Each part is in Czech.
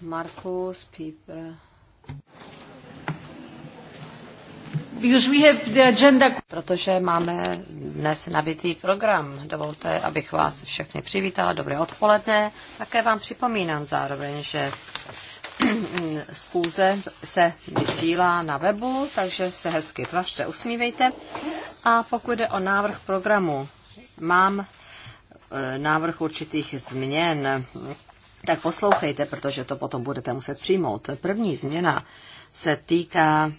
Markus Pieper. Protože máme dnes nabitý program, dovolte, abych vás všechny přivítala. Dobré odpoledne. Také vám připomínám zároveň, že schůze se vysílá na webu, takže se hezky tvařte, usmívejte. A pokud jde o návrh programu, mám eh, návrh určitých změn, tak poslouchejte, protože to potom budete muset přijmout. První změna se týká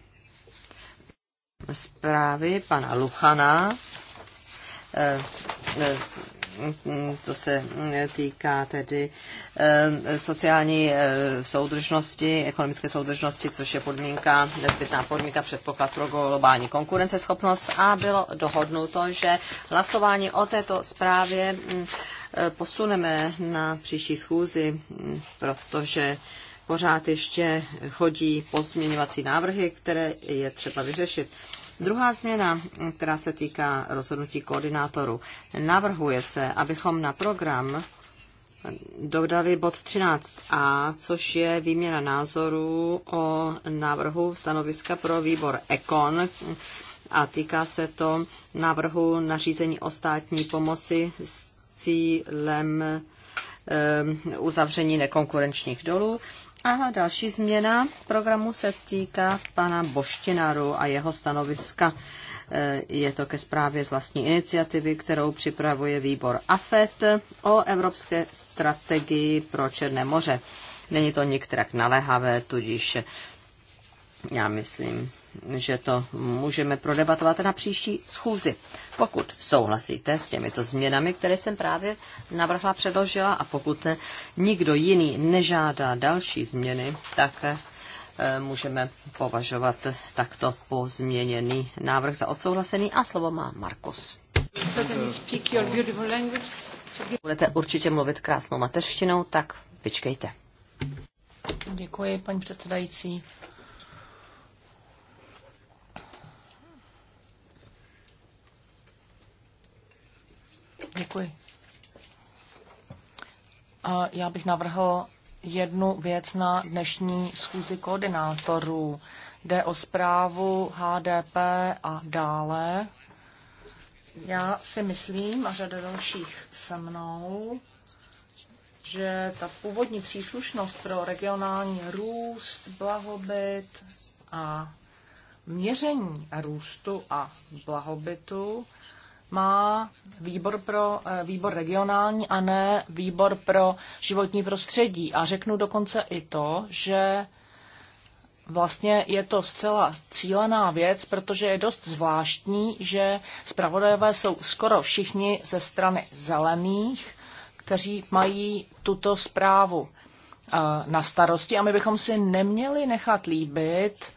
zprávy pana Luchana. Eh, eh, to se týká tedy eh, sociální soudržnosti, ekonomické soudržnosti, což je podmínka, nezbytná podmínka předpoklad pro globální konkurenceschopnost a bylo dohodnuto, že hlasování o této zprávě mm, Eh, posuneme na příští schůzi, hm, protože pořád ještě chodí pozměňovací návrhy, které je třeba vyřešit. Druhá změna, hm, která se týká rozhodnutí koordinátorů. Navrhuje se, abychom na program dodali bod 13a, což je výměna názorů o návrhu stanoviska pro výbor ECON hm, a týká se to návrhu nařízení o státní pomoci s cílem eh, uzavření nekonkurenčních dolů. A další změna programu se týká pana Boštinaru a jeho stanoviska. Eh, je to ke zprávě z vlastní iniciativy, kterou připravuje výbor AFET o evropské strategii pro Černé moře. Není to nikterak naléhavé, tudíž já myslím, že to můžeme prodebatovat na příští schůzi. Pokud souhlasíte s těmito změnami, které jsem právě navrhla, předložila, a pokud nikdo jiný nežádá další změny, tak eh, můžeme považovat takto pozměněný návrh za odsouhlasený a slovo má Markus. Budete určitě mluvit krásnou mateřštinou, tak vyčkejte. Děkuji, paní předsedající. Děkuji. Já bych navrhl jednu věc na dnešní schůzi koordinátorů. Jde o zprávu HDP a dále. Já si myslím, a řada dalších se mnou, že ta původní příslušnost pro regionální růst, blahobyt a měření růstu a blahobytu má výbor, pro, eh, výbor regionální a ne výbor pro životní prostředí. A řeknu dokonce i to, že vlastně je to zcela cílená věc, protože je dost zvláštní, že zpravodajové jsou skoro všichni ze strany zelených, kteří mají tuto zprávu eh, na starosti a my bychom si neměli nechat líbit,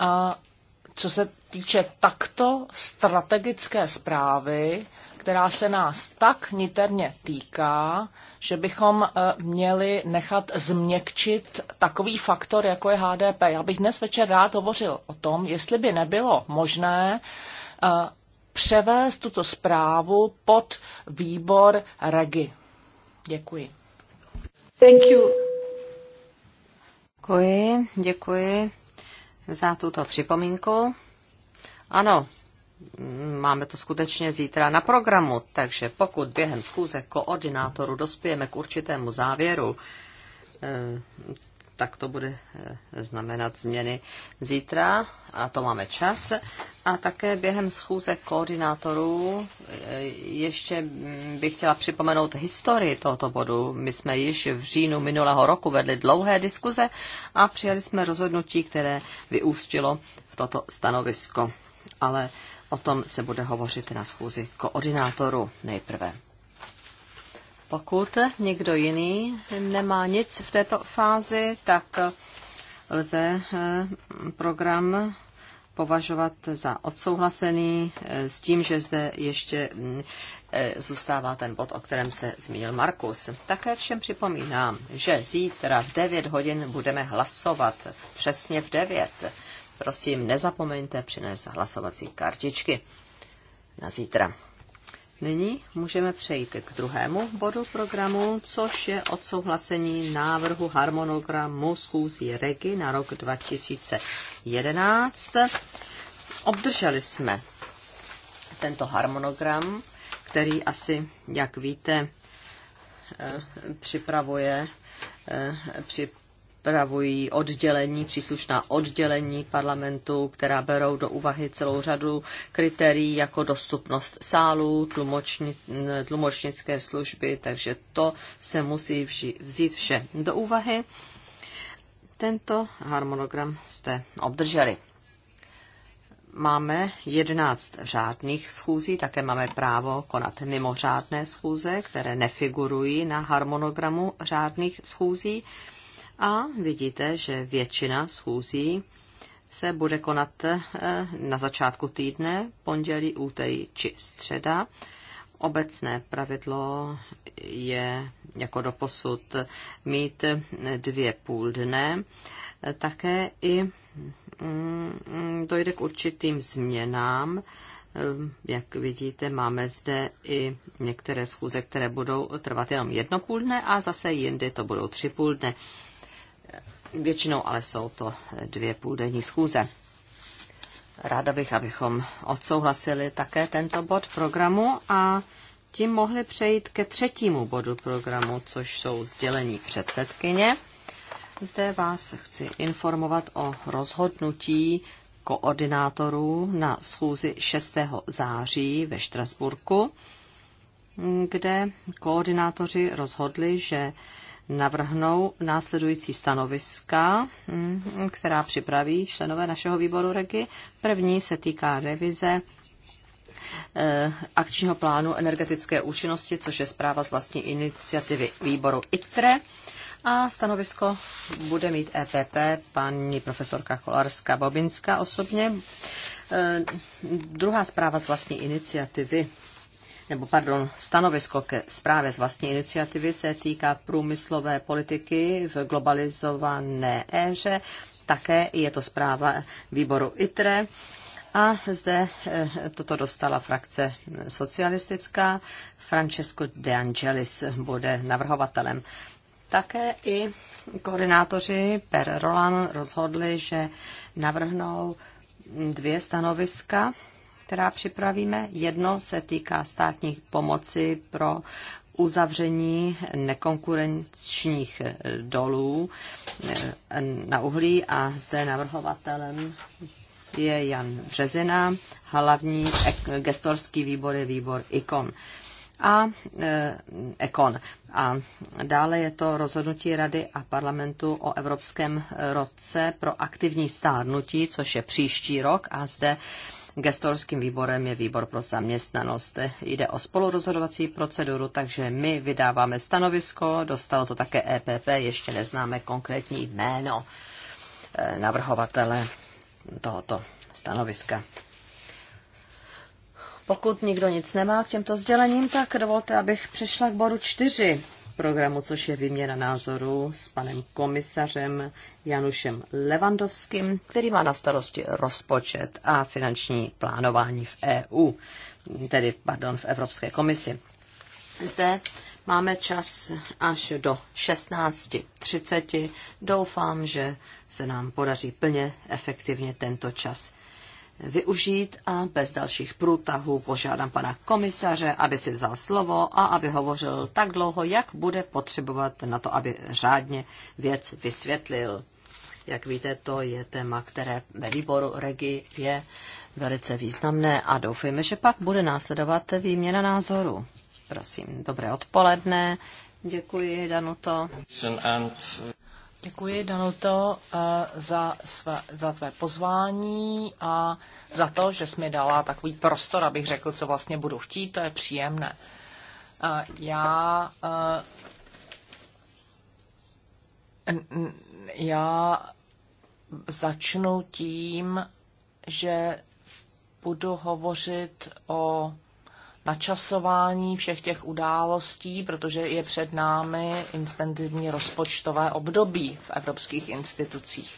eh, co se týče takto strategické zprávy, která se nás tak niterně týká, že bychom eh, měli nechat změkčit takový faktor, jako je HDP. Já bych dnes večer rád hovořil o tom, jestli by nebylo možné eh, převést tuto zprávu pod výbor REGI. Děkuji. Thank you. Děkuji, děkuji za tuto připomínku. Ano, máme to skutečně zítra na programu, takže pokud během schůze koordinátoru dospějeme k určitému závěru, eh, tak to bude eh, znamenat změny zítra a to máme čas. A také během schůze koordinátorů eh, ještě bych chtěla připomenout historii tohoto bodu. My jsme již v říjnu minulého roku vedli dlouhé diskuze a přijali jsme rozhodnutí, které vyústilo v toto stanovisko ale o tom se bude hovořit na schůzi koordinátoru nejprve. Pokud někdo jiný nemá nic v této fázi, tak lze eh, program považovat za odsouhlasený eh, s tím, že zde ještě mm, eh, zůstává ten bod, o kterém se zmínil Markus. Také všem připomínám, že zítra v 9 hodin budeme hlasovat přesně v 9 prosím, nezapomeňte přinést hlasovací kartičky na zítra. Nyní můžeme přejít k druhému bodu programu, což je odsouhlasení návrhu harmonogramu schůzí REGI na rok 2011. Obdrželi jsme tento harmonogram, který asi, jak víte, eh, připravuje, eh, připravují oddělení, příslušná oddělení parlamentu, která berou do úvahy celou řadu kritérií jako dostupnost sálů, tlumočni, tlumočnické služby, takže to se musí vži, vzít vše do úvahy. Tento harmonogram jste obdrželi. Máme 11 řádných schůzí, také máme právo konat mimořádné schůze, které nefigurují na harmonogramu řádných schůzí. A vidíte, že většina schůzí se bude konat eh, na začátku týdne, pondělí, úterý či středa. Obecné pravidlo je jako doposud mít dvě půl dne. Také i mm, dojde k určitým změnám. Eh, jak vidíte, máme zde i některé schůze, které budou trvat jenom jedno půl dne a zase jindy to budou tři půl dne. Většinou ale jsou to dvě půldenní schůze. Ráda bych, abychom odsouhlasili také tento bod programu a tím mohli přejít ke třetímu bodu programu, což jsou sdělení předsedkyně. Zde vás chci informovat o rozhodnutí koordinátorů na schůzi 6. září ve Štrasburku, kde koordinátoři rozhodli, že navrhnou následující stanoviska, mm, která připraví členové našeho výboru REGI. První se týká revize eh, akčního plánu energetické účinnosti, což je zpráva z vlastní iniciativy výboru ITRE. A stanovisko bude mít EPP paní profesorka Kolarska Bobinská osobně. Eh, druhá zpráva z vlastní iniciativy nebo pardon, stanovisko ke zprávě z vlastní iniciativy se týká průmyslové politiky v globalizované éře. Také je to zpráva výboru ITRE. A zde eh, toto dostala frakce socialistická. Francesco De Angelis bude navrhovatelem. Také i koordinátoři Per Rolan rozhodli, že navrhnou dvě stanoviska která připravíme. Jedno se týká státních pomoci pro uzavření nekonkurenčních dolů eh, na uhlí a zde navrhovatelem je Jan Březina, hlavní gestorský výbor je výbor ICON a e, eh, Ekon. A dále je to rozhodnutí Rady a parlamentu o Evropském roce pro aktivní stárnutí, což je příští rok a zde e, Gestorským výborem je výbor pro zaměstnanost. Jde o spolurozhodovací proceduru, takže my vydáváme stanovisko, dostalo to také EPP, ještě neznáme konkrétní jméno eh, navrhovatele tohoto stanoviska. Pokud nikdo nic nemá k těmto sdělením, tak dovolte, abych přišla k bodu čtyři programu, což je výměna názorů s panem komisařem Janušem Levandovským, který má na starosti rozpočet a finanční plánování v EU, tedy, pardon, v Evropské komisi. Zde Máme čas až do 16.30. Doufám, že se nám podaří plně efektivně tento čas využít a bez dalších průtahů požádám pana komisaře, aby si vzal slovo a aby hovořil tak dlouho, jak bude potřebovat na to, aby řádně věc vysvětlil. Jak víte, to je téma, které ve výboru Regi je velice významné a doufejme, že pak bude následovat výměna názoru. Prosím, dobré odpoledne. Děkuji, Danuto. Děkuji, Danuto, eh, za, své, za tvé pozvání a za to, že jsi mi dala takový prostor, abych řekl, co vlastně budu chtít, to je příjemné. Eh, já eh, já začnu tím, že budu hovořit o načasování všech těch událostí, protože je před námi instantivní rozpočtové období v evropských institucích.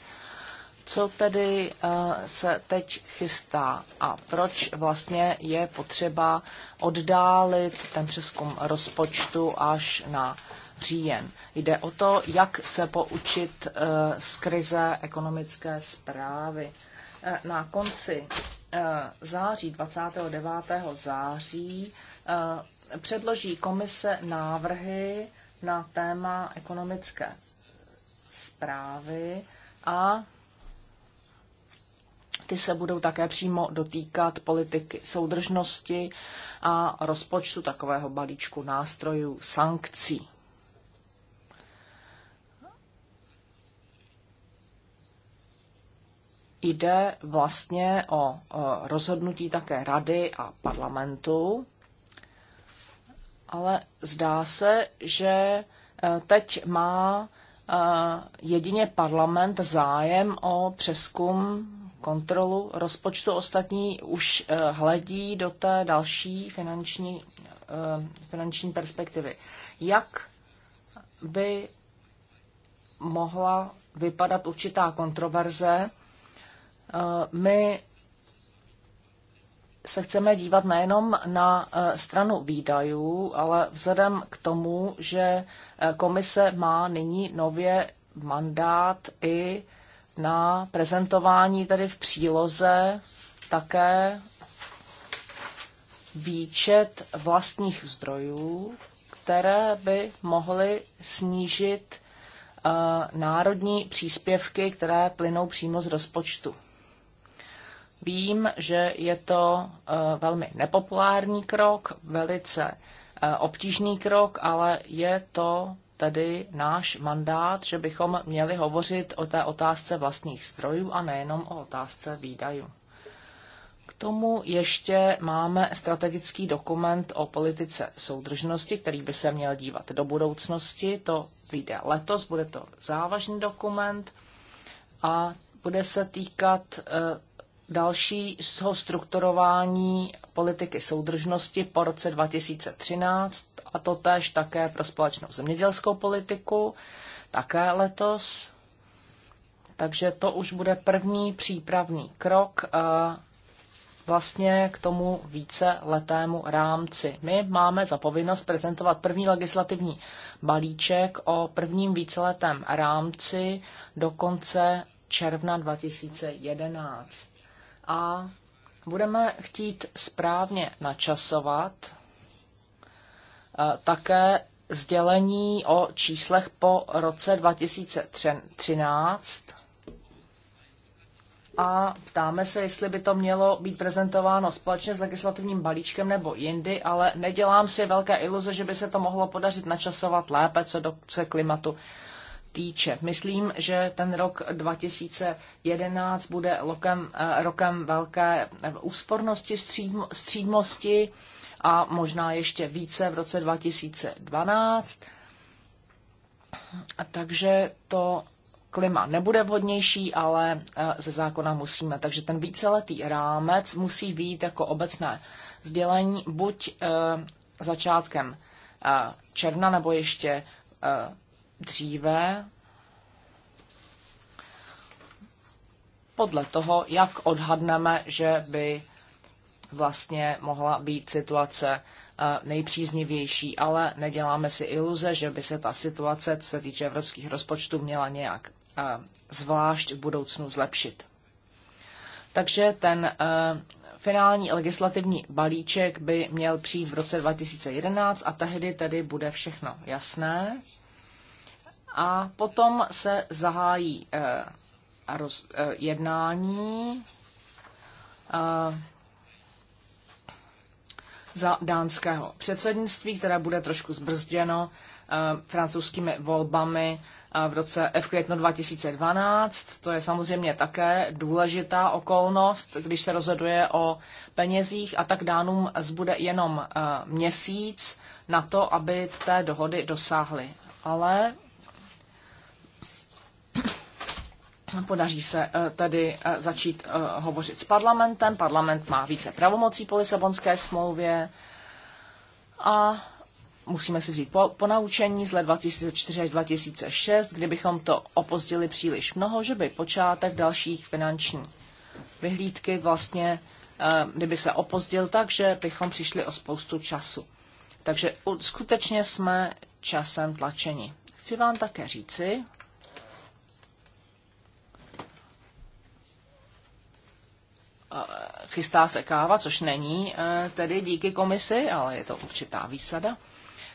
Co tedy eh, se teď chystá a proč vlastně je potřeba oddálit ten přeskum rozpočtu až na říjen? Jde o to, jak se poučit eh, z krize ekonomické zprávy. Eh, na konci Eh, září, 29. září, eh, předloží komise návrhy na téma ekonomické zprávy a ty se budou také přímo dotýkat politiky soudržnosti a rozpočtu takového balíčku nástrojů sankcí. jde vlastně o rozhodnutí také rady a parlamentu, ale zdá se, že e, teď má e, jedině parlament zájem o přeskum kontrolu rozpočtu. Ostatní už e, hledí do té další finanční, finanční perspektivy. Jak by mohla vypadat určitá kontroverze Eh, my se chceme dívat nejenom na eh, stranu výdajů, ale vzhledem k tomu, že eh, komise má nyní nově mandát i na prezentování tedy v příloze také výčet vlastních zdrojů, které by mohly snížit národní příspěvky, které plynou přímo z rozpočtu. Vím, že je to eh, velmi nepopulární krok, velice eh, obtížný krok, ale je to tedy náš mandát, že bychom měli hovořit o té otázce vlastních strojů a nejenom o otázce výdajů. K tomu ještě máme strategický dokument o politice soudržnosti, který by se měl dívat do budoucnosti. To vyjde letos, bude to závažný dokument a bude se týkat eh, jsou strukturování politiky soudržnosti po roce 2013 a to též také pro společnou zemědělskou politiku, také letos. Takže to už bude první přípravný krok eh, vlastně k tomu více letému rámci. My máme za povinnost prezentovat první legislativní balíček o prvním víceletém rámci do konce června 2011 a budeme chtít správně načasovat eh, také sdělení o číslech po roce 2013 a ptáme se, jestli by to mělo být prezentováno společně s legislativním balíčkem nebo jindy, ale nedělám si velké iluze, že by se to mohlo podařit načasovat lépe co do se klimatu týče. Myslím, že ten rok 2011 bude lokem, eh, rokem velké eh, úspornosti, střídmosti a možná ještě více v roce 2012. Takže to klima nebude vhodnější, ale eh, ze zákona musíme. Takže ten víceletý rámec musí být jako obecné sdělení buď začátkem června nebo ještě dříve podle toho, jak odhadneme, že by vlastně mohla být situace eh, nejpříznivější, ale neděláme si iluze, že by se ta situace, co se týče evropských rozpočtů, měla nějak eh, zvlášť v budoucnu zlepšit. Takže ten eh, finální legislativní balíček by měl přijít v roce 2011 a tehdy tedy bude všechno jasné a potom se zahájí eh, roz, eh, jednání eh, za dánského předsednictví, které bude trošku zbrzděno francouzskými volbami v roce F květnu 2012. To je samozřejmě také důležitá okolnost, když se rozhoduje o penězích a tak dánům zbude jenom měsíc na to, aby té dohody dosáhly. Ale Podaří se eh, tedy eh, začít eh, hovořit s parlamentem. Parlament má více pravomocí po Lisabonské smlouvě a musíme si vzít po, po naučení z let 2004 až 2006, kdybychom to opozdili příliš mnoho, že by počátek dalších finanční vyhlídky vlastně, kdyby se opozdil tak, že bychom přišli o spoustu času. Takže skutečně jsme časem tlačeni. Chci vám také říci, Eh, chystá se káva, což není eh, tedy díky komisi, ale je to určitá výsada,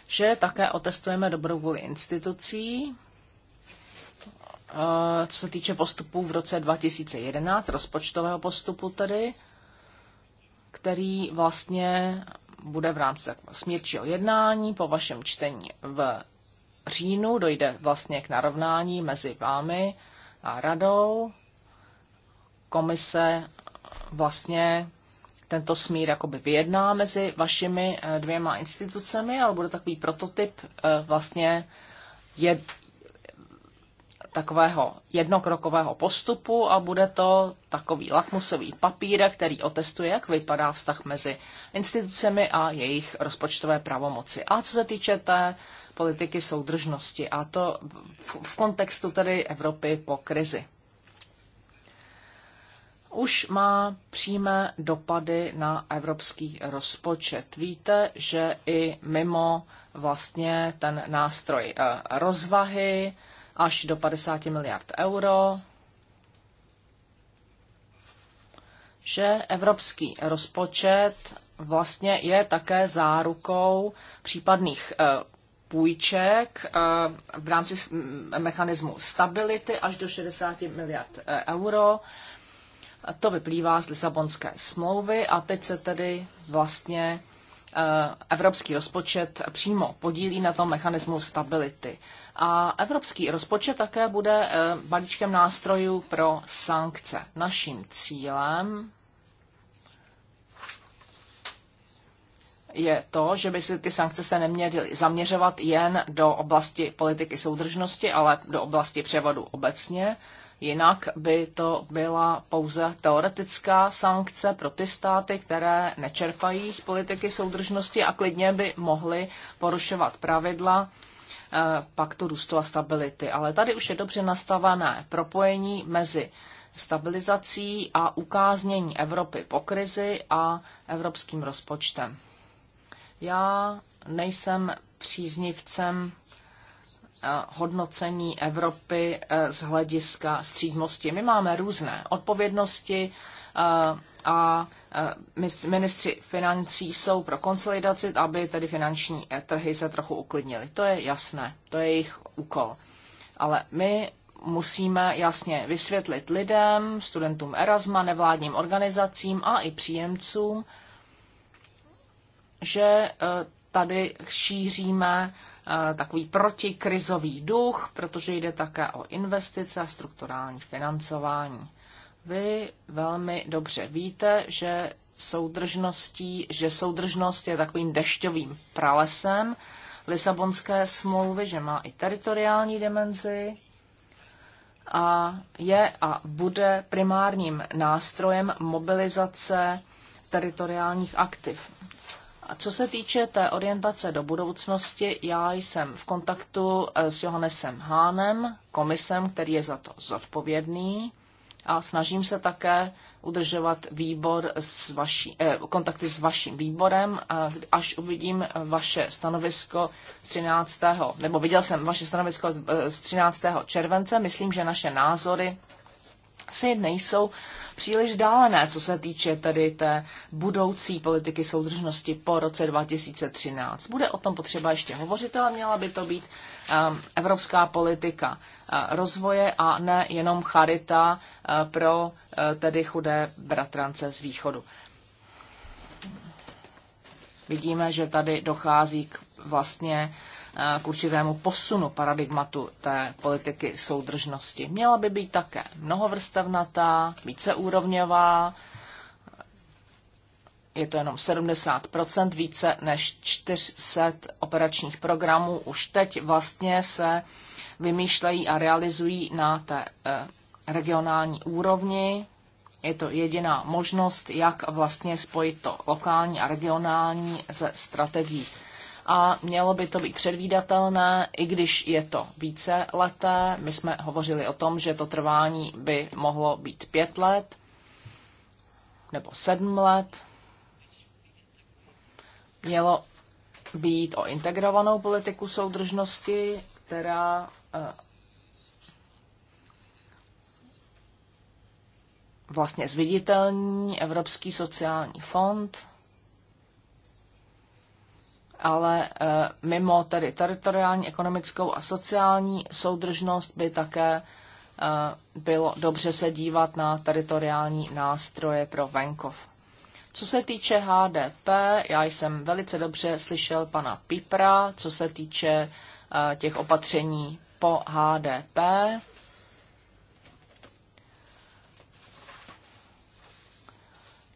že také otestujeme dobrou vůli institucí, eh, co se týče postupů v roce 2011, rozpočtového postupu tedy, který vlastně bude v rámci smírčího jednání po vašem čtení v říjnu. Dojde vlastně k narovnání mezi vámi a radou. Komise vlastně tento smír jakoby vyjedná mezi vašimi eh, dvěma institucemi, ale bude takový prototyp eh, vlastně jed, takového jednokrokového postupu a bude to takový lakmusový papír, který otestuje, jak vypadá vztah mezi institucemi a jejich rozpočtové pravomoci. A co se týče té politiky soudržnosti, a to v, v kontextu tedy Evropy po krizi už má přímé dopady na evropský rozpočet. Víte, že i mimo vlastně ten nástroj eh, rozvahy až do 50 miliard euro, že evropský rozpočet vlastně je také zárukou případných eh, půjček eh, v rámci mechanismu stability až do 60 miliard euro to vyplývá z Lisabonské smlouvy a teď se tedy vlastně eh, evropský rozpočet přímo podílí na tom mechanismu stability. A evropský rozpočet také bude eh, balíčkem nástrojů pro sankce. Naším cílem je to, že by si ty sankce se neměly zaměřovat jen do oblasti politiky soudržnosti, ale do oblasti převodu obecně. Jinak by to byla pouze teoretická sankce pro ty státy, které nečerpají z politiky soudržnosti a klidně by mohly porušovat pravidla eh, paktu růstu a stability. Ale tady už je dobře nastavené propojení mezi stabilizací a ukáznění Evropy po krizi a evropským rozpočtem. Já nejsem příznivcem Eh, hodnocení Evropy eh, z hlediska střídmosti. My máme různé odpovědnosti eh, a ministři financí jsou pro konsolidaci, aby tedy finanční trhy se trochu uklidnily. To je jasné, to je jejich úkol. Ale my musíme jasně vysvětlit lidem, studentům Erasma, nevládním organizacím a i příjemcům, že tady šíříme Eh, takový protikrizový duch, protože jde také o investice a strukturální financování. Vy velmi dobře víte, že soudržností, že soudržnost je takovým dešťovým pralesem Lisabonské smlouvy, že má i teritoriální dimenzi a je a bude primárním nástrojem mobilizace teritoriálních aktiv. A co se týče té orientace do budoucnosti, já jsem v kontaktu eh, s Johannesem Hánem, komisem, který je za to zodpovědný a snažím se také udržovat výbor s vaší, eh, kontakty s vaším výborem, až uvidím vaše stanovisko z 13. nebo viděl jsem vaše stanovisko z 13. Eh, července. Myslím, že naše názory si nejsou příliš vzdálené, co se týče tedy té budoucí politiky soudržnosti po roce 2013. Bude o tom potřeba ještě hovořit, ale měla by to být um, evropská politika uh, rozvoje a ne jenom charita uh, pro uh, tedy chudé bratrance z východu. Vidíme, že tady dochází k vlastně Eh, k určitému posunu paradigmatu té politiky soudržnosti. Měla by být také mnohovrstevnatá, víceúrovňová, je to jenom 70 více než 400 operačních programů. Už teď vlastně se vymýšlejí a realizují na té eh, regionální úrovni. Je to jediná možnost, jak vlastně spojit to lokální a regionální ze strategií a mělo by to být předvídatelné, i když je to více leté. My jsme hovořili o tom, že to trvání by mohlo být pět let nebo sedm let. Mělo být o integrovanou politiku soudržnosti, která eh, vlastně zviditelní Evropský sociální fond ale eh, mimo tedy teritoriální, ekonomickou a sociální soudržnost by také eh, bylo dobře se dívat na teritoriální nástroje pro venkov. Co se týče HDP, já jsem velice dobře slyšel pana Pipra, co se týče eh, těch opatření po HDP.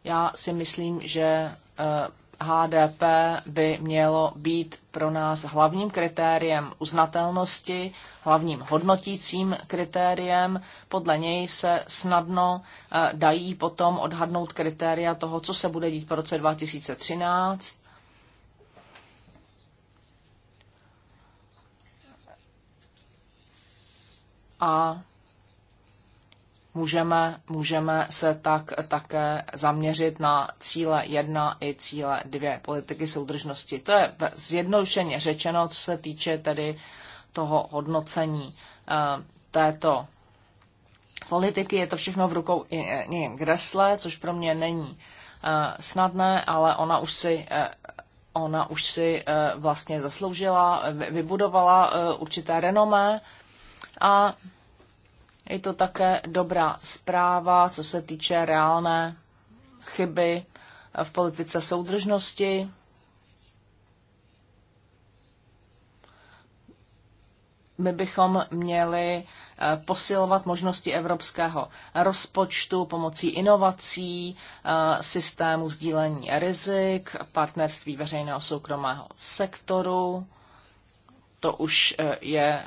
Já si myslím, že HDP by mělo být pro nás hlavním kritériem uznatelnosti, hlavním hodnotícím kritériem. Podle něj se snadno eh, dají potom odhadnout kritéria toho, co se bude dít po roce 2013. A Můžeme, můžeme se tak také zaměřit na cíle 1 i cíle 2 politiky soudržnosti. To je zjednodušeně řečeno, co se týče tedy toho hodnocení eh, této politiky. Je to všechno v rukou Ian Gressle, což pro mě není eh, snadné, ale ona už si eh, ona už si vlastně zasloužila, vybudovala určité renomé a je to také dobrá zpráva, co se týče reálné chyby v politice soudržnosti. My bychom měli eh, posilovat možnosti evropského rozpočtu pomocí inovací, eh, systému sdílení rizik, partnerství veřejného soukromého sektoru. To už eh, je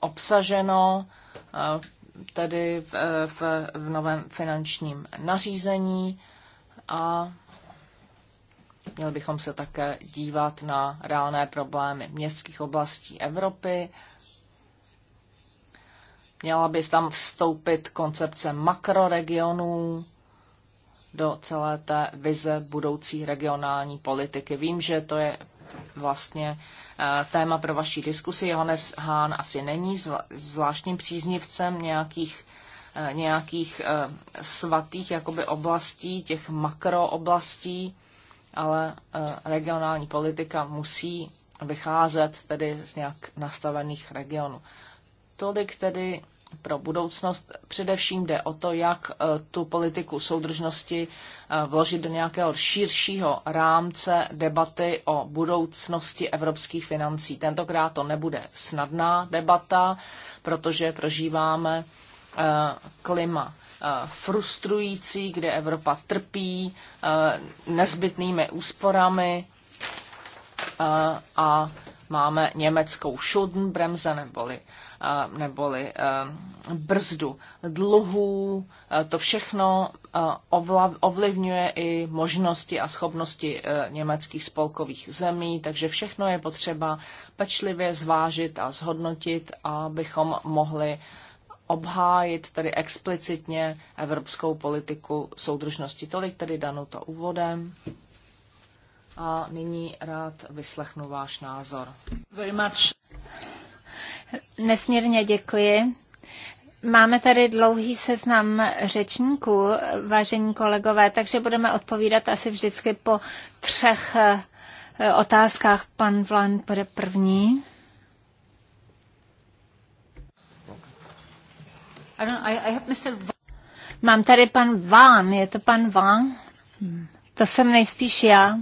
obsaženo Eh, tedy v, eh, v, v novém finančním nařízení a měli bychom se také dívat na reálné problémy městských oblastí Evropy. Měla by tam vstoupit koncepce makroregionů do celé té vize budoucí regionální politiky. Vím, že to je vlastně eh, téma pro vaší diskusi. Johannes Hahn asi není zvláštním příznivcem nějakých eh, nějakých eh, svatých jakoby oblastí, těch makrooblastí, ale regionální politika musí vycházet tedy z nějak nastavených regionů. Tolik tedy pro budoucnost. Především jde o to, jak e, tu politiku soudržnosti e, vložit do nějakého širšího rámce debaty o budoucnosti evropských financí. Tentokrát to nebude snadná debata, protože prožíváme e, klima frustrující, kde Evropa trpí nezbytnými úsporami a Máme německou Schuldenbremse neboli, eh, neboli eh, brzdu dluhů. Eh, to všechno ovlivňuje i možnosti a schopnosti německých spolkových zemí, takže všechno je potřeba pečlivě zvážit a zhodnotit, abychom mohli obhájit tedy explicitně evropskou politiku soudržnosti. Tolik tedy Danuto úvodem a nyní rád vyslechnu váš názor. Very much. Nesmírně děkuji. Máme tady dlouhý seznam řečníků, vážení kolegové, takže budeme odpovídat asi vždycky po třech eh, otázkách. Pan Vlan bude první. Mám tady pan Ván, je to pan Ván? Hmm. To jsem nejspíš já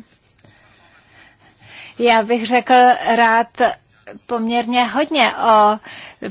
já bych řekl rád poměrně hodně o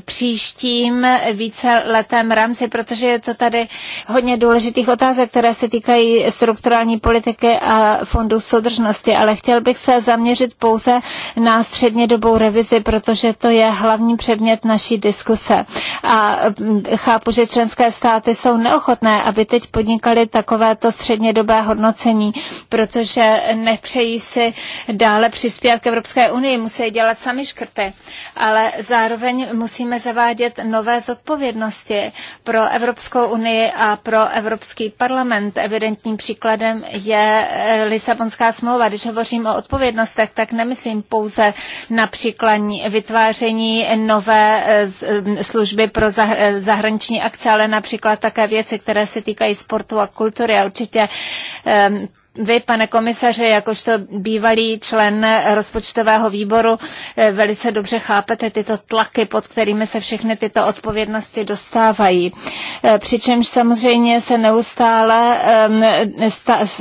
příštím víceletém rámci, protože je to tady hodně důležitých otázek, které se týkají strukturální politiky a fondů soudržnosti, ale chtěl bych se zaměřit pouze na střednědobou revizi, protože to je hlavní předmět naší diskuse. A mm, chápu, že členské státy jsou neochotné, aby teď podnikali takovéto dobé hodnocení, protože nepřejí si dále přispět k Evropské unii, musí dělat sami škrty, ale zároveň musí musíme zavádět nové zodpovědnosti pro Evropskou unii a pro Evropský parlament. Evidentním příkladem je eh, Lisabonská smlouva. Když hovořím o odpovědnostech, tak nemyslím pouze například vytváření nové eh, eh, služby pro zahraniční akce, ale například také věci, které se týkají sportu a kultury a určitě vy, pane komisaře, jakožto bývalý člen rozpočtového výboru, eh, velice dobře chápete tyto tlaky, pod kterými se všechny tyto odpovědnosti dostávají. Eh, přičemž samozřejmě se neustále ehm,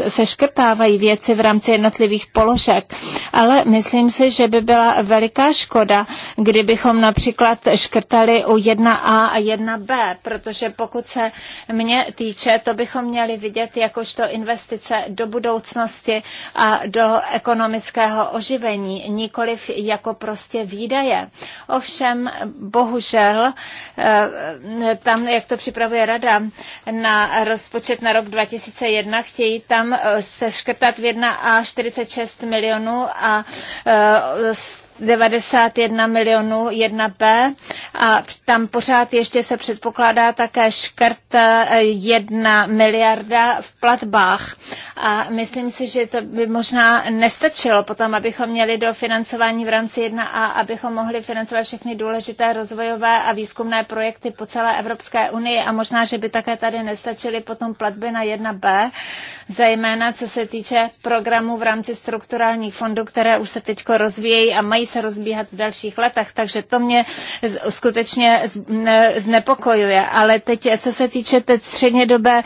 seškrtávají věci v rámci jednotlivých položek. Ale myslím si, že by byla veliká škoda, kdybychom například škrtali u 1A a 1B, protože pokud se mě týče, to bychom měli vidět jakožto investice do budoucna budoucnosti a do ekonomického oživení, nikoliv jako prostě výdaje. Ovšem, bohužel, eh, tam, jak to připravuje rada na rozpočet na rok 2001, chtějí tam eh, se škrtat v 1 a 46 milionů a eh, 91 milionů 1B a tam pořád ještě se předpokládá také škrt 1 eh, miliarda v platbách. A myslím si, že to by možná nestačilo potom, abychom měli do financování v rámci 1A, abychom mohli financovat všechny důležité rozvojové a výzkumné projekty po celé Evropské unii a možná, že by také tady nestačily potom platby na 1B, zejména co se týče programů v rámci strukturálních fondů, které už se teď rozvíjejí a mají se rozbíhat v dalších letech, takže to mě skutečně znepokojuje. Ale teď, co se týče té střednědobé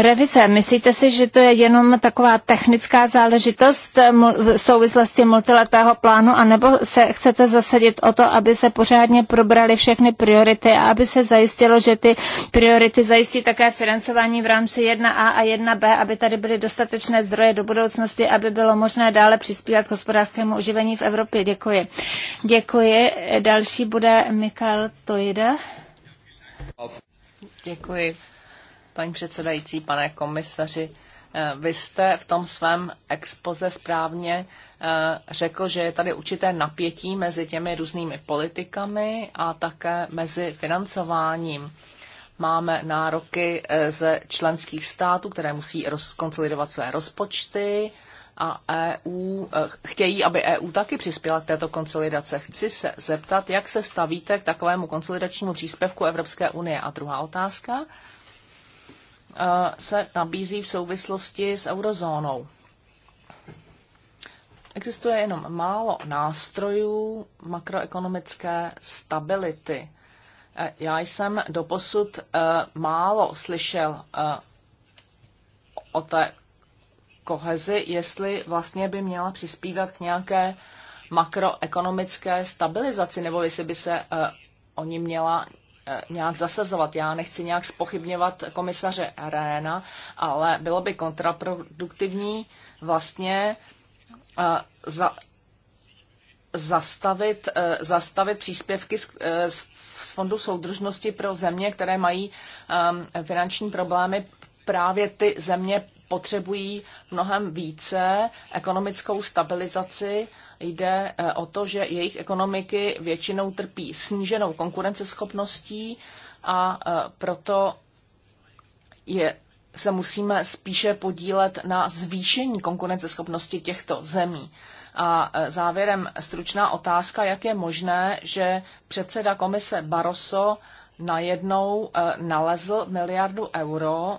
revize, myslíte si, že to je jenom taková technická záležitost v souvislosti multiletého plánu, anebo se chcete zasadit o to, aby se pořádně probrali všechny priority a aby se zajistilo, že ty priority zajistí také financování v rámci 1A a 1B, aby tady byly dostatečné zdroje do budoucnosti, aby bylo možné dále přispívat k hospodářskému oživení v Evropě. Děkuji. Děkuji. Děkuji. Další bude Mikal Tojda. Děkuji, paní předsedající, pane komisaři. Eh, vy jste v tom svém expoze správně eh, řekl, že je tady určité napětí mezi těmi různými politikami a také mezi financováním. Máme nároky eh, ze členských států, které musí rozkonsolidovat své rozpočty, a EU, eh, chtějí, aby EU taky přispěla k této konsolidace. Chci se zeptat, jak se stavíte k takovému konsolidačnímu příspěvku Evropské unie. A druhá otázka eh, se nabízí v souvislosti s eurozónou. Existuje jenom málo nástrojů makroekonomické stability. Eh, já jsem doposud málo slyšel o té kohezi, jestli vlastně by měla přispívat k nějaké makroekonomické stabilizaci, nebo jestli by se uh, eh, o ní měla eh, nějak zasazovat. Já nechci nějak spochybňovat komisaře Réna, ale bylo by kontraproduktivní vlastně eh, za, zastavit, zastavit příspěvky z, z Fondu soudržnosti pro země, které mají ehm, finanční problémy právě ty země potřebují mnohem více ekonomickou stabilizaci. Jde eh, o to, že jejich ekonomiky většinou trpí sníženou konkurenceschopností a eh, proto je, se musíme spíše podílet na zvýšení konkurenceschopnosti těchto zemí. A eh, závěrem stručná otázka, jak je možné, že předseda komise Barroso najednou nalezl miliardu euro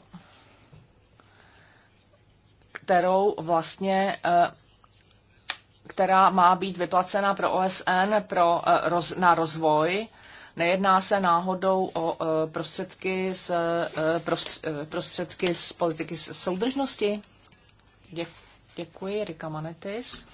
kterou vlastně eh, která má být vyplacena pro OSN pro, eh, roz, na rozvoj. Nejedná se náhodou o eh, prostředky z, prostředky z politiky soudržnosti? Děkuji, Rika Manetis.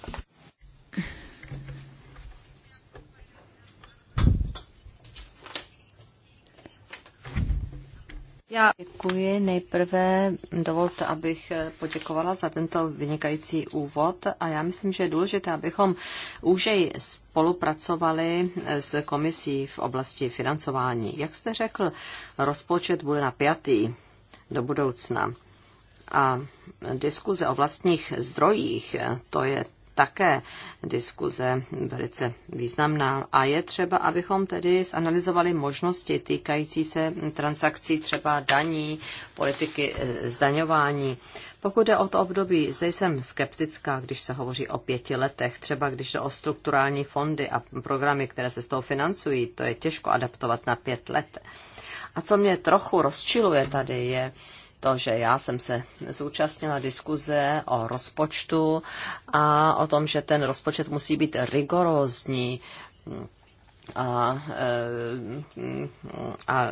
Já děkuji. Nejprve dovolte, abych poděkovala za tento vynikající úvod a já myslím, že je důležité, abychom úžej spolupracovali s komisí v oblasti financování. Jak jste řekl, rozpočet bude napjatý do budoucna. A diskuze o vlastních zdrojích, to je také diskuze velice významná. A je třeba, abychom tedy zanalizovali možnosti týkající se transakcí třeba daní, politiky eh, zdaňování. Pokud jde o to období, zde jsem skeptická, když se hovoří o pěti letech, třeba když jde o strukturální fondy a programy, které se z toho financují, to je těžko adaptovat na pět let. A co mě trochu rozčiluje tady je, to, že já jsem se zúčastnila diskuze o rozpočtu a o tom, že ten rozpočet musí být rigorózní a, e, a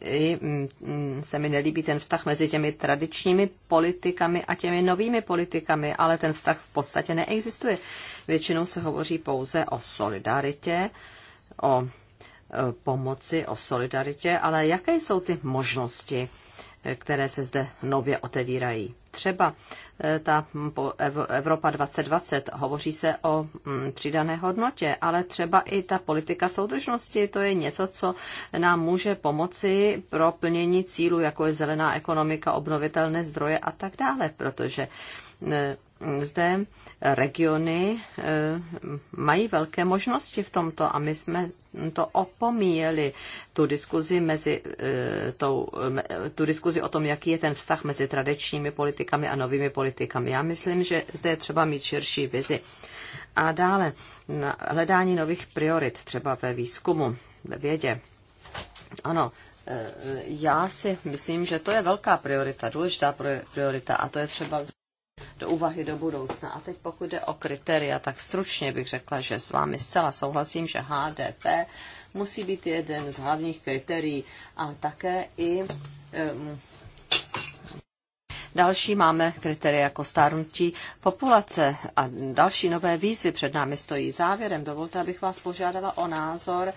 e, i mm, se mi nelíbí ten vztah mezi těmi tradičními politikami a těmi novými politikami, ale ten vztah v podstatě neexistuje. Většinou se hovoří pouze o solidaritě, o e, pomoci, o solidaritě, ale jaké jsou ty možnosti? které se zde nově otevírají. Třeba eh, ta Evropa 2020, hovoří se o mm, přidané hodnotě, ale třeba i ta politika soudržnosti, to je něco, co nám může pomoci pro plnění cílu, jako je zelená ekonomika, obnovitelné zdroje a tak dále, protože eh, zde regiony eh, mají velké možnosti v tomto a my jsme to opomíjeli, tu diskuzi, mezi, eh, tou, tu diskuzi o tom, jaký je ten vztah mezi tradičními politikami a novými politikami. Já myslím, že zde je třeba mít širší vizi. A dále na hledání nových priorit, třeba ve výzkumu, ve vědě. Ano, eh, já si myslím, že to je velká priorita, důležitá priorita a to je třeba do úvahy do budoucna. A teď pokud jde o kritéria, tak stručně bych řekla, že s vámi zcela souhlasím, že HDP musí být jeden z hlavních kritérií a také i um, Další máme kritéria jako stárnutí populace a další nové výzvy před námi stojí. Závěrem dovolte, abych vás požádala o názor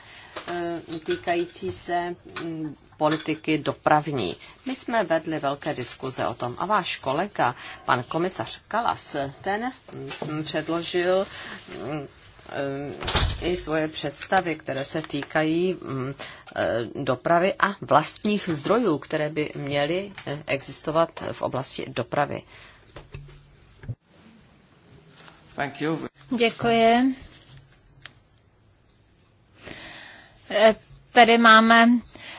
ehm, týkající se mm, politiky dopravní. My jsme vedli velké diskuze o tom a váš kolega, pan komisař Kalas, ten mm, předložil mm, mm, i svoje představy, které se týkají e, dopravy a vlastních zdrojů, které by měly e, existovat v oblasti dopravy. Děkuji. E, tady máme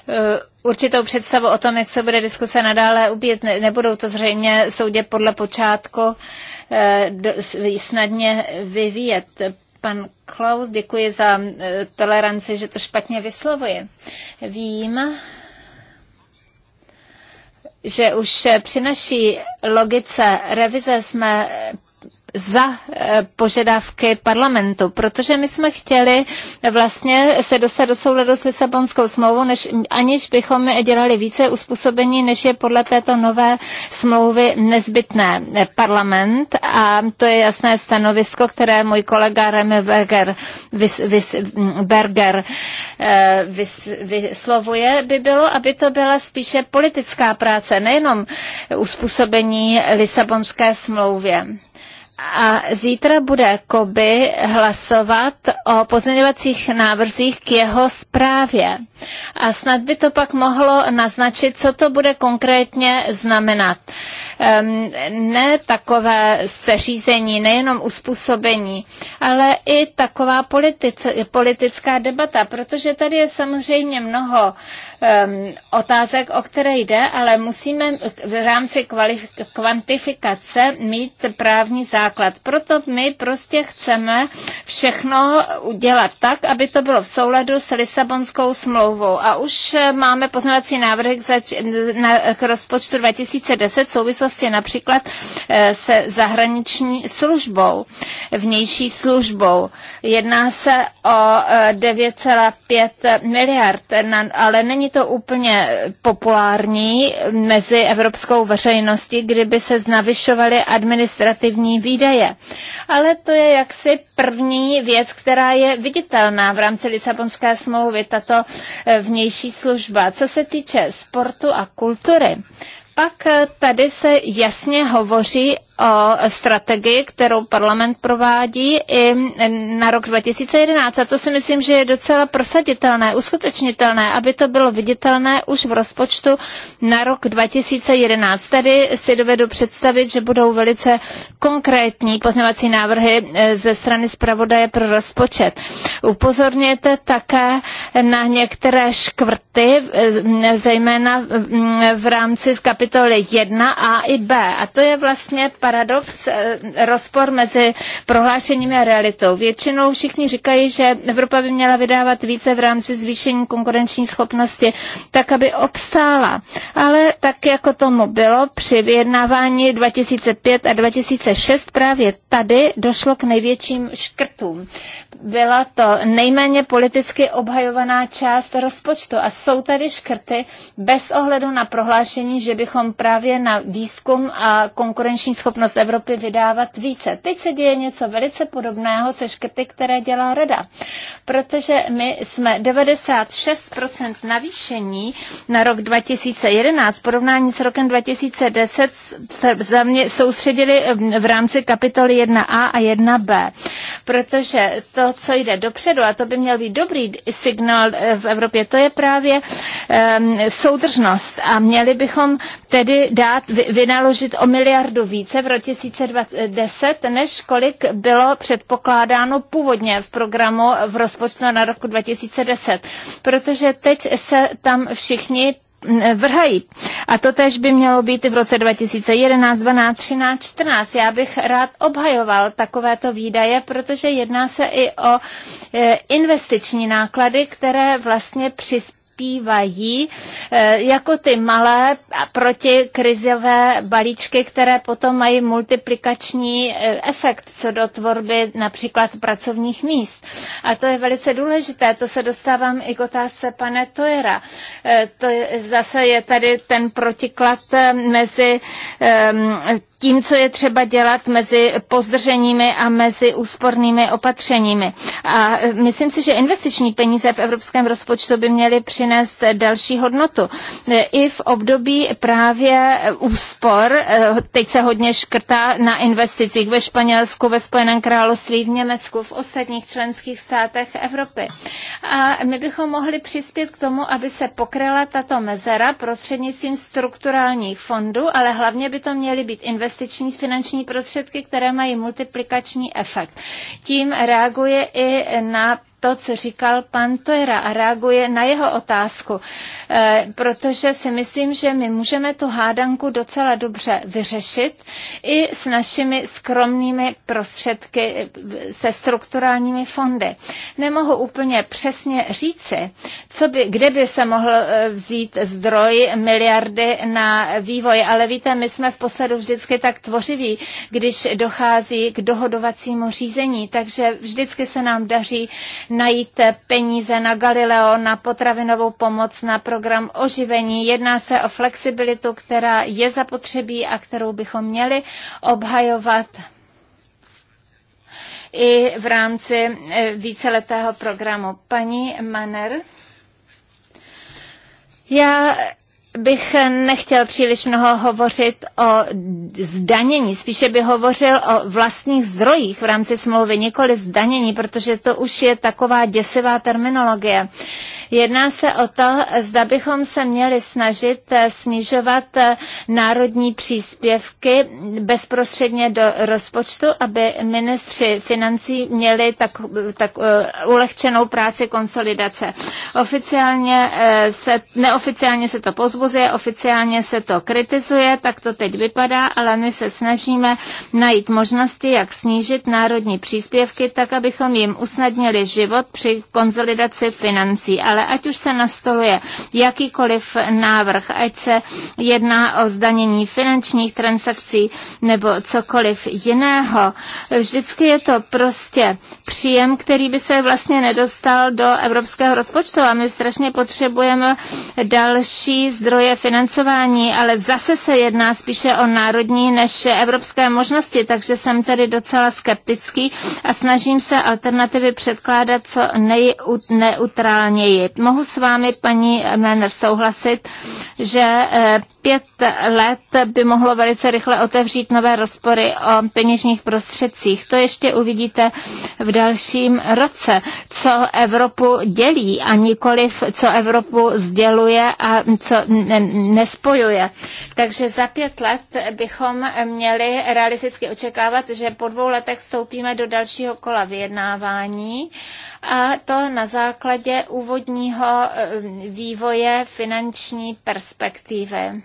Eh, určitou představu o tom, jak se bude diskuse nadále ubíjet. Nebudou to zřejmě soudě podle počátku eh, snadně vyvíjet. Pan Klaus, děkuji za eh, toleranci, že to špatně vyslovuje. Vím, že už při naší logice revize jsme za eh, požadavky parlamentu, protože my jsme chtěli vlastně se dostat do souladu s Lisabonskou smlouvou, než, aniž bychom dělali více uspůsobení, než je podle této nové smlouvy nezbytné parlament a to je jasné stanovisko, které můj kolega Remy Berger, vys, vys, Berger eh, vys, vyslovuje, by bylo, aby to byla spíše politická práce, nejenom uspůsobení Lisabonské smlouvě a zítra bude Koby hlasovat o pozměňovacích návrzích k jeho zprávě. A snad by to pak mohlo naznačit, co to bude konkrétně znamenat. Um, ne takové seřízení, nejenom uspůsobení, ale i taková politice, politická debata, protože tady je samozřejmě mnoho uh, Ehm, otázek, o které jde, ale musíme v rámci kvantifikace mít právní základ. Proto my prostě chceme všechno udělat tak, aby to bylo v souladu s Lisabonskou smlouvou. A už eh, máme poznávací návrh k rozpočtu 2010 v souvislosti například eh, se zahraniční službou, vnější službou. Jedná se o 9,5 eh, miliard, ale není Není to úplně populární mezi evropskou veřejností, kdyby se znavyšovaly administrativní výdaje. Ale to je jaksi první věc, která je viditelná v rámci Lisabonské smlouvy, tato eh, vnější služba. Co se týče sportu a kultury, pak eh, tady se jasně hovoří o strategii, kterou parlament provádí i na rok 2011. A to si myslím, že je docela prosaditelné, uskutečnitelné, aby to bylo viditelné už v rozpočtu na rok 2011. Tady si dovedu představit, že budou velice konkrétní pozněvací návrhy e, ze strany zpravodaje pro rozpočet. Upozorněte také na některé škvrty, e, zejména v rámci kapitoly 1a i b. A to je vlastně paradox, eh, rozpor mezi prohlášením a realitou. Většinou všichni říkají, že Evropa by měla vydávat více v rámci zvýšení konkurenční schopnosti, tak aby obstála. Ale tak jako tomu bylo při vyjednávání 2005 a 2006 právě tady došlo k největším škrtům. Byla to nejméně politicky obhajovaná část rozpočtu a jsou tady škrty bez ohledu na prohlášení, že bychom právě na výzkum a konkurenční schopnost schopnost Evropy vydávat více. Teď se děje něco velice podobného se škrty, které dělá Rada, protože my jsme 96% navýšení na rok 2011 v porovnání s rokem 2010 se za mě soustředili v rámci kapitoly 1a a 1b, protože to, co jde dopředu, a to by měl být dobrý signál eh, v Evropě, to je právě um, soudržnost a měli bychom tedy dát, vynaložit o miliardu více v roce 2010, než kolik bylo předpokládáno původně v programu v rozpočtu na roku 2010. Protože teď se tam všichni vrhají. A to tež by mělo být i v roce 2011, 12, 13, 14. Já bych rád obhajoval takovéto výdaje, protože jedná se i o e, investiční náklady, které vlastně přispívají přispívají eh, jako ty malé proti krizové balíčky, které potom mají multiplikační eh, efekt co do tvorby například pracovních míst. A to je velice důležité. To se dostávám i k otázce pane Tojera. Eh, to je, zase je tady ten protiklad mezi ehm, tím, co je třeba dělat mezi pozdrženími a mezi úspornými opatřeními. A e, myslím si, že investiční peníze v evropském rozpočtu by měly přinést další hodnotu. E, I v období právě e, úspor, teď se hodně škrtá na investicích ve Španělsku, ve Spojeném království, v Německu, v ostatních členských státech Evropy. A my bychom mohli přispět k tomu, aby se pokryla tato mezera prostřednictvím strukturálních fondů, ale hlavně by to měly být investice investiční finanční prostředky, které mají multiplikační efekt. Tím reaguje i na to, co říkal pan Tojera, a reaguje na jeho otázku, eh, protože si myslím, že my můžeme tu hádanku docela dobře vyřešit i s našimi skromnými prostředky eh, se strukturálními fondy. Nemohu úplně přesně říci, co by, kde by se mohl eh, vzít zdroj miliardy na vývoj, ale víte, my jsme v posledu vždycky tak tvořiví, když dochází k dohodovacímu řízení, takže vždycky se nám daří najít peníze na Galileo, na potravinovou pomoc, na program oživení. Jedná se o flexibilitu, která je zapotřebí a kterou bychom měli obhajovat i v rámci eh, víceletého programu. Paní Maner. Já bych nechtěl příliš mnoho hovořit o zdanění, spíše bych hovořil o vlastních zdrojích v rámci smlouvy, nikoli zdanění, protože to už je taková děsivá terminologie. Jedná se o to, zda bychom se měli snažit eh, snižovat eh, národní příspěvky bezprostředně do rozpočtu, aby ministři financí měli tak, tak eh, ulehčenou práci konsolidace. Oficiálně se, neoficiálně se to pozvu, diskuzi, oficiálně se to kritizuje, tak to teď vypadá, ale my se snažíme najít možnosti, jak snížit národní příspěvky, tak abychom jim usnadnili život při konzolidaci financí. Ale ať už se nastoluje jakýkoliv návrh, ať se jedná o zdanění finančních transakcí nebo cokoliv jiného, vždycky je to prostě příjem, který by se vlastně nedostal do evropského rozpočtu a my strašně potřebujeme další zdroje zdroje financování, ale zase se jedná spíše o národní než evropské možnosti, takže jsem tedy docela skeptický a snažím se alternativy předkládat co nejneutrálněji. Mohu s vámi, paní Mener, souhlasit, že eh, pět let by mohlo velice rychle otevřít nové rozpory o peněžních prostředcích. To ještě uvidíte v dalším roce, co Evropu dělí a nikoliv, co Evropu sděluje a co nespojuje. Takže za pět let bychom měli realisticky očekávat, že po dvou letech vstoupíme do dalšího kola vyjednávání a to na základě úvodního eh, vývoje finanční perspektivy.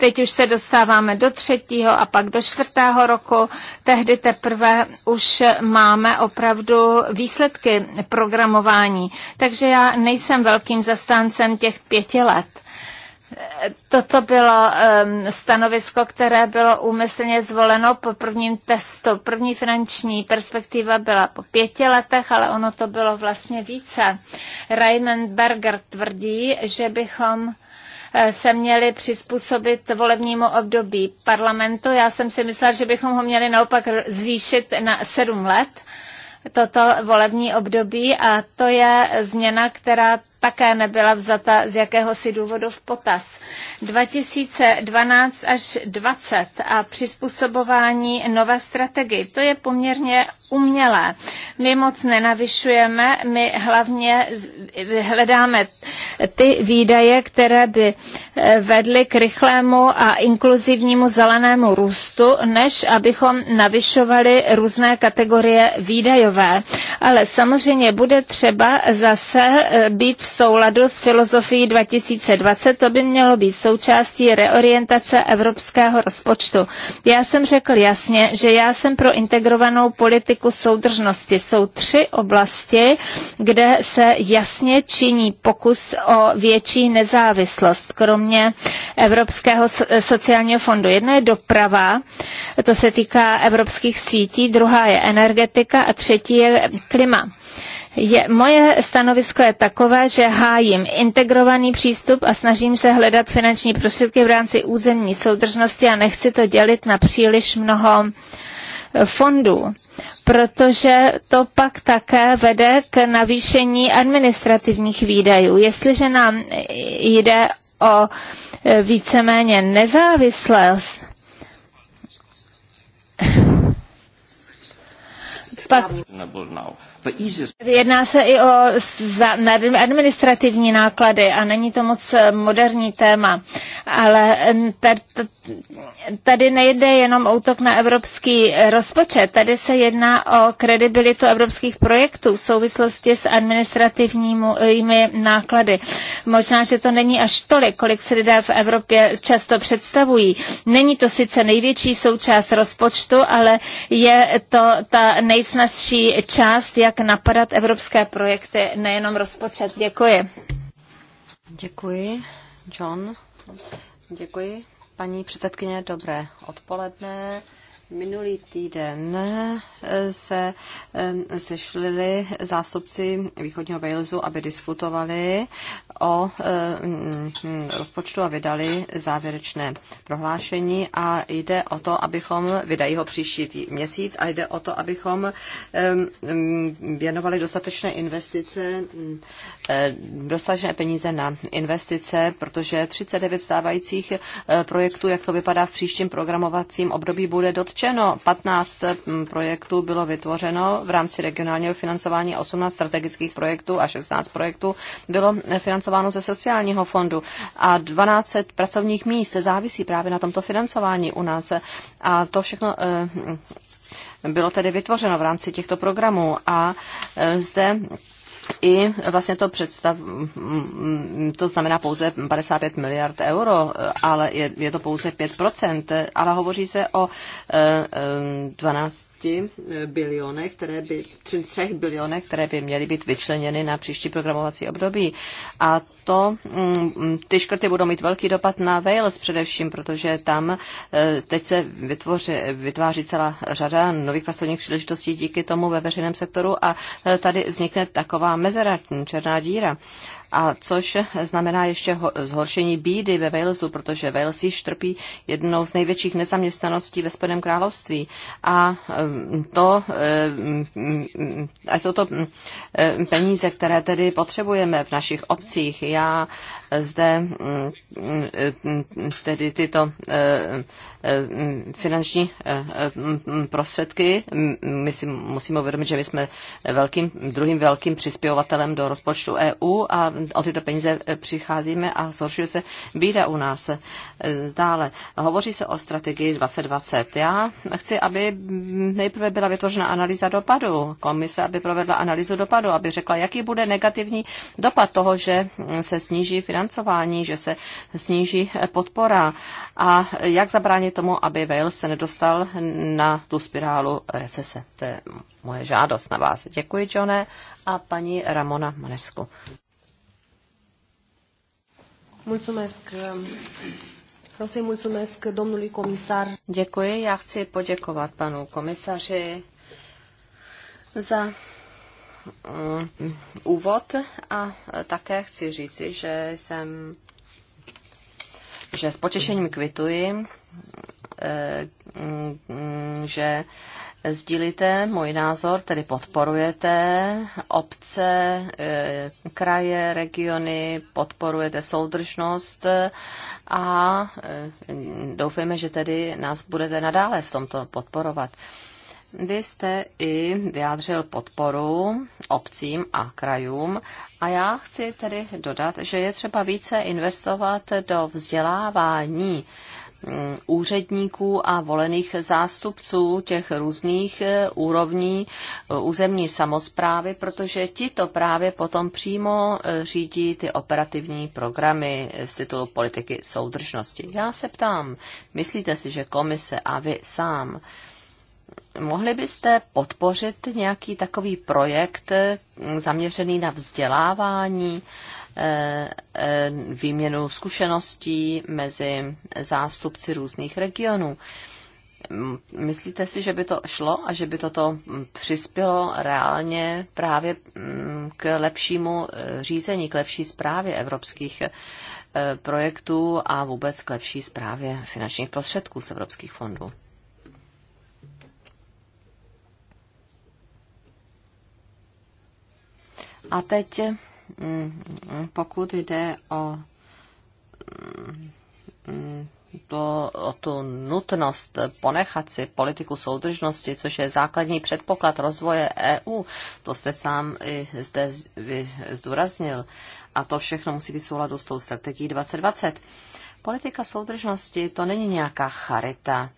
Teď už se dostáváme do třetího a pak do čtvrtého roku. Tehdy teprve už máme opravdu výsledky programování. Takže já nejsem velkým zastáncem těch pěti let. Toto bylo um, stanovisko, které bylo úmyslně zvoleno po prvním testu. První finanční perspektiva byla po pěti letech, ale ono to bylo vlastně více. Raymond Berger tvrdí, že bychom Eh, se měli přizpůsobit volebnímu období parlamentu. Já jsem si myslela, že bychom ho měli naopak zvýšit na sedm let toto volební období a to je změna, která také nebyla vzata z jakéhosi důvodu v potaz. 2012 až 20 a přizpůsobování nové strategii, to je poměrně umělé. My moc nenavyšujeme, my hlavně hledáme ty výdaje, které by eh, vedly k rychlému a inkluzivnímu zelenému růstu, než abychom navyšovali různé kategorie výdajové. Ale samozřejmě bude třeba zase eh, být v souladu s filozofií 2020, to by mělo být součástí reorientace evropského rozpočtu. Já jsem řekl jasně, že já jsem pro integrovanou politiku soudržnosti. Jsou tři oblasti, kde se jasně činí pokus o větší nezávislost, kromě Evropského sociálního fondu. Jedna je doprava, to se týká evropských sítí, druhá je energetika a třetí je klima. Je, moje stanovisko je takové, že hájím integrovaný přístup a snažím se hledat finanční prostředky v rámci územní soudržnosti a nechci to dělit na příliš mnoho eh, fondů, protože to pak také vede k navýšení administrativních výdajů. Jestliže nám jde o eh, víceméně nezávislost, pak Jedná se i o administrativní náklady a není to moc eh, moderní téma, ale mm, tady nejde jenom útok na evropský eh, rozpočet, tady se jedná o kredibilitu evropských projektů v souvislosti s administrativními eh, náklady. Možná, že to není až tolik, kolik si lidé v Evropě často představují. Není to sice největší součást rozpočtu, ale je to ta nejsnazší část, jak jak napadat evropské projekty, nejenom rozpočet. Děkuji. Děkuji, John. Děkuji, paní předsedkyně. Dobré odpoledne. Minulý týden se sešli zástupci východního Walesu, aby diskutovali o e, mm, mm, rozpočtu a vydali závěrečné prohlášení a jde o to, abychom, vydají ho příští měsíc a jde o to, abychom e, mm, věnovali dostatečné investice, e, dostatečné peníze na investice, protože 39 stávajících projektů, jak to vypadá v příštím programovacím období, bude dotčeno. 15 projektů bylo vytvořeno v rámci regionálního financování, 18 strategických projektů a 16 projektů bylo financováno financováno ze sociálního fondu a 12 pracovních míst závisí právě na tomto financování u nás. A to všechno eh, hm, bylo tedy vytvořeno v rámci těchto programů a eh, zde i vlastně to představ, hm, hm, to znamená pouze 55 miliard euro, eh, ale je, je to pouze 5%, ale hovoří se o 12 bilionech, které by, 3 bilionech, které by měly být vyčleněny na příští programovací období. A to, mm, ty škrty budou mít velký dopad na Wales především, protože tam e, teď se vytvoří, vytváří celá řada nových pracovních příležitostí díky tomu ve veřejném sektoru a e, tady vznikne taková mezera, černá díra a což znamená ještě zhoršení bídy ve Walesu, protože Wales již trpí jednou z největších nezaměstnaností ve Spojeném království. A mm, to, eh, mm, mm, a jsou to eh, peníze, které tedy potřebujeme v našich obcích. Já zde mm, tedy tyto eh, eh, finanční eh, prostředky. Mm, my si musíme uvědomit, že my jsme velkým, druhým velkým přispěvatelem do rozpočtu EU a o tyto peníze přicházíme a zhoršuje se bída u nás. Dále, hovoří se o strategii 2020. Já chci, aby nejprve byla vytvořena analýza dopadu. Komise, aby provedla analýzu dopadu, aby řekla, jaký bude negativní dopad toho, že se sníží finanční financování, že se sníží podpora a jak zabránit tomu, aby Wales se nedostal na tu spirálu recese. To je moje žádost na vás. Děkuji, Johne, a paní Ramona Manesku. Mulțumesc. Prosím, eh, mulțumesc domnului comisar. Děkuji, já chci poděkovat panu komisaři za Eh, úvod a také chci říci, že jsem že s potěšením kvituji, eh, že sdílíte můj názor, tedy podporujete obce, eh, kraje, regiony, podporujete soudržnost a doufejme, že tedy nás budete nadále v tomto podporovat. Vy jste i vyjádřil podporu obcím a krajům a já chci tedy dodat, že je třeba více investovat do vzdělávání mm, úředníků a volených zástupců těch různých e, úrovní e, územní samozprávy, protože ti to právě potom přímo e, řídí ty operativní programy z titulu politiky soudržnosti. Já se ptám, myslíte si, že komise a vy sám mohli byste podpořit nějaký takový projekt eh, zaměřený na vzdělávání, eh, eh, výměnu zkušeností mezi zástupci různých regionů? Myslíte si, že by to šlo a že by toto přispělo reálně právě k lepšímu řízení, k lepší zprávě evropských projektů a vůbec k lepší zprávě finančních prostředků z evropských fondů? A teď, mm, mm, pokud jde o mm, to, o tu nutnost ponechat si politiku soudržnosti, což je základní předpoklad rozvoje EU, to jste sám i zde zdůraznil, a to všechno musí být souladu s tou strategií 2020. Politika soudržnosti to není nějaká charita,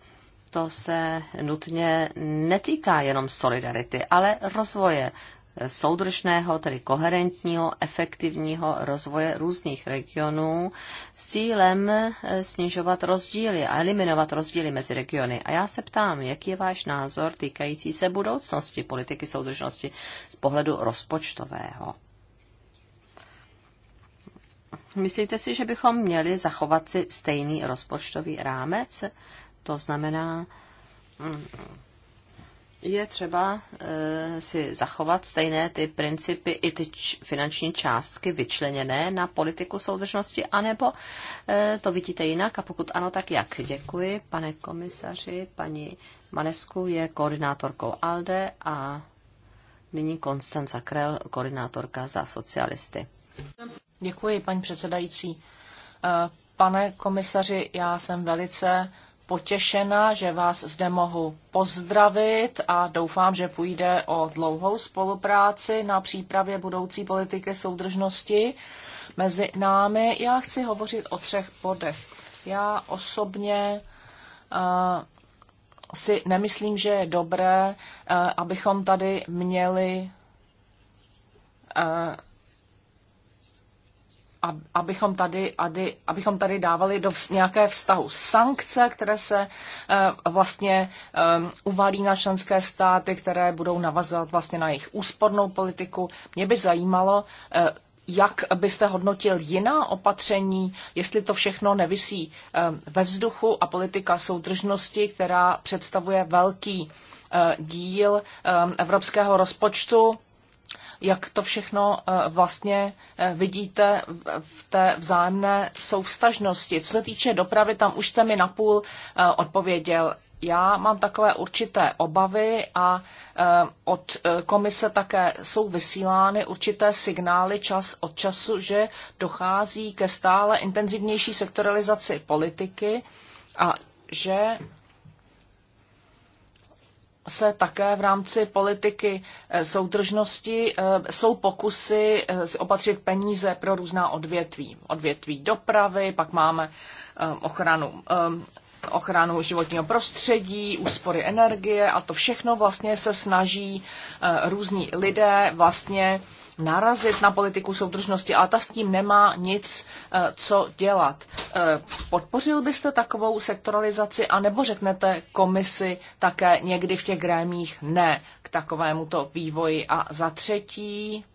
to se nutně netýká jenom solidarity, ale rozvoje soudržného, tedy koherentního, efektivního rozvoje různých regionů s cílem eh, snižovat rozdíly a eliminovat rozdíly mezi regiony. A já se ptám, jaký je váš názor týkající se budoucnosti politiky soudržnosti z pohledu rozpočtového? Myslíte si, že bychom měli zachovat si stejný rozpočtový rámec? To znamená, mm, je třeba eh, si zachovat stejné ty principy i ty finanční částky vyčleněné na politiku soudržnosti, anebo eh, to vidíte jinak a pokud ano, tak jak? Děkuji, pane komisaři, paní Manesku je koordinátorkou ALDE a nyní Konstanca Krel, koordinátorka za socialisty. Děkuji, paní předsedající. Eh, pane komisaři, já jsem velice potěšena, že vás zde mohu pozdravit a doufám, že půjde o dlouhou spolupráci na přípravě budoucí politiky soudržnosti mezi námi. Já chci hovořit o třech bodech. Já osobně uh, si nemyslím, že je dobré, uh, abychom tady měli uh, abychom tady, ady, abychom tady dávali do nějaké vztahu sankce, které se eh, vlastně eh, uvalí na členské státy, které budou navazovat vlastně na jejich úspornou politiku. Mě by zajímalo, eh, jak byste hodnotil jiná opatření, jestli to všechno nevisí ve vzduchu a politika soudržnosti, která představuje velký díl evropského rozpočtu, jak to všechno eh, vlastně eh, vidíte v té vzájemné soustažnosti. Co se týče dopravy, tam už jste mi napůl eh, odpověděl. Já mám takové určité obavy a od komise také jsou vysílány určité signály čas od času, že dochází ke stále intenzivnější sektoralizaci politiky a že se také v rámci politiky eh, soudržnosti eh, jsou pokusy eh, opatřit peníze pro různá odvětví. Odvětví dopravy, pak máme ochranu ochranu životního prostředí, úspory energie a to všechno vlastně se snaží různí lidé vlastně narazit na politiku soudržnosti, ale ta s tím nemá nic eh, co dělat. Eh, podpořil byste takovou sektoralizaci, anebo řeknete komisi také někdy v těch grémích ne k takovému to vývoji? A za třetí,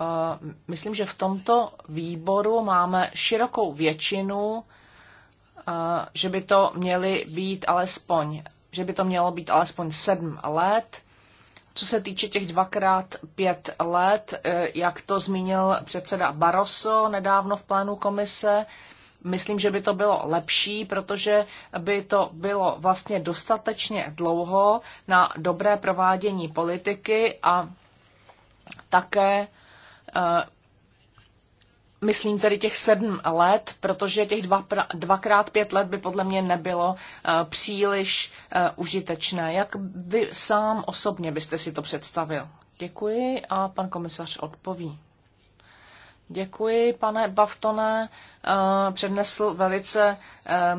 eh, myslím, že v tomto výboru máme širokou většinu, že by to měly být alespoň že by to mělo být alespoň sedm let co se týče těch dvakrát pět let, eh, jak to zmínil předseda Barroso nedávno v plánu komise, myslím, že by to bylo lepší, protože by to bylo vlastně dostatečně dlouho na dobré provádění politiky a také eh, Myslím tedy těch sedm let, protože těch dva, dvakrát pět let by podle mě nebylo eh, příliš eh, užitečné. Jak vy sám osobně byste si to představil? Děkuji a pan komisař odpoví. Děkuji, pane Baftone. Eh, přednesl velice eh,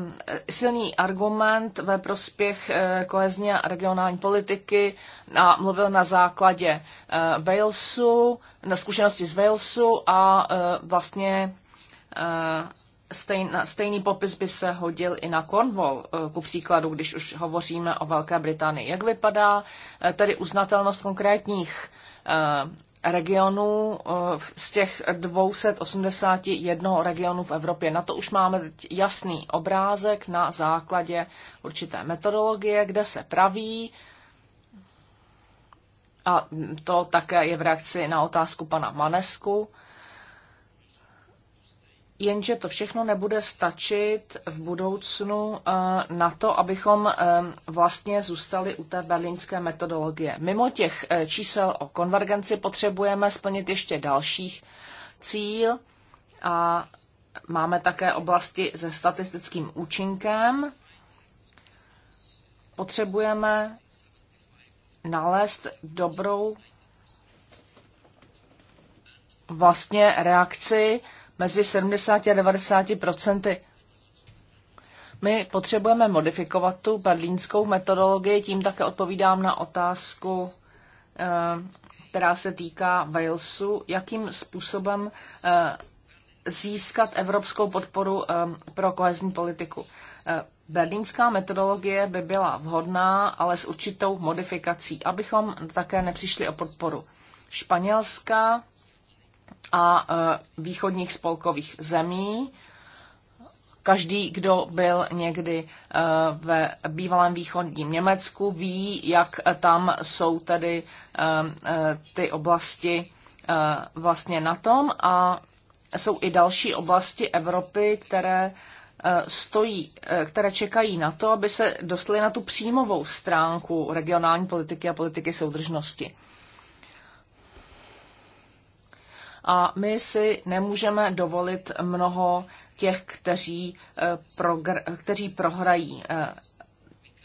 silný argument ve prospěch eh, kohezní a regionální politiky a mluvil na základě Walesu, na zkušenosti z Walesu a vlastně stejný popis by se hodil i na Cornwall, ku příkladu, když už hovoříme o Velké Británii. Jak vypadá tedy uznatelnost konkrétních regionů eh, z těch 281 regionů v Evropě. Na to už máme teď jasný obrázek na základě určité metodologie, kde se praví. A to také je v reakci na otázku pana Manesku Jenže to všechno nebude stačit v budoucnu eh, na to, abychom eh, vlastně zůstali u té berlínské metodologie. Mimo těch eh, čísel o konvergenci potřebujeme splnit ještě dalších cíl a máme také oblasti se statistickým účinkem. Potřebujeme nalézt dobrou vlastně reakci mezi 70 a 90 procenty. My potřebujeme modifikovat tu berlínskou metodologii, tím také odpovídám na otázku, eh, která se týká Walesu, jakým způsobem eh, získat evropskou podporu eh, pro kohezní politiku. Berlínská metodologie by byla vhodná, ale s určitou modifikací, abychom také nepřišli o podporu. Španělská a e, východních spolkových zemí. Každý, kdo byl někdy e, ve bývalém východním Německu, ví, jak tam jsou tedy e, ty oblasti vlastně na tom a jsou i další oblasti Evropy, které stojí, které čekají na to, aby se dostaly na tu příjmovou stránku regionální politiky a politiky soudržnosti. a my si nemůžeme dovolit mnoho těch, kteří, eh, progr- kteří prohrají. Eh,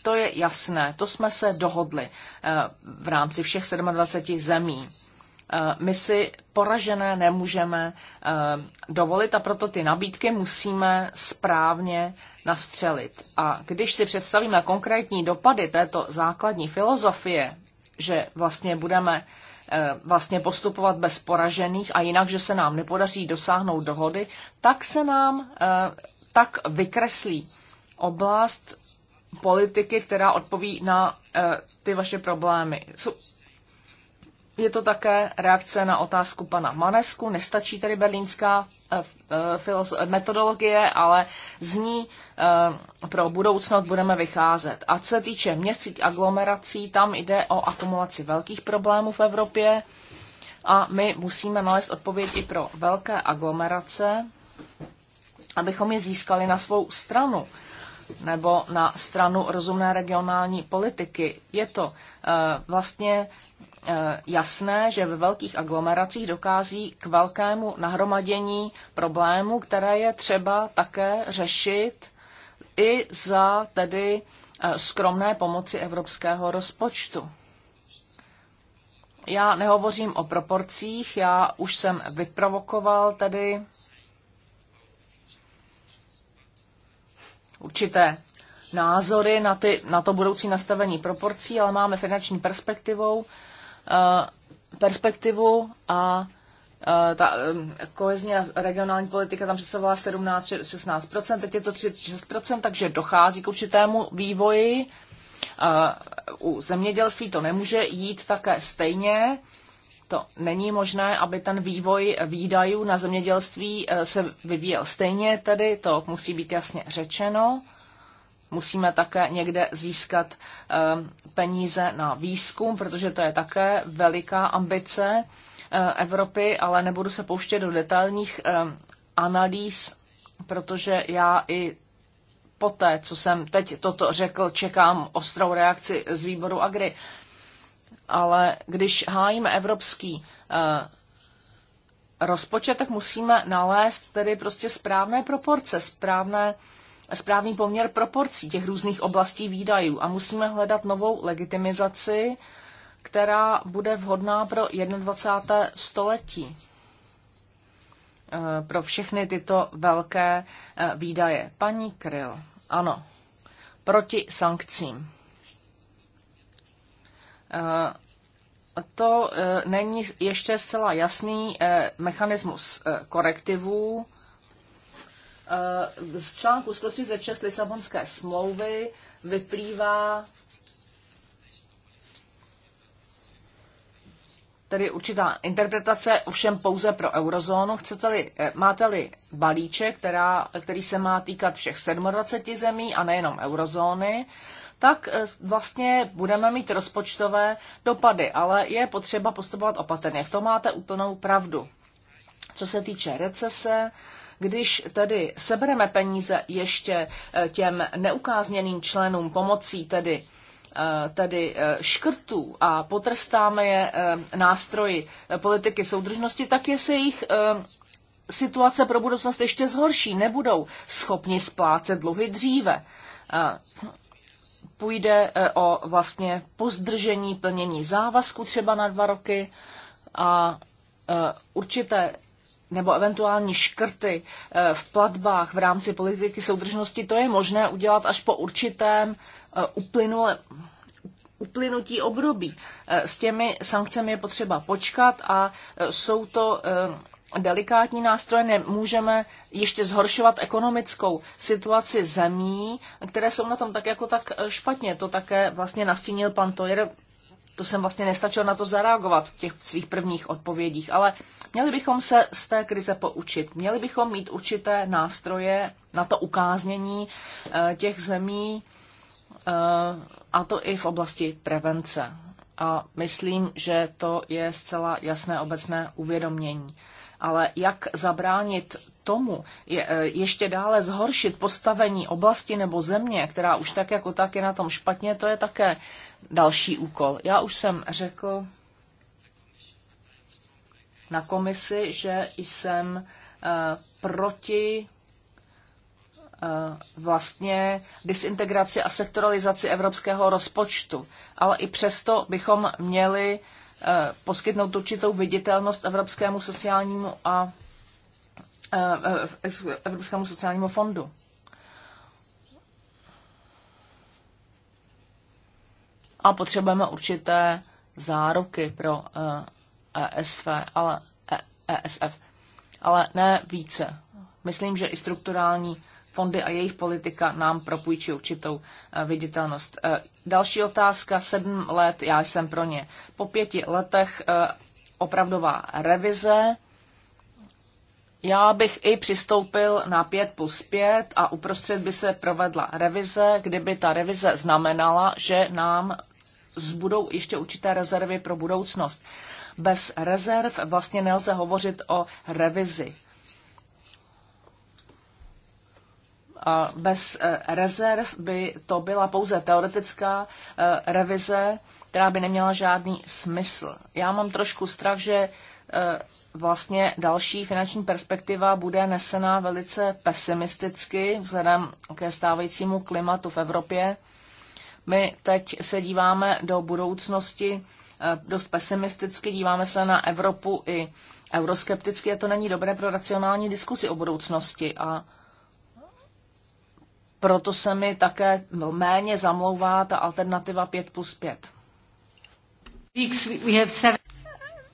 to je jasné, to jsme se dohodli eh, v rámci všech 27 zemí. My si poražené nemůžeme dovolit a proto ty nabídky musíme správně nastřelit. A když si představíme konkrétní dopady této základní filozofie, že vlastně budeme Eh, vlastně postupovat bez poražených a jinak, že se nám nepodaří dosáhnout dohody, tak se nám eh, tak vykreslí oblast politiky, která odpoví na eh, ty vaše problémy. Je to také reakce na otázku pana Manesku. Nestačí tedy berlínská Eh, eh, metodologie, ale z ní eh, pro budoucnost budeme vycházet. A co se týče městských aglomerací, tam jde o akumulaci velkých problémů v Evropě a my musíme nalézt odpověď i pro velké aglomerace, abychom je získali na svou stranu nebo na stranu rozumné regionální politiky. Je to vlastně Eh, jasné, že ve velkých aglomeracích dokází k velkému nahromadění problémů, které je třeba také řešit i za tedy eh, skromné pomoci evropského rozpočtu. Já nehovořím o proporcích, já už jsem vyprovokoval tedy určité názory na, ty, na to budoucí nastavení proporcí, ale máme finanční perspektivou Eh, perspektivu a eh, ta eh, kohezní a regionální politika tam představovala 17-16%, teď je to 36%, takže dochází k určitému vývoji. U zemědělství to nemůže jít také stejně. To není možné, aby ten vývoj výdajů na zemědělství se vyvíjel stejně, tedy to musí být jasně řečeno. Musíme také někde získat ehm, peníze na výzkum, protože to je také veliká ambice eh, Evropy, ale nebudu se pouštět do detailních ehm, analýz, protože já i poté, co jsem teď toto řekl, čekám ostrou reakci z výboru Agri. Ale když hájíme evropský eh, rozpočet, tak musíme nalézt tedy prostě správné proporce, správné správný poměr proporcí těch různých oblastí výdajů a musíme hledat novou legitimizaci, která bude vhodná pro 21. století eh, pro všechny tyto velké eh, výdaje. Paní Kryl, ano, proti sankcím. Eh, to není ještě zcela jasný mechanismus korektivů, Eh, z článku 136 Lisabonské smlouvy vyplývá tedy určitá interpretace, ovšem pouze pro eurozónu. Chcete-li, eh, máte-li balíček, která, který se má týkat všech 27 zemí a nejenom eurozóny, tak eh, vlastně budeme mít rozpočtové dopady, ale je potřeba postupovat opatrně. To máte úplnou pravdu. Co se týče recese, když tedy sebereme peníze ještě eh, těm neukázněným členům pomocí tedy eh, tedy eh, škrtů a potrestáme je nástroji politiky soudržnosti, tak je se jich situace pro budoucnost ještě zhorší. Nebudou schopni splácet dluhy dříve. Půjde o vlastně pozdržení plnění závazku třeba na dva roky a určité nebo eventuální škrty eh, v platbách v rámci politiky soudržnosti, to je možné udělat až po určitém eh, uplynule, uplynutí období. Eh, s těmi sankcemi je potřeba počkat a jsou to delikátní nástroje, nemůžeme ještě zhoršovat ekonomickou situaci zemí, které jsou na tom tak jako tak špatně. To také vlastně nastínil pan Tojer to jsem vlastně nestačil na to zareagovat v těch svých prvních odpovědích, ale měli bychom se z té krize poučit. Měli bychom mít určité nástroje na to ukáznění eh, těch zemí, eh, a to i v oblasti prevence. A myslím, že to je zcela jasné obecné uvědomění. Ale jak zabránit tomu je, eh, ještě dále zhoršit postavení oblasti nebo země, která už tak jako tak je na tom špatně, to je také další úkol. Já už jsem řekl na komisi, že jsem eh, proti eh, vlastně disintegraci a sektoralizaci evropského rozpočtu. Ale i přesto bychom měli eh, poskytnout určitou viditelnost Evropskému sociálnímu a Evropskému sociálnímu fondu. a potřebujeme určité záruky pro ESF, eh, e ale, ESF, e ale ne více. Myslím, že i strukturální fondy a jejich politika nám propůjčí určitou eh, viditelnost. Eh, další otázka, sedm let, já jsem pro ně. Po pěti letech opravdová revize já bych i přistoupil na 5 plus 5 a uprostřed by se provedla revize, kdyby ta revize znamenala, že nám zbudou ještě určité rezervy pro budoucnost. Bez rezerv vlastně nelze hovořit o revizi. A bez eh, rezerv by to byla pouze teoretická eh, revize, která by neměla žádný smysl. Já mám trošku strach, že E, vlastně další finanční perspektiva bude nesena velice pesimisticky vzhledem ke stávajícímu klimatu v Evropě. My teď se díváme do budoucnosti e, dost pesimisticky, díváme se na Evropu i euroskepticky a to není dobré pro racionální diskusi o budoucnosti a proto se mi také méně zamlouvá ta alternativa 5 plus 5.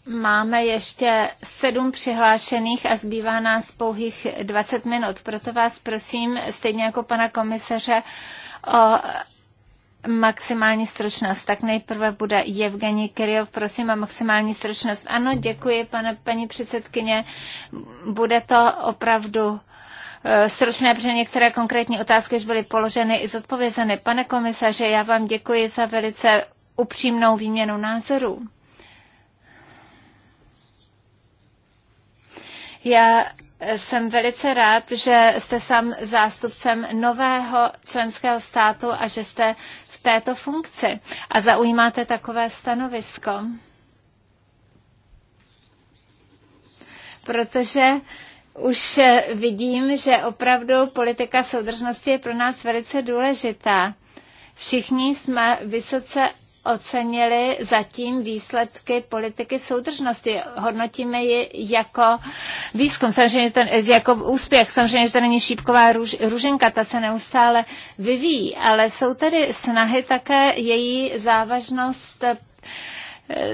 Máme ještě sedm přihlášených a zbývá nás pouhých 20 minut. Proto vás prosím, stejně jako pana komisaře, o maximální stručnost. Tak nejprve bude Evgeni Kyriov, prosím, a maximální stručnost. Ano, děkuji, pane, paní předsedkyně. Bude to opravdu e, stručné, protože některé konkrétní otázky už byly položeny i zodpovězeny. Pane komisaře. já vám děkuji za velice upřímnou výměnu názorů. Já jsem velice rád, že jste sám zástupcem nového členského státu a že jste v této funkci a zaujímáte takové stanovisko. Protože už vidím, že opravdu politika soudržnosti je pro nás velice důležitá. Všichni jsme vysoce ocenili zatím výsledky politiky soudržnosti. Hodnotíme ji jako výzkum, samozřejmě to, jako úspěch. Samozřejmě, že to není šípková růž, růženka, ta se neustále vyvíjí, ale jsou tady snahy také její závažnost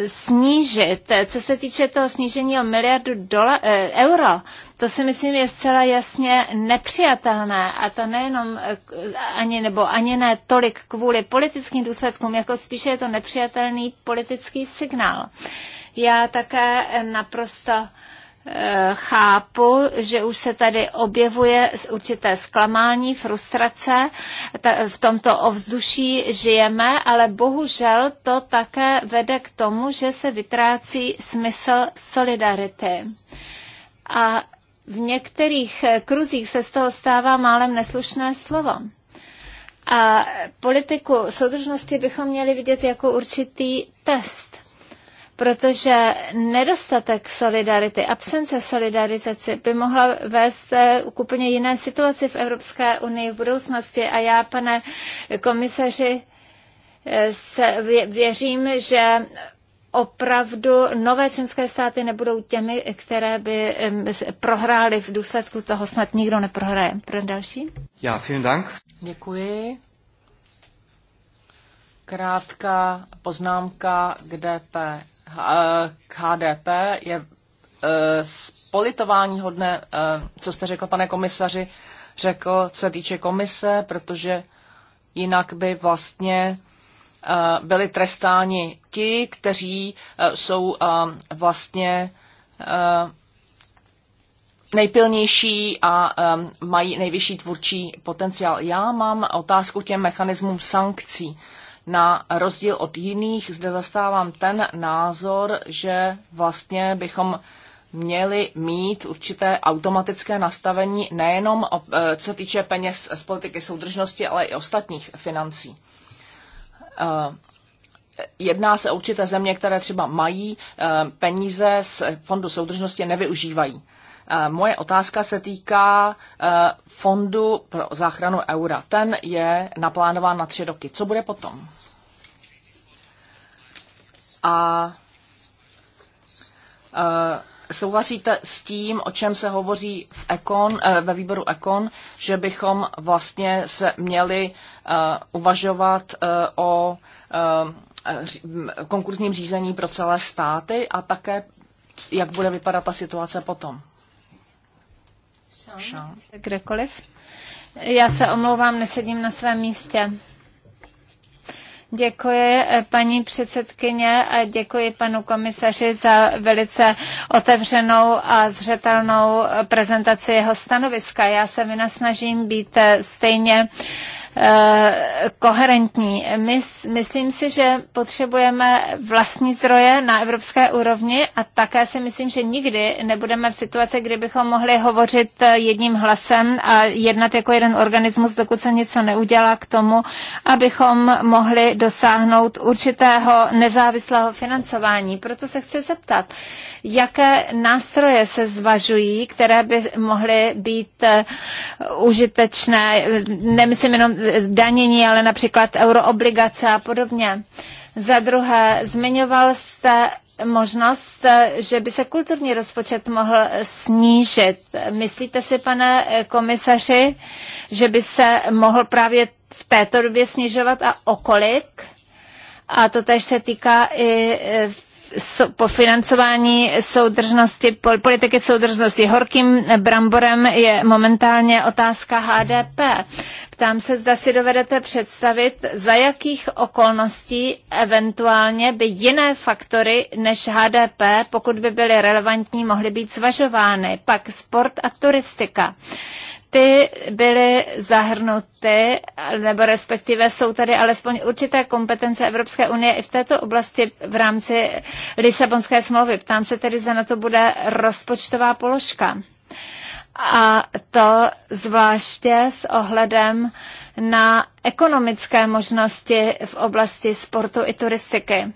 snížit. Co se týče toho snížení o miliardu dola, eh, euro, to si myslím je zcela jasně nepřijatelné a to nejenom ani nebo ani ne tolik kvůli politickým důsledkům, jako spíše je to nepřijatelný politický signál. Já také naprosto Eh, chápu, že už se tady objevuje určité zklamání, frustrace. V tomto ovzduší žijeme, ale bohužel to také vede k tomu, že se vytrácí smysl solidarity. A v některých eh, kruzích se z toho stává málem neslušné slovo. A politiku soudržnosti bychom měli vidět jako určitý test – protože nedostatek solidarity, absence solidarizace by mohla vést eh, k úplně jiné situaci v Evropské unii v budoucnosti. A já, pane komisaři, eh, se věřím, že opravdu nové členské státy nebudou těmi, které by prohrály v důsledku toho, snad nikdo neprohraje. Pro další? Já, vielen Dank. Děkuji. Krátká poznámka k DPH HDP je eh, politování hodné, eh, co jste řekl, pane komisaři, řekl, co se týče komise, protože jinak by vlastně eh, byli trestáni ti, kteří jsou vlastně nejpilnější a mají nejvyšší tvůrčí potenciál. Já mám otázku těm mechanismům sankcí na rozdíl od jiných zde zastávám ten názor, že vlastně bychom měli mít určité automatické nastavení nejenom eh, co se týče peněz z politiky soudržnosti, ale i ostatních financí. Eh, jedná se o určité země, které třeba mají eh, peníze z fondu soudržnosti nevyužívají. Eh, moje otázka se týká eh, fondu pro záchranu eura. Ten je naplánován na tři roky. Co bude potom? A eh, souhlasíte s tím, o čem se hovoří v Econ, ve výboru Ekon, že bychom vlastně se měli uvažovat o konkurzním řízení pro celé státy a také jak bude vypadat ta situace potom? Sean. Kdekoliv. Já se omlouvám, nesedím na svém místě. Děkuji eh, paní předsedkyně a děkuji panu komisaři za velice otevřenou a zřetelnou eh, prezentaci jeho stanoviska. Já se vynasnažím být eh, stejně Eh, koherentní. My, myslím si, že potřebujeme vlastní zdroje na evropské úrovni a také si myslím, že nikdy nebudeme v situaci, kdy bychom mohli hovořit eh, jedním hlasem a jednat jako jeden organismus, dokud se něco neudělá k tomu, abychom mohli dosáhnout určitého nezávislého financování. Proto se chci zeptat, jaké nástroje se zvažují, které by mohly být eh, užitečné, nemyslím jenom danění, ale například euroobligace a podobně. Za druhé, zmiňoval jste možnost, že by se kulturní rozpočet mohl snížit. Myslíte si, pane komisaři, že by se mohl právě v této době snižovat a okolik? A to tež se týká i po financování soudržnosti, politiky soudržnosti. Horkým bramborem je momentálně otázka HDP. Ptám se, zda si dovedete představit, za jakých okolností eventuálně by jiné faktory než HDP, pokud by byly relevantní, mohly být zvažovány. Pak sport a turistika ty byly zahrnuty, nebo respektive jsou tady alespoň určité kompetence Evropské unie i v této oblasti v rámci Lisabonské smlouvy. Ptám se tedy, za na to bude rozpočtová položka a to zvláště s ohledem na ekonomické možnosti v oblasti sportu i turistiky.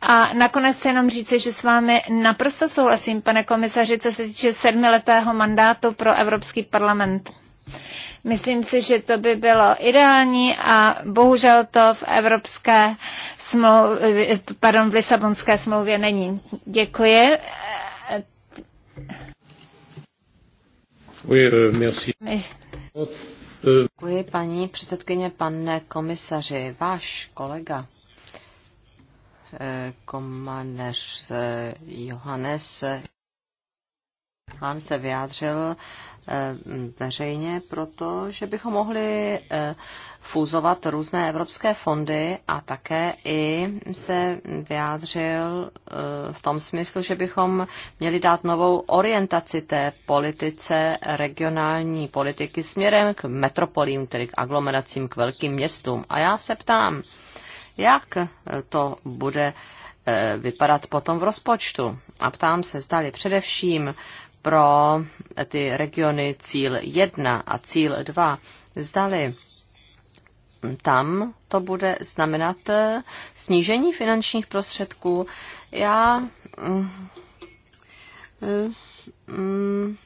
A nakonec se jenom říci, že s vámi naprosto souhlasím, pane komisaři, co se týče sedmiletého mandátu pro Evropský parlament. Myslím si, že to by bylo ideální a bohužel to v Evropské smlouvě, pardon, v Lisabonské smlouvě není. Děkuji. Euh, Děkuji, paní předsedkyně, pane komisaři. Váš kolega, eh, komaneř eh, Johannes Han se vyjádřil eh, veřejně proto, že bychom mohli eh, fúzovat různé evropské fondy a také i se vyjádřil eh, v tom smyslu, že bychom měli dát novou orientaci té politice regionální politiky směrem k metropolím, tedy k aglomeracím, k velkým městům. A já se ptám, jak to bude vypadat potom v rozpočtu. A ptám se, zdali především pro ty regiony cíl 1 a cíl 2, zdali tam to bude znamenat eh, snížení finančních prostředků. Já mm, eh, mm,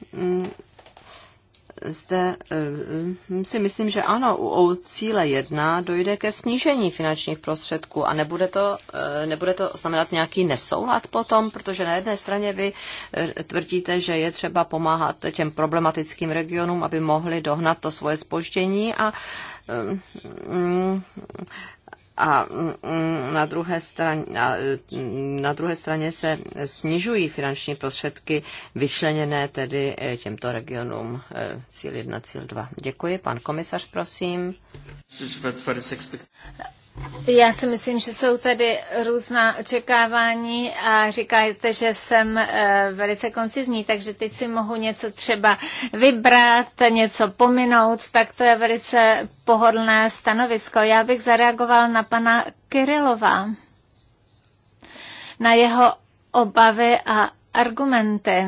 zde eh, si myslím, že ano, u cíle 1 dojde ke snížení finančních prostředků a nebude to, eh, nebude to znamenat nějaký nesoulad potom, protože na jedné straně vy eh, tvrdíte, že je třeba pomáhat těm problematickým regionům, aby mohli dohnat to svoje spoždění a mm, a mm, mm, na druhé, straně, mm, na druhé straně se snižují finanční prostředky vyšleněné tedy eh, těmto regionům eh, cíl 1, cíl 2. Děkuji. Pan komisař, prosím. Já si myslím, že jsou tady různá očekávání a říkáte, že jsem eh, velice koncizní, takže teď si mohu něco třeba vybrat, něco pominout, tak to je velice pohodlné stanovisko. Já bych zareagoval na pana Kirilova, na jeho obavy a argumenty.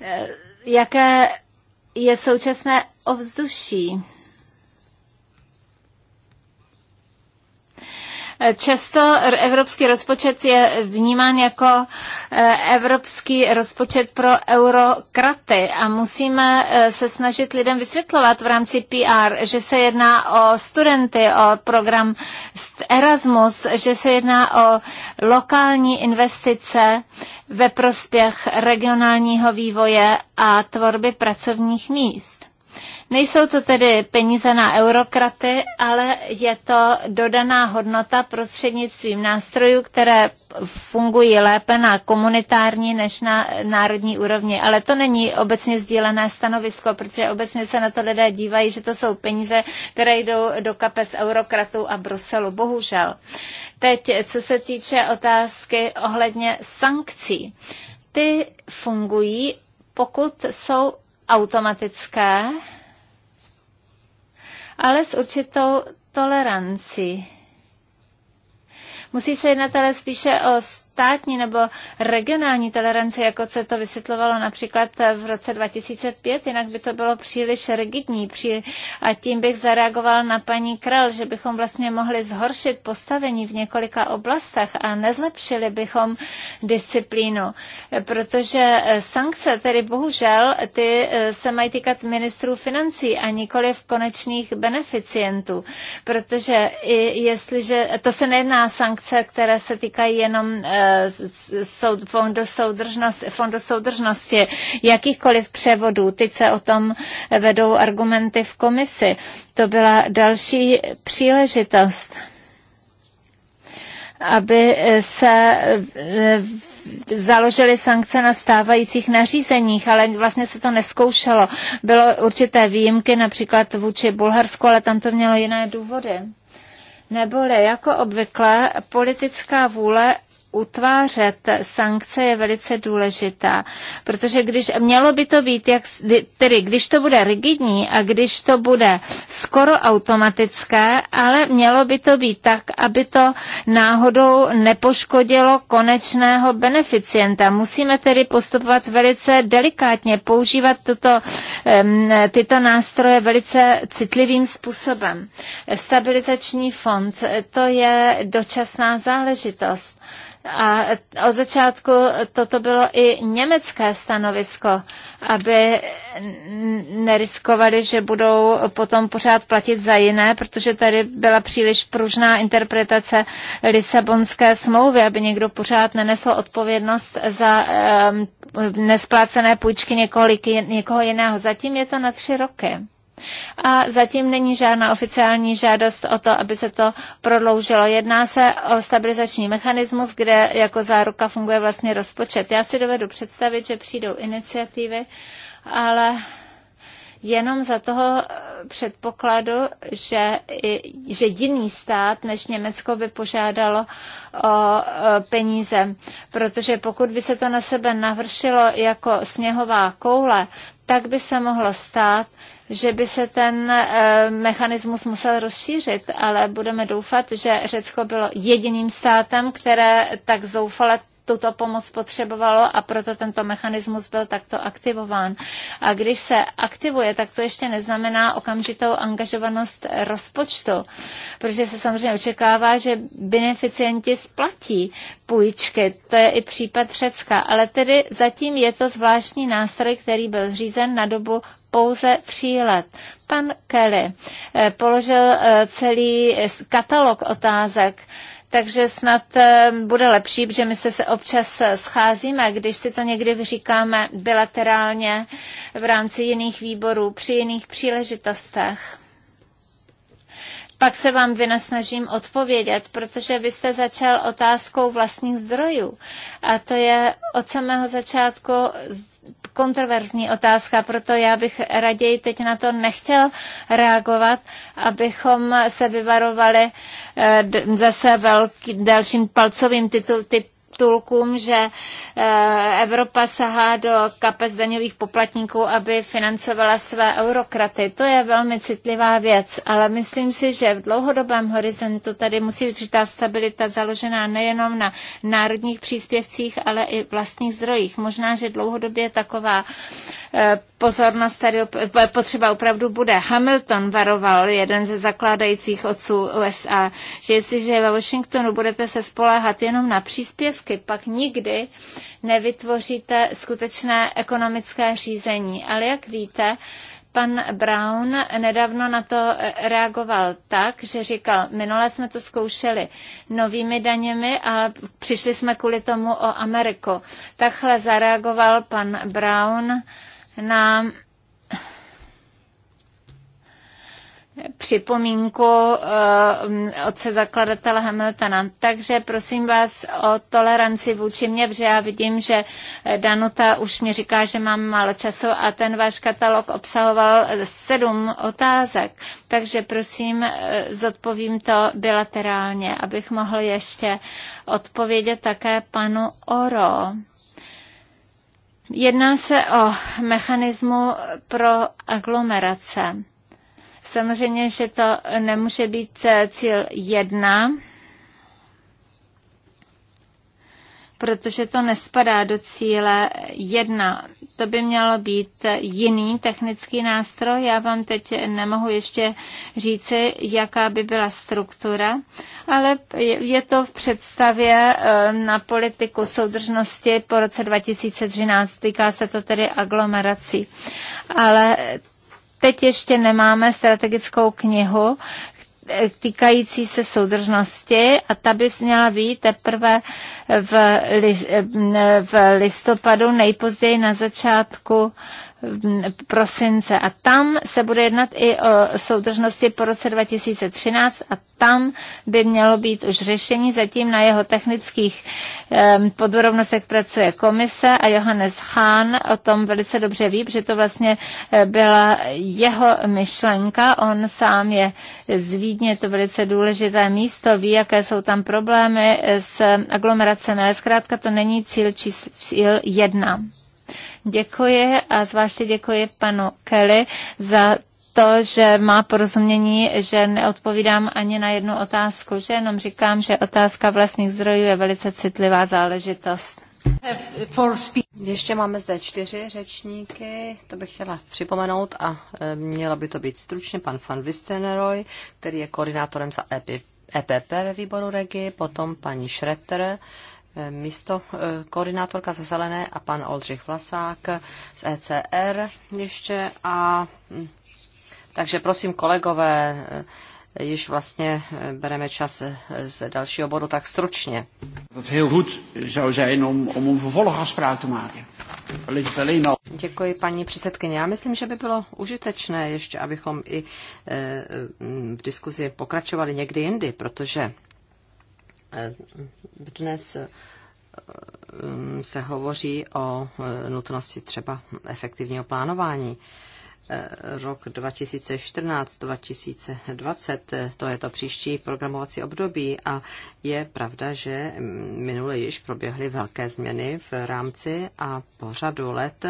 Eh, jaké je současné ovzduší? Eh, často evropský rozpočet je vnímán jako eh, evropský rozpočet pro eurokraty a musíme eh, se snažit lidem vysvětlovat v rámci PR, že se jedná o studenty, o program Erasmus, že se jedná o lokální investice ve prospěch regionálního vývoje a tvorby pracovních míst. Nejsou to tedy peníze na eurokraty, ale je to dodaná hodnota prostřednictvím nástrojů, které fungují lépe na komunitární než na národní úrovni. Ale to není obecně sdílené stanovisko, protože obecně se na to lidé dívají, že to jsou peníze, které jdou do kapes eurokratů a Bruselu. Bohužel. Teď, co se týče otázky ohledně sankcí. Ty fungují, pokud jsou automatické ale s určitou tolerancí. Musí se jednat ale spíše o státní nebo regionální toleranci, jako se to vysvětlovalo například v roce 2005, jinak by to bylo příliš rigidní. A tím bych zareagoval na paní Kral, že bychom vlastně mohli zhoršit postavení v několika oblastech a nezlepšili bychom disciplínu, protože eh, sankce, tedy bohužel, ty eh, se mají týkat ministrů financí a nikoli v konečných beneficientů, protože i jestliže to se nejedná sankce, které se týkají jenom eh, fondu, soudržnost, fondu soudržnosti, jakýchkoliv převodů. Teď se o tom vedou argumenty v komisi. To byla další příležitost aby se eh, založili sankce na stávajících nařízeních, ale vlastně se to neskoušelo. Bylo určité výjimky, například vůči Bulharsku, ale tam to mělo jiné důvody. Neboli jako obvykle politická vůle utvářet sankce je velice důležitá, protože když mělo by to být, jak, tedy když to bude rigidní a když to bude skoro automatické, ale mělo by to být tak, aby to náhodou nepoškodilo konečného beneficienta. Musíme tedy postupovat velice delikátně, používat tuto, tyto nástroje velice citlivým způsobem. Stabilizační fond, to je dočasná záležitost. A od začátku toto bylo i německé stanovisko, aby neriskovali, že budou potom pořád platit za jiné, protože tady byla příliš pružná interpretace Lisabonské smlouvy, aby někdo pořád nenesl odpovědnost za um, nesplácené půjčky někoho jiného. Zatím je to na tři roky. A zatím není žádná oficiální žádost o to, aby se to prodloužilo. Jedná se o stabilizační mechanismus, kde jako záruka funguje vlastně rozpočet. Já si dovedu představit, že přijdou iniciativy, ale jenom za toho eh, předpokladu, že, že jiný stát než Německo by požádalo o eh, peníze. Protože pokud by se to na sebe navršilo jako sněhová koule, tak by se mohlo stát, že by se ten eh, mechanismus musel rozšířit, ale budeme doufat, že Řecko bylo jediným státem, které tak zoufale tuto pomoc potřebovalo a proto tento mechanismus byl takto aktivován. A když se aktivuje, tak to ještě neznamená okamžitou angažovanost rozpočtu, protože se samozřejmě očekává, že beneficienti splatí půjčky. To je i případ Řecka, ale tedy zatím je to zvláštní nástroj, který byl řízen na dobu pouze tří let. Pan Kelly eh, položil eh, celý eh, katalog otázek, takže snad eh, bude lepší, protože my se, se občas scházíme, když si to někdy říkáme bilaterálně v rámci jiných výborů, při jiných příležitostech pak se vám vynasnažím odpovědět, protože vy jste začal otázkou vlastních zdrojů. A to je od samého začátku kontroverzní otázka, proto já bych raději teď na to nechtěl reagovat, abychom se vyvarovali eh, zase velký, dalším palcovým titul, typ, tulkům, že eh, Evropa sahá do kapes daňových poplatníků, aby financovala své eurokraty. To je velmi citlivá věc, ale myslím si, že v dlouhodobém horizontu tady musí být ta stabilita založená nejenom na národních příspěvcích, ale i vlastních zdrojích. Možná, že dlouhodobě taková eh, pozornost tady eh, potřeba opravdu bude. Hamilton varoval jeden ze zakládajících otců USA, že jestliže ve Washingtonu budete se spoléhat jenom na příspěvky, požadavky, pak nikdy nevytvoříte skutečné ekonomické řízení. Ale jak víte, pan Brown nedávno na to eh, reagoval tak, že říkal, minule jsme to zkoušeli novými daněmi, ale přišli jsme kvůli tomu o Ameriku. Takhle zareagoval pan Brown na připomínku eh, otce zakladatele Hamiltona. Takže prosím vás o toleranci vůči mě, protože já vidím, že Danuta už mi říká, že mám málo času a ten váš katalog obsahoval sedm otázek. Takže prosím, eh, zodpovím to bilaterálně, abych mohl ještě odpovědět také panu Oro. Jedná se o mechanismu pro aglomerace. Samozřejmě, že to nemůže být eh, cíl jedna, protože to nespadá do cíle jedna. To by mělo být eh, jiný technický nástroj. Já vám teď nemohu ještě říci, jaká by byla struktura, ale je to v představě eh, na politiku soudržnosti po roce 2013. Týká se to tedy aglomerací. Ale teď ještě nemáme strategickou knihu eh, týkající se soudržnosti a ta by měla být teprve v, eh, v listopadu, nejpozději na začátku prosince a tam se bude jednat i o soudržnosti po roce 2013 a tam by mělo být už řešení. Zatím na jeho technických um, podrobnostech pracuje komise a Johannes Hahn o tom velice dobře ví, že to vlastně eh, byla jeho myšlenka. On sám je z Vídně, je to velice důležité místo, ví, jaké jsou tam problémy s aglomeracemi, ale zkrátka to není cíl, či, cíl jedna. Děkuji a zvláště děkuji panu Kelly za to, že má porozumění, že neodpovídám ani na jednu otázku, že jenom říkám, že otázka vlastních zdrojů je velice citlivá záležitost. Ještě máme zde čtyři řečníky, to bych chtěla připomenout a e, měla by to být stručně pan van Visteneroy, který je koordinátorem za EPP e ve výboru Regi, potom paní Schretter, místo eh, koordinátorka za zelené a pan Oldřich Vlasák z ECR ještě. A, hm, takže prosím kolegové, eh, již vlastně eh, bereme čas z dalšího bodu tak stručně. Děkuji, paní předsedkyně. Já myslím, že by bylo užitečné ještě, abychom i hm, v diskuzi pokračovali někdy jindy, protože dnes eh, mm, se hovoří o eh, nutnosti třeba efektivního plánování. Eh, rok 2014-2020, to je to příští programovací období a je pravda, že minule již proběhly velké změny v rámci a pořadu let.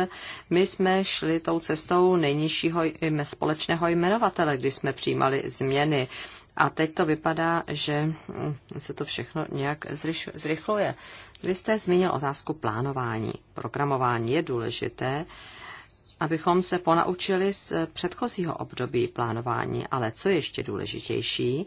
My jsme šli tou cestou nejnižšího společného jmenovatele, kdy jsme přijímali změny a teď to vypadá, že mm, se to všechno nějak zrychluje. Vy jste zmínil otázku plánování. Programování je důležité, abychom se ponaučili z předchozího období plánování, ale co ještě důležitější,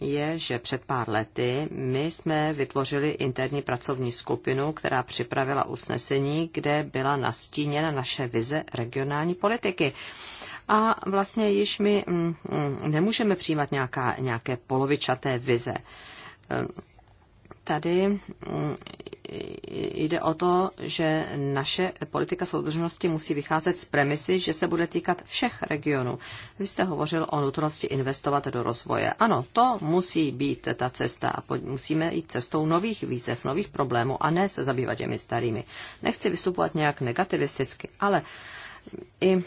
je, že před pár lety my jsme vytvořili interní pracovní skupinu, která připravila usnesení, kde byla nastíněna naše vize regionální politiky a vlastně již my mm, mm, nemůžeme přijímat nějaká, nějaké polovičaté vize. Tady mm, jde o to, že naše politika soudržnosti musí vycházet z premisy, že se bude týkat všech regionů. Vy jste hovořil o nutnosti investovat do rozvoje. Ano, to musí být ta cesta. Musíme jít cestou nových výzev, nových problémů a ne se zabývat těmi starými. Nechci vystupovat nějak negativisticky, ale uh, i mm,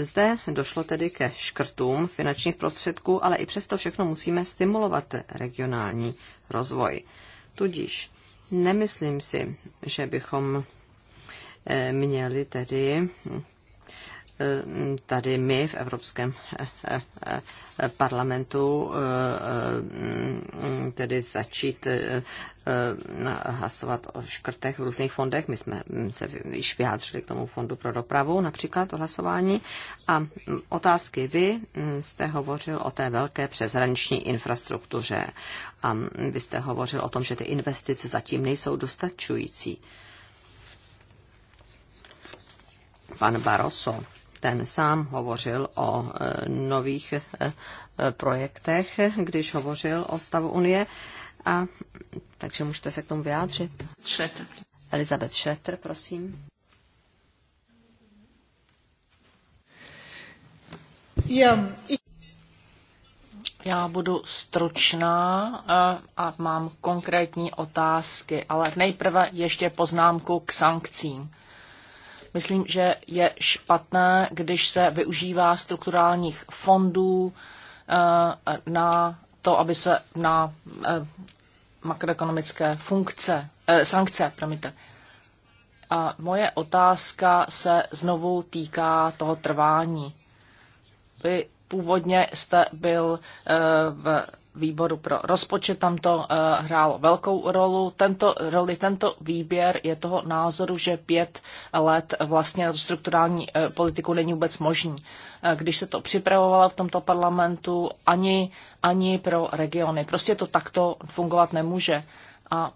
zde došlo tedy ke škrtům finančních prostředků, ale i přesto všechno musíme stimulovat regionální rozvoj. Tudíž nemyslím si, že bychom eh, měli tedy tady my v Evropském eh, eh, parlamentu eh, tedy začít hlasovat o škrtech v různých fondech. My jsme mm, se již vyjádřili k tomu fondu pro dopravu například o hlasování. A mm, otázky vy mm, jste hovořil o té velké přeshraniční infrastruktuře a vy jste hovořil o tom, že ty investice zatím nejsou dostačující. Pan Barroso ten sám hovořil o e, nových e, e, projektech, když hovořil o stavu Unie. A, takže můžete se k tomu vyjádřit. Schletter. Elizabeth Schletter, prosím. Já budu stručná a mám konkrétní otázky, ale nejprve ještě poznámku k sankcím. Myslím, že je špatné, když se využívá strukturálních fondů eh, na to, aby se na eh, makroekonomické funkce, eh, sankce, promiňte. A moje otázka se znovu týká toho trvání. Vy původně jste byl v výboru pro rozpočet, tam to eh, hrálo velkou rolu. Tento, roli tento výběr je toho názoru, že pět let vlastně na strukturální eh, politiku není vůbec možný. Eh, když se to připravovalo v tomto parlamentu, ani, ani pro regiony. Prostě to takto fungovat nemůže. A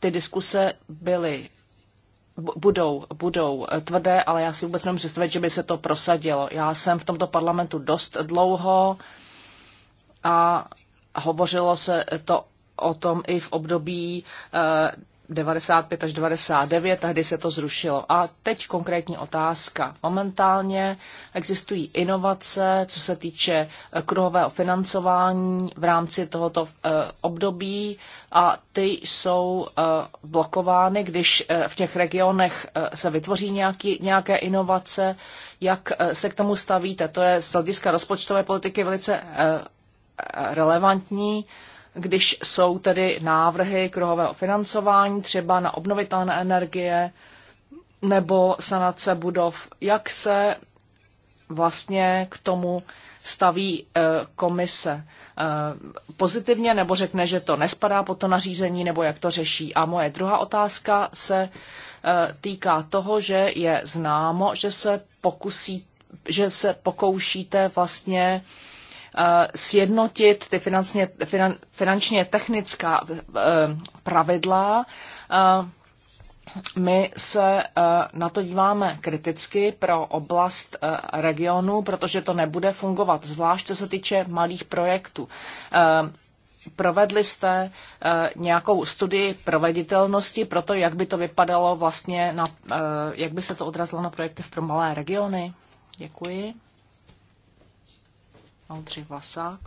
ty diskuse byly budou, budou tvrdé, ale já si vůbec nemůžu představit, že by se to prosadilo. Já jsem v tomto parlamentu dost dlouho a Hovořilo se to o tom i v období 95 eh, až 99, tehdy se to zrušilo. A teď konkrétní otázka. Momentálně existují inovace, co se týče eh, kruhového financování v rámci tohoto eh, období a ty jsou blokovány, když v těch regionech se vytvoří nějaký, nějaké inovace. Jak se k tomu stavíte? To je z hlediska rozpočtové politiky velice relevantní, když jsou tedy návrhy kruhového financování, třeba na obnovitelné energie nebo sanace budov. Jak se vlastně k tomu staví eh, komise eh, pozitivně, nebo řekne, že to nespadá pod to nařízení, nebo jak to řeší. A moje druhá otázka se eh, týká toho, že je známo, že se pokusí, že se pokoušíte vlastně Eh, sjednotit ty finančně, finan, finančně technická eh, pravidla. Eh, my se na to díváme kriticky pro oblast regionu, protože to nebude fungovat, zvlášť co se týče malých projektů. Provedli jste nějakou studii proveditelnosti pro to, jak by to vypadalo vlastně, na, jak by se to odrazilo na projekty pro malé regiony? Děkuji. Oldřich Vlasák.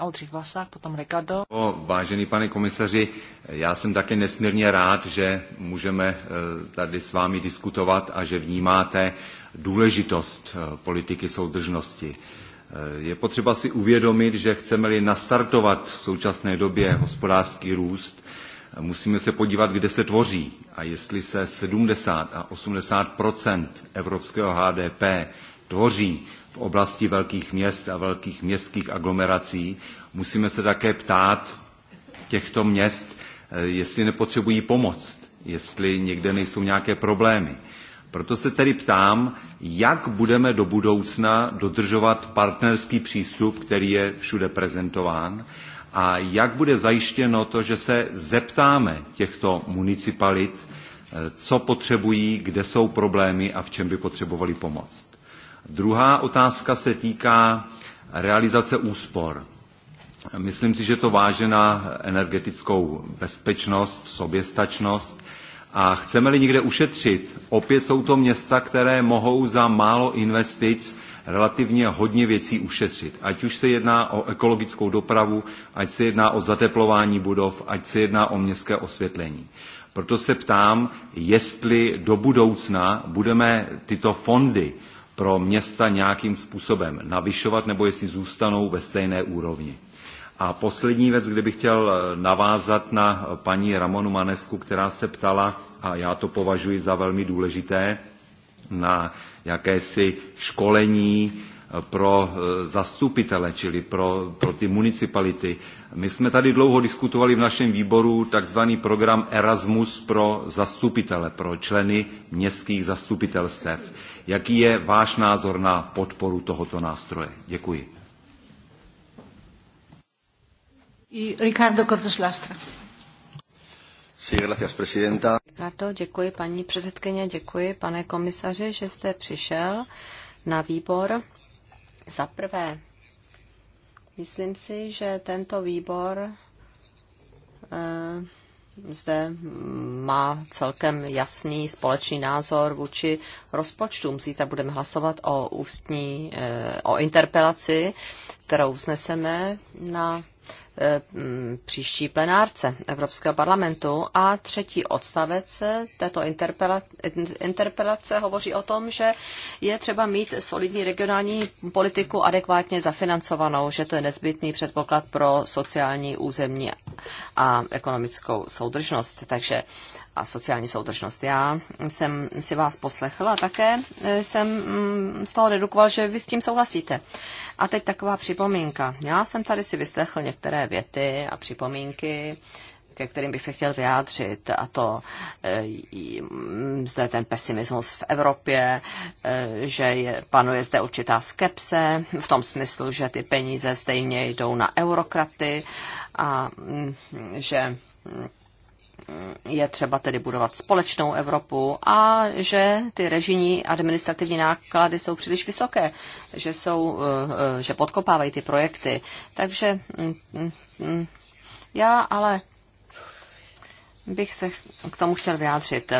Oldřich Vlasák, potom Ricardo. O, vážený pane komisaři, já jsem také nesmírně rád, že můžeme eh, tady s vámi diskutovat a že vnímáte důležitost eh, politiky soudržnosti. Eh, je potřeba si uvědomit, že chceme-li nastartovat v současné době hospodářský růst, musíme se podívat, kde se tvoří a jestli se 70 a 80 evropského HDP tvoří v oblasti velkých měst a velkých městských aglomerací. Musíme se také ptát těchto měst, eh, jestli nepotřebují pomoc, jestli někde nejsou nějaké problémy. Proto se tedy ptám, jak budeme do budoucna dodržovat partnerský přístup, který je všude prezentován, a jak bude zajištěno to, že se zeptáme těchto municipalit, eh, co potřebují, kde jsou problémy a v čem by potřebovali pomoc. Druhá otázka se týká realizace úspor. Myslím si, že to váže na energetickou bezpečnost, soběstačnost a chceme-li někde ušetřit, opět jsou to města, které mohou za málo investic relativně hodně věcí ušetřit. Ať už se jedná o ekologickou dopravu, ať se jedná o zateplování budov, ať se jedná o městské osvětlení. Proto se ptám, jestli do budoucna budeme tyto fondy pro města nějakým způsobem navyšovat nebo jestli zůstanou ve stejné úrovni. A poslední věc, kde bych chtěl eh, navázat na paní Ramonu Manesku, která se ptala, a já to považuji za velmi důležité, na jakési školení eh, pro eh, zastupitele, čili pro, pro ty municipality. My jsme tady dlouho diskutovali v našem výboru takzvaný program Erasmus pro zastupitele, pro členy městských zastupitelstev. Jaký je váš názor na podporu tohoto nástroje? Děkuji. I Ricardo Cortes Lastra. Sí, gracias, presidenta. Ricardo, děkuji paní předsedkyně, děkuji pane komisaři, že jste přišel na výbor. Za prvé, myslím si, že tento výbor eh, zde má celkem jasný společný názor vůči rozpočtům. Zítra budeme hlasovat o ústní, eh, o interpelaci, kterou vzneseme na E, příští plenárce Evropského parlamentu. A třetí odstavec této interpelace hovoří o tom, že je třeba mít solidní regionální politiku adekvátně zafinancovanou, že to je nezbytný předpoklad pro sociální, územní a ekonomickou soudržnost. Takže a sociální soudržnost. Já jsem si vás poslechla a také e, jsem mm, z toho redukoval, že vy s tím souhlasíte. A teď taková připomínka. Já jsem tady si vyslechl některé věty a připomínky, ke kterým bych se chtěl vyjádřit, a to e, mm, zde ten pesimismus v Evropě, e, že je, panuje zde určitá skepse v tom smyslu, že ty peníze stejně jdou na eurokraty a mm, že je třeba tedy budovat společnou Evropu a že ty režijní administrativní náklady jsou příliš vysoké, že, jsou, eh, že podkopávají ty projekty. Takže mm, mm, mm, já ale bych se k tomu chtěl vyjádřit.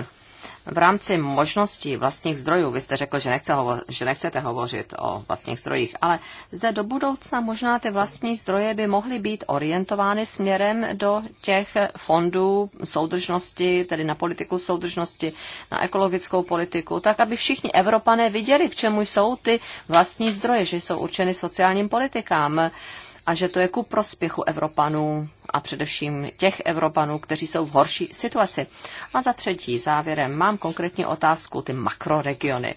V rámci možností vlastních zdrojů, vy jste řekl, že, nechce hovo- že nechcete hovořit o vlastních zdrojích, ale zde do budoucna možná ty vlastní zdroje by mohly být orientovány směrem do těch fondů soudržnosti, tedy na politiku soudržnosti, na ekologickou politiku, tak aby všichni Evropané viděli, k čemu jsou ty vlastní zdroje, že jsou určeny sociálním politikám a že to je ku prospěchu Evropanů a především těch Evropanů, kteří jsou v horší situaci. A za třetí závěrem mám konkrétní otázku ty makroregiony.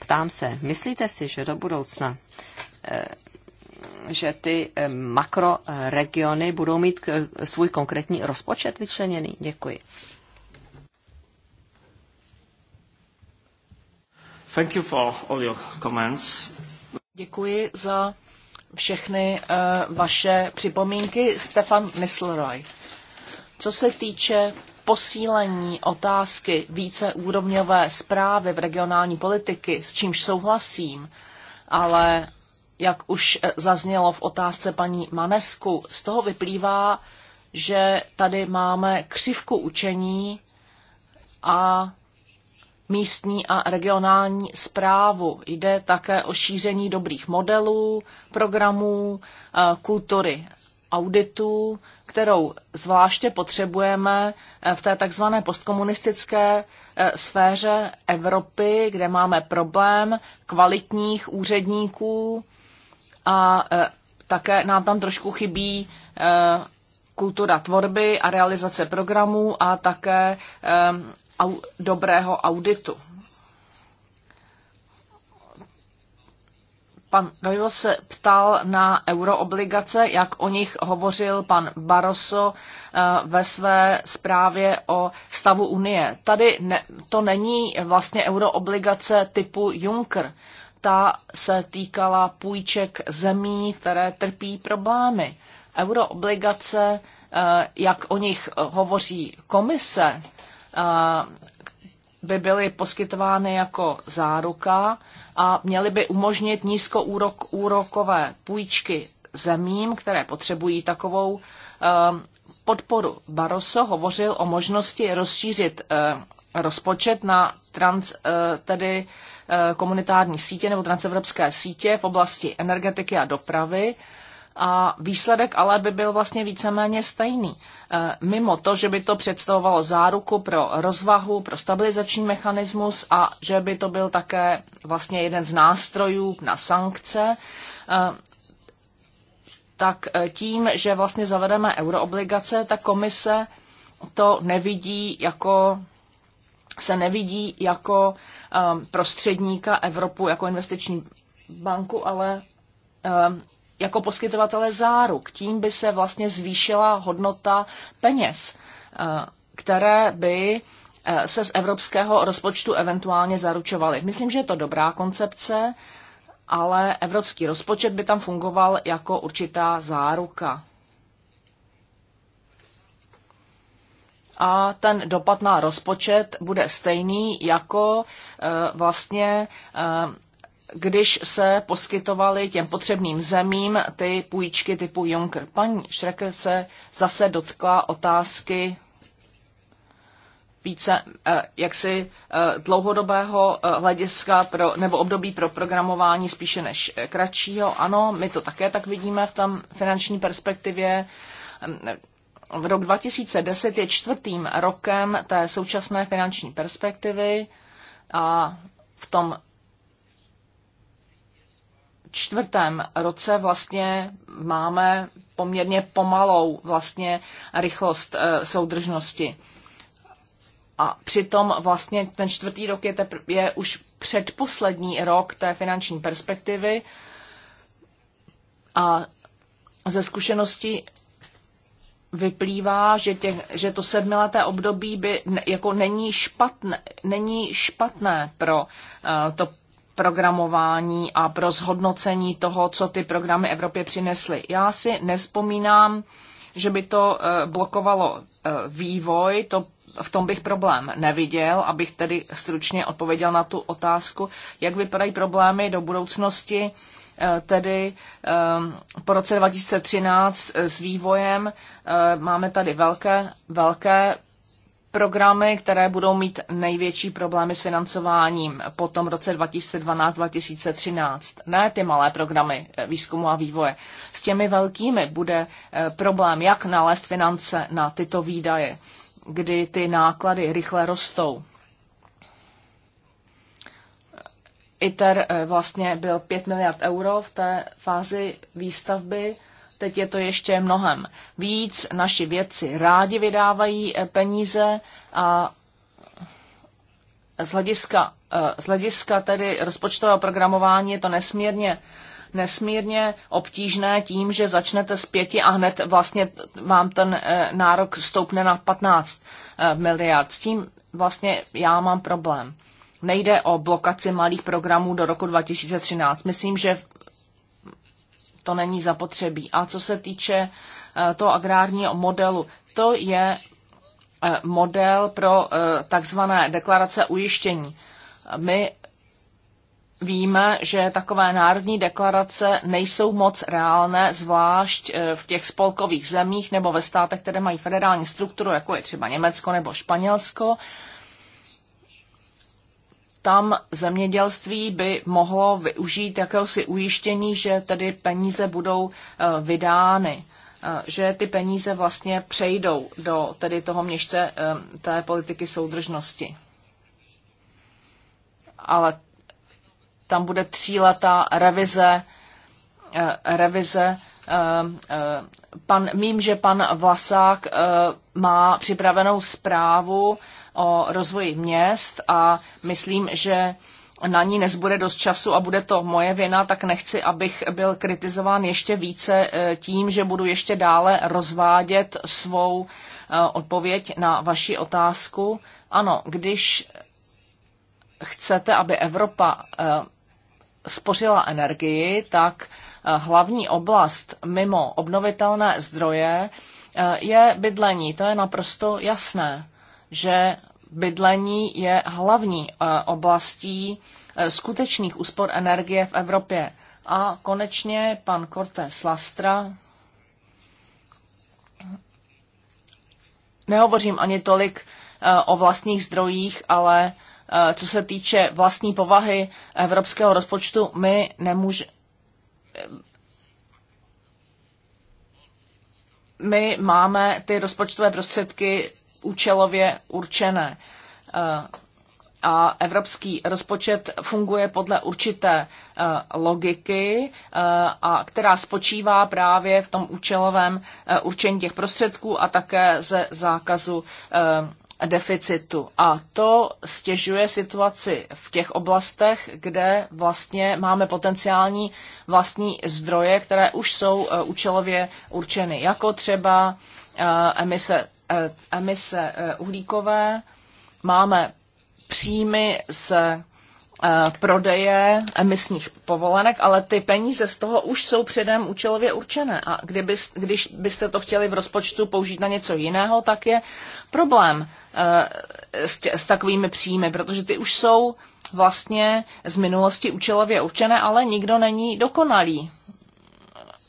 Ptám se, myslíte si, že do budoucna eh, že ty eh, makroregiony budou mít svůj konkrétní rozpočet vyčleněný? Děkuji. Thank you for all your comments. Děkuji za všechny eh, vaše připomínky. Stefan Nisleroy. Co se týče posílení otázky víceúrovňové zprávy v regionální politiky, s čímž souhlasím, ale jak už eh, zaznělo v otázce paní Manesku, z toho vyplývá, že tady máme křivku učení a místní a regionální zprávu. Jde také o šíření dobrých modelů, programů, eh, kultury auditů, kterou zvláště potřebujeme eh, v té takzvané postkomunistické eh, sféře Evropy, kde máme problém kvalitních úředníků a také nám tam trošku chybí kultura tvorby a realizace programů a také au, dobrého auditu. Pan Rojo se ptal na euroobligace, jak o nich hovořil pan Barroso eh, ve své zprávě o stavu Unie. Tady ne, to není vlastně euroobligace typu Juncker. Ta se týkala půjček zemí, které trpí problémy. Euroobligace, eh, jak o nich hovoří komise, by byly poskytovány jako záruka a měly by umožnit nízkoúrokové půjčky zemím, které potřebují takovou podporu. Baroso hovořil o možnosti rozšířit rozpočet na trans, tedy komunitární sítě nebo transevropské sítě v oblasti energetiky a dopravy a výsledek ale by byl vlastně víceméně stejný. E, mimo to, že by to představovalo záruku pro rozvahu, pro stabilizační mechanismus a že by to byl také vlastně jeden z nástrojů na sankce, e, tak e, tím, že vlastně zavedeme euroobligace, ta komise to nevidí jako se nevidí jako prostředníka Evropu, jako investiční banku, ale jako poskytovatele záruk. Tím by se vlastně zvýšila hodnota peněz, eh, které by eh, se z evropského rozpočtu eventuálně zaručovaly. Myslím, že je to dobrá koncepce, ale evropský rozpočet by tam fungoval jako určitá záruka. a ten dopad na rozpočet bude stejný jako eh, vlastně když se poskytovaly těm potřebným zemím ty půjčky typu Juncker. Paní Schrecker se zase dotkla otázky více eh, jaksi eh, dlouhodobého eh, hlediska pro, nebo období pro programování spíše než kratšího. Ano, my to také tak vidíme v tam finanční perspektivě. Ehm, v rok 2010 je čtvrtým rokem té současné finanční perspektivy a v tom čtvrtém roce vlastně máme poměrně pomalou vlastně rychlost eh, soudržnosti. A přitom vlastně ten čtvrtý rok je, tepr- je už předposlední rok té finanční perspektivy a ze zkušenosti vyplývá, že, těch, že to sedmileté období by jako není špatné, není špatné pro uh, to programování a pro zhodnocení toho, co ty programy Evropě přinesly. Já si nevzpomínám, že by to eh, blokovalo eh, vývoj, to v tom bych problém neviděl, abych tedy stručně odpověděl na tu otázku, jak vypadají problémy do budoucnosti, eh, tedy po roce 2013 s vývojem. Máme tady velké, velké programy, které budou mít největší problémy s financováním po tom roce 2012-2013. Ne ty malé programy eh, výzkumu a vývoje. S těmi velkými bude eh, problém, jak nalézt finance na tyto výdaje, kdy ty náklady rychle rostou. Eh, ITER vlastně byl 5 miliard euro v té fázi výstavby Teď je to ještě mnohem víc. Naši vědci rádi vydávají eh, peníze a z hlediska, eh, z hlediska tedy rozpočtového programování je to nesmírně nesmírně obtížné tím, že začnete z pěti a hned vlastně vám ten eh, nárok stoupne na 15 miliard. S tím vlastně já mám problém. Nejde o blokaci malých programů do roku 2013. Myslím, že to není zapotřebí. A co se týče eh, toho agrárního modelu, to je eh, model pro eh, takzvané deklarace ujištění. My Víme, že takové národní deklarace nejsou moc reálné, zvlášť v těch spolkových zemích nebo ve státech, které mají federální strukturu, jako je třeba Německo nebo Španělsko tam zemědělství by mohlo využít jakéhosi ujištění, že tedy peníze budou eh, vydány eh, že ty peníze vlastně přejdou do tedy toho měšce eh, té politiky soudržnosti. Ale tam bude tříletá revize, revize. Pan, mím, že pan Vlasák má připravenou zprávu o rozvoji měst a myslím, že na ní nezbude dost času a bude to moje vina, tak nechci, abych byl kritizován ještě více eh, tím, že budu ještě dále rozvádět svou eh, odpověď na vaši otázku. Ano, když chcete, aby Evropa eh, spořila energii, tak hlavní oblast mimo obnovitelné zdroje je bydlení. To je naprosto jasné že bydlení je hlavní eh, oblastí eh, skutečných úspor energie v Evropě. A konečně pan Cortés Lastra. Nehovořím ani tolik eh, o vlastních zdrojích, ale co se týče vlastní povahy evropského rozpočtu, my nemůžeme my máme ty rozpočtové prostředky účelově určené. Eh, a evropský rozpočet funguje podle určité eh, logiky, eh, a která spočívá právě v tom účelovém určení těch prostředků a také ze zákazu deficitu. A to stěžuje situaci v těch oblastech, kde vlastně máme potenciální vlastní zdroje, které už jsou účelově určeny, jako třeba emise Eh, emise eh, uhlíkové, máme příjmy z eh, prodeje emisních povolenek, ale ty peníze z toho už jsou předem účelově určené. A kdyby, když byste to chtěli v rozpočtu použít na něco jiného, tak je problém s, tě, s takovými příjmy, protože ty už jsou vlastně z minulosti účelově určené, ale nikdo není dokonalý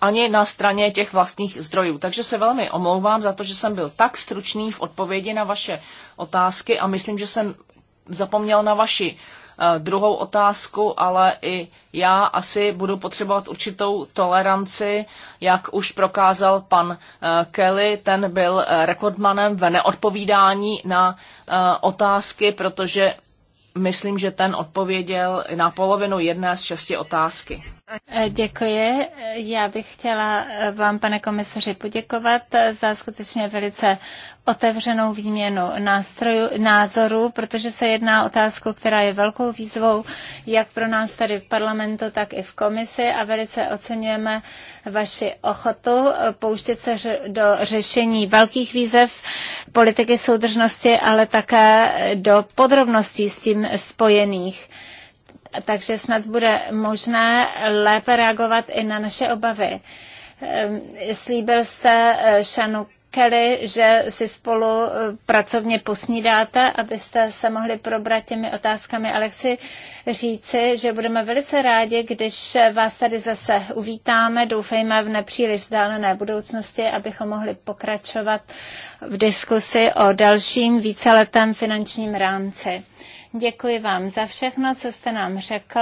ani na straně těch vlastních zdrojů. Takže se velmi omlouvám za to, že jsem byl tak stručný v odpovědi na vaše otázky a myslím, že jsem zapomněl na vaši eh, druhou otázku, ale i já asi budu potřebovat určitou toleranci, jak už prokázal pan eh, Kelly, ten byl eh, rekordmanem ve neodpovídání na otázky, protože myslím, že ten odpověděl na polovinu jedné z šesti otázky. Eh, děkuji. Já bych chtěla eh, vám, pane komisaři, poděkovat eh, za skutečně velice otevřenou výměnu nástrojů, názorů, protože se jedná o otázku, která je velkou výzvou jak pro nás tady v parlamentu, tak i v komisi a velice oceňujeme vaši ochotu pouštět se do řešení velkých výzev politiky soudržnosti, ale také do podrobností s tím spojených takže snad bude možné lépe reagovat i na naše obavy. Ehm, slíbil jste eh, Šanu Kelly, že si spolu eh, pracovně posnídáte, abyste se mohli probrat těmi otázkami, ale chci říci, že budeme velice rádi, když eh, vás tady zase uvítáme, doufejme v nepříliš vzdálené budoucnosti, abychom mohli pokračovat v diskusi o dalším víceletém finančním rámci. Děkuji vám za všechno, co jste nám řekl,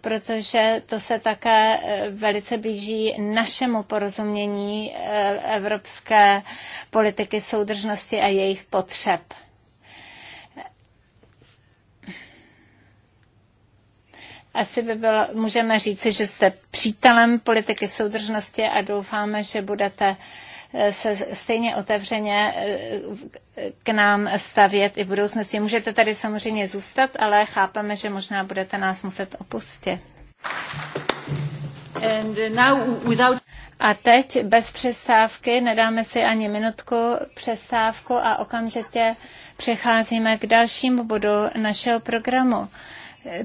protože to se také eh, velice blíží našemu porozumění eh, evropské politiky soudržnosti a jejich potřeb. asi by bylo, můžeme říci, že jste přítelem politiky soudržnosti a doufáme, že budete se stejně otevřeně eh, k nám stavět i v budoucnosti. Můžete tady samozřejmě zůstat, ale chápeme, že možná budete nás muset opustit. And now without... A teď bez přestávky, nedáme si ani minutku přestávku a okamžitě přecházíme k dalšímu bodu našeho programu.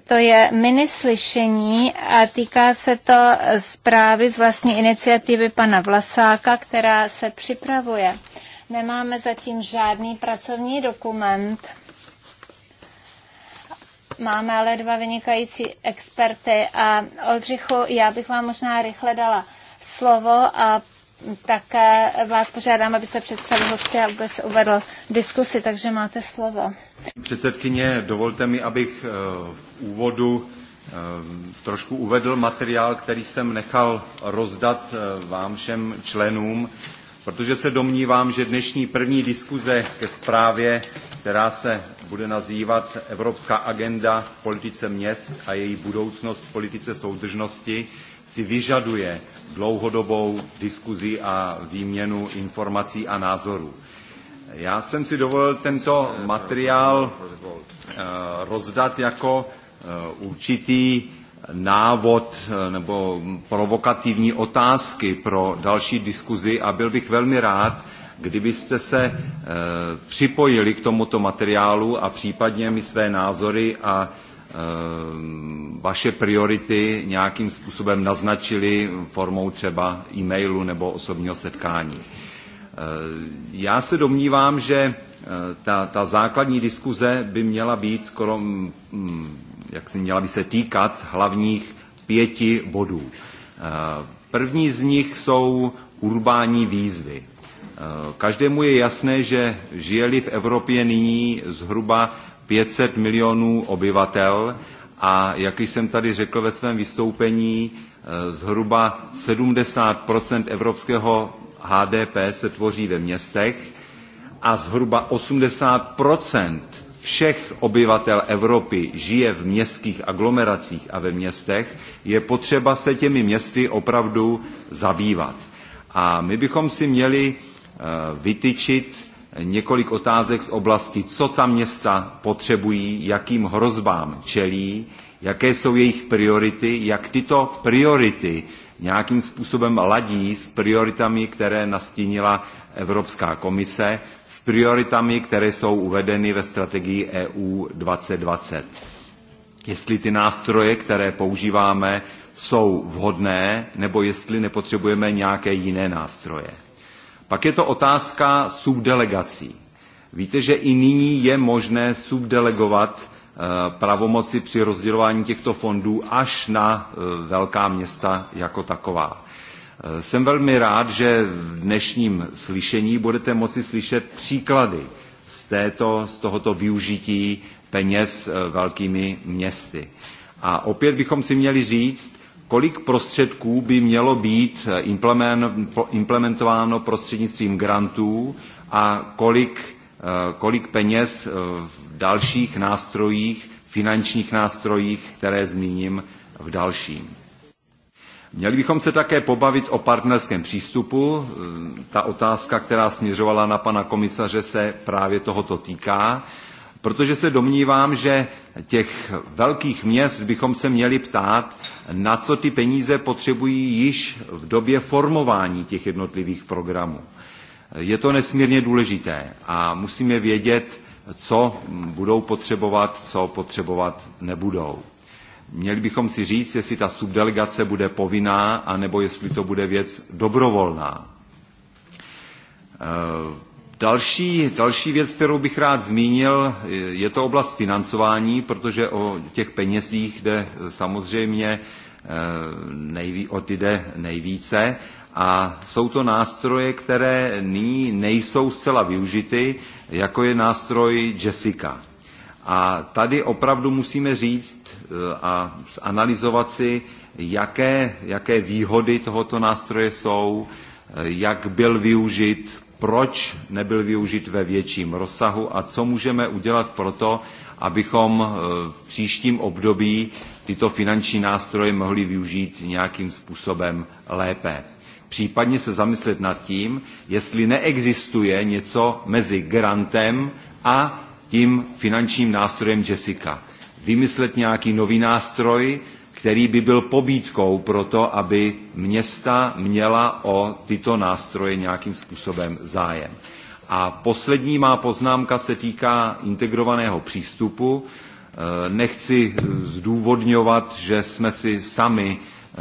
To je minislyšení a týká se to zprávy z vlastní iniciativy pana Vlasáka, která se připravuje. Nemáme zatím žádný pracovní dokument. Máme ale dva vynikající experty a Oldřichu, já bych vám možná rychle dala slovo a tak vás požádám, abyste představil hosty a vůbec uvedl diskusi, takže máte slovo. Předsedkyně, dovolte mi, abych eh, v úvodu eh, trošku uvedl materiál, který jsem nechal rozdat eh, vám všem členům, protože se domnívám, že dnešní první diskuze ke zprávě, která se bude nazývat Evropská agenda v politice měst a její budoucnost v politice soudržnosti, si vyžaduje dlouhodobou diskuzi a výměnu informací a názorů. Já jsem si dovolil tento materiál eh, rozdat jako eh, určitý návod eh, nebo provokativní otázky pro další diskuzi a byl bych velmi rád, kdybyste se připojili k tomuto materiálu a případně mi své názory a Ehm, vaše priority nějakým způsobem naznačili formou třeba e-mailu nebo osobního setkání. Ehm, já se domnívám, že ehm, ta, ta základní diskuze by měla být, krom, hm, jak si měla by se týkat hlavních pěti bodů. První z nich jsou urbání výzvy. Každému je jasné, že žijeli v Evropě nyní zhruba 500 milionů obyvatel a jak jsem tady řekl ve svém vystoupení, eh, zhruba 70 evropského HDP se tvoří ve městech a zhruba 80 všech obyvatel Evropy žije v městských aglomeracích a ve městech, je potřeba se těmi městy opravdu zabývat. A my bychom si měli eh, vytyčit několik otázek z oblasti, co ta města potřebují, jakým hrozbám čelí, jaké jsou jejich priority, jak tyto priority nějakým způsobem ladí s prioritami, které nastínila Evropská komise, s prioritami, které jsou uvedeny ve strategii EU 2020. Jestli ty nástroje, které používáme, jsou vhodné, nebo jestli nepotřebujeme nějaké jiné nástroje. Pak je to otázka subdelegací. Víte, že i nyní je možné subdelegovat eh, pravomoci při rozdělování těchto fondů až na eh, velká města jako taková. Eh, jsem velmi rád, že v dnešním slyšení budete moci slyšet příklady z, této, z tohoto využití peněz velkými městy. A opět bychom si měli říct, kolik prostředků by mělo být eh, implementováno prostřednictvím grantů a kolik, eh, kolik peněz eh, v dalších nástrojích, finančních nástrojích, které zmíním v dalším. Měli bychom se také pobavit o partnerském přístupu. Ta otázka, která směřovala na pana komisaře, se právě tohoto týká protože se domnívám, že těch velkých měst bychom se měli ptát, na co ty peníze potřebují již v době formování těch jednotlivých programů. Je to nesmírně důležité a musíme vědět, co budou potřebovat, co potřebovat nebudou. Měli bychom si říct, jestli ta subdelegace bude povinná, anebo jestli to bude věc dobrovolná. Další, další věc, kterou bych rád zmínil, je to oblast financování, protože o těch penězích jde samozřejmě eh, nejví, o ty jde nejvíce a jsou to nástroje, které nyní nejsou zcela využity, jako je nástroj Jessica. A tady opravdu musíme říct eh, a analyzovat si, jaké, jaké výhody tohoto nástroje jsou, eh, jak byl využit, proč nebyl využit ve větším rozsahu a co můžeme udělat proto, abychom e, v příštím období tyto finanční nástroje mohli využít nějakým způsobem lépe. Případně se zamyslet nad tím, jestli neexistuje něco mezi grantem a tím finančním nástrojem Jessica. Vymyslet nějaký nový nástroj, který by byl pobídkou pro to, aby města měla o tyto nástroje nějakým způsobem zájem. A poslední má poznámka se týká integrovaného přístupu. E, nechci zdůvodňovat, že jsme si sami e,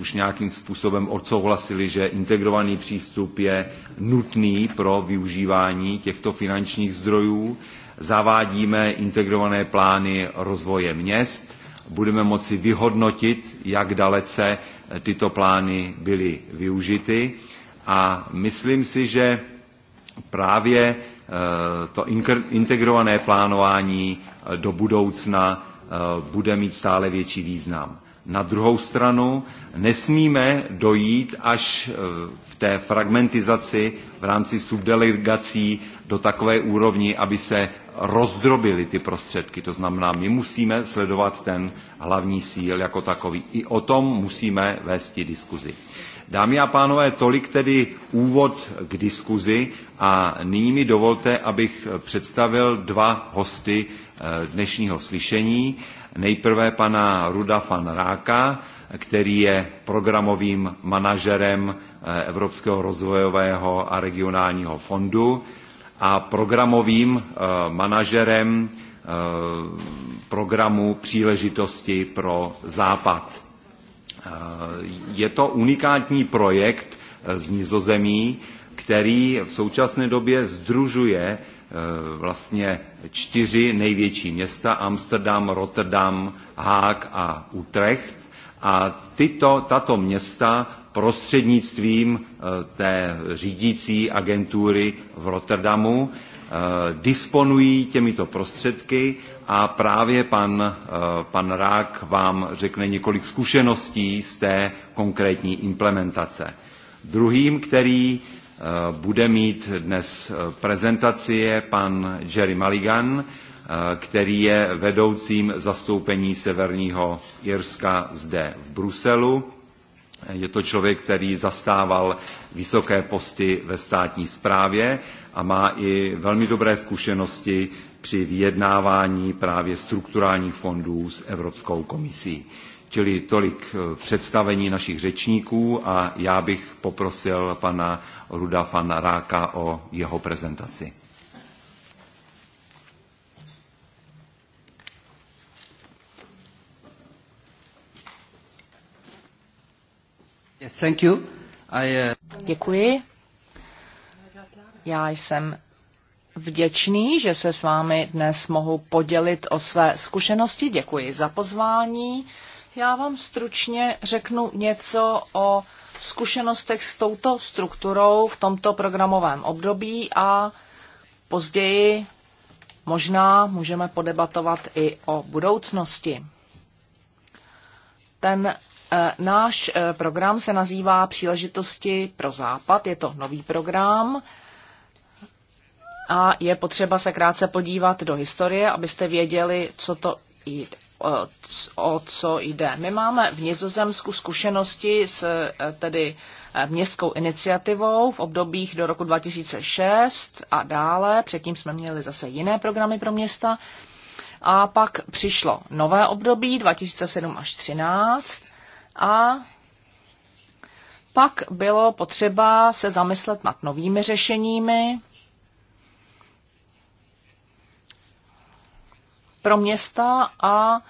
už nějakým způsobem odsouhlasili, že integrovaný přístup je nutný pro využívání těchto finančních zdrojů. Zavádíme integrované plány rozvoje měst, budeme moci vyhodnotit, jak dalece eh, tyto plány byly využity. A myslím si, že právě eh, to integrované plánování eh, do budoucna bude mít stále větší význam. Na druhou stranu nesmíme dojít až v té fragmentizaci v rámci subdelegací do takové úrovni, aby se rozdrobily ty prostředky. To znamená, my musíme sledovat ten hlavní síl jako takový. I o tom musíme vést diskuzi. Dámy a pánové, tolik tedy úvod k diskuzi a nyní mi dovolte, abych představil dva hosty eh, dnešního slyšení. Nejprve pana Ruda van Ráka, který je programovým manažerem eh, Evropského rozvojového a regionálního fondu a programovým eh, manažerem eh, programu Příležitosti pro Západ. Eh, je to unikátní projekt z Nizozemí, který v současné době združuje vlastně čtyři největší města Amsterdam, Rotterdam, Haag a Utrecht. A tyto, tato města prostřednictvím eh, té řídící agentury v Rotterdamu eh, disponují těmito prostředky a právě pan, eh, pan Rák vám řekne několik zkušeností z té konkrétní implementace. Druhým, který bude mít dnes prezentaci, je pan Jerry Mulligan, který je vedoucím zastoupení Severního Irska zde v Bruselu je to člověk, který zastával vysoké posty ve státní správě a má i velmi dobré zkušenosti při vyjednávání právě strukturálních fondů s Evropskou komisí. Čili tolik eh, představení našich řečníků a já bych poprosil pana Ruda van Ráka o jeho prezentaci. Uh, Děkuji. Já jsem vděčný, že se s vámi dnes mohu podělit o své zkušenosti. Děkuji za pozvání. Já vám stručně řeknu něco o zkušenostech s touto strukturou v tomto programovém období a později možná můžeme podebatovat i o budoucnosti. Ten E, náš e, program se nazývá Příležitosti pro západ. Je to nový program a je potřeba se krátce podívat do historie, abyste věděli, co to jde. O, o co jde. My máme v Nizozemsku zkušenosti s e, tedy městskou iniciativou v obdobích do roku 2006 a dále. Předtím jsme měli zase jiné programy pro města. A pak přišlo nové období 2007 až 2013 a pak bylo potřeba se zamyslet nad novými řešeními pro města a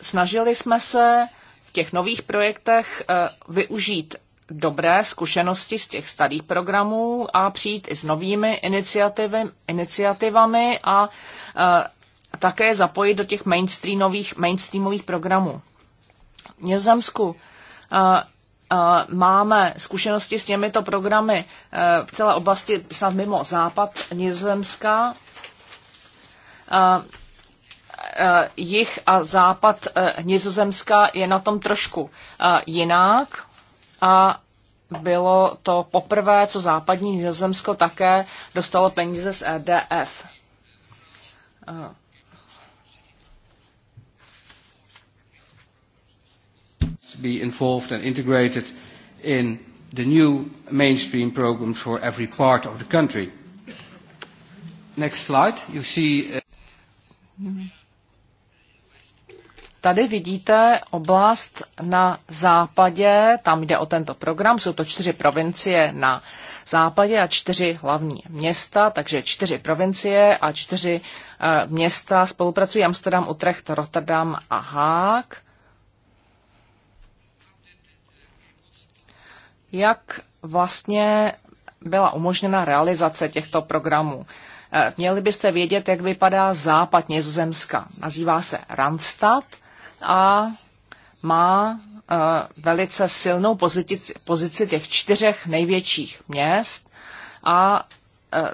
snažili jsme se v těch nových projektech eh, využít dobré zkušenosti z těch starých programů a přijít i s novými iniciativy, iniciativami a, a eh, také zapojit do těch mainstreamových, mainstreamových programů. Nizozemsku máme zkušenosti s těmito programy e, v celé oblasti, snad mimo západ Nizozemska. E, jich a západ e, Nizozemska je na tom trošku jinak a bylo to poprvé, co západní Nizozemsko také dostalo peníze z EDF. be involved and integrated in the new mainstream program for every part of the country. Next slide. You see... Uh, Tady vidíte oblast na západě, tam jde o tento program, jsou to čtyři provincie na západě a čtyři hlavní města, takže čtyři provincie a čtyři uh, města spolupracují Amsterdam, Utrecht, Rotterdam a Haag. Uh, jak vlastně byla umožněna realizace těchto programů. Eh, měli byste vědět, jak vypadá západ Nizozemska. Nazývá se Randstad a má eh, velice silnou pozici, pozici těch čtyřech největších měst a eh,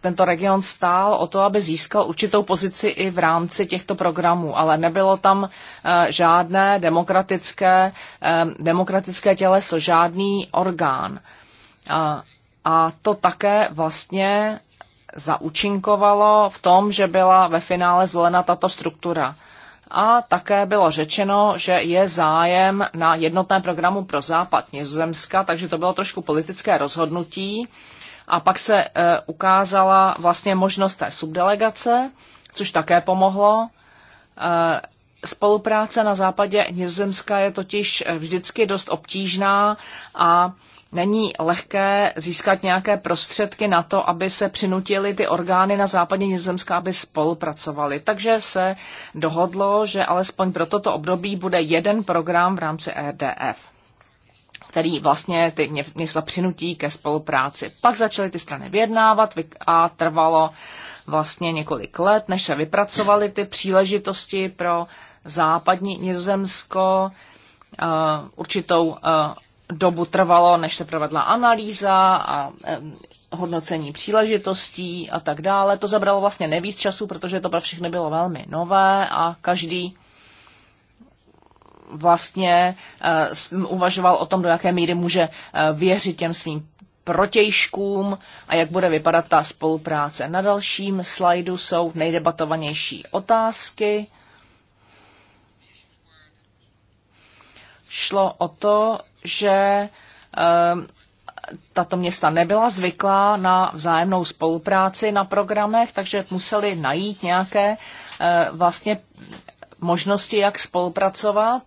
tento region stál o to, aby získal určitou pozici i v rámci těchto programů, ale nebylo tam eh, žádné demokratické, eh, demokratické těleso, žádný orgán. A, a to také vlastně zaúčinkovalo v tom, že byla ve finále zvolena tato struktura. A také bylo řečeno, že je zájem na jednotné programu pro západ Nizozemska, takže to bylo trošku politické rozhodnutí a pak se eh, ukázala vlastně možnost té subdelegace, což také pomohlo. Eh, spolupráce na západě Nizozemska je totiž eh, vždycky dost obtížná a není lehké získat nějaké prostředky na to, aby se přinutili ty orgány na západě Nizozemska, aby spolupracovali. Takže se dohodlo, že alespoň pro toto období bude jeden program v rámci RDF. E který vlastně ty města přinutí ke spolupráci. Pak začaly ty strany vyjednávat a trvalo vlastně několik let, než se vypracovaly ty příležitosti pro západní Nizozemsko. Eh, určitou eh, dobu trvalo, než se provedla analýza a eh, hodnocení příležitostí a tak dále. To zabralo vlastně nejvíc času, protože to pro všechny bylo velmi nové a každý vlastně eh, uvažoval o tom, do jaké míry může eh, věřit těm svým protějškům a jak bude vypadat ta spolupráce. Na dalším slajdu jsou nejdebatovanější otázky. Šlo o to, že eh, tato města nebyla zvyklá na vzájemnou spolupráci na programech, takže museli najít nějaké vlastně možnosti, jak spolupracovat.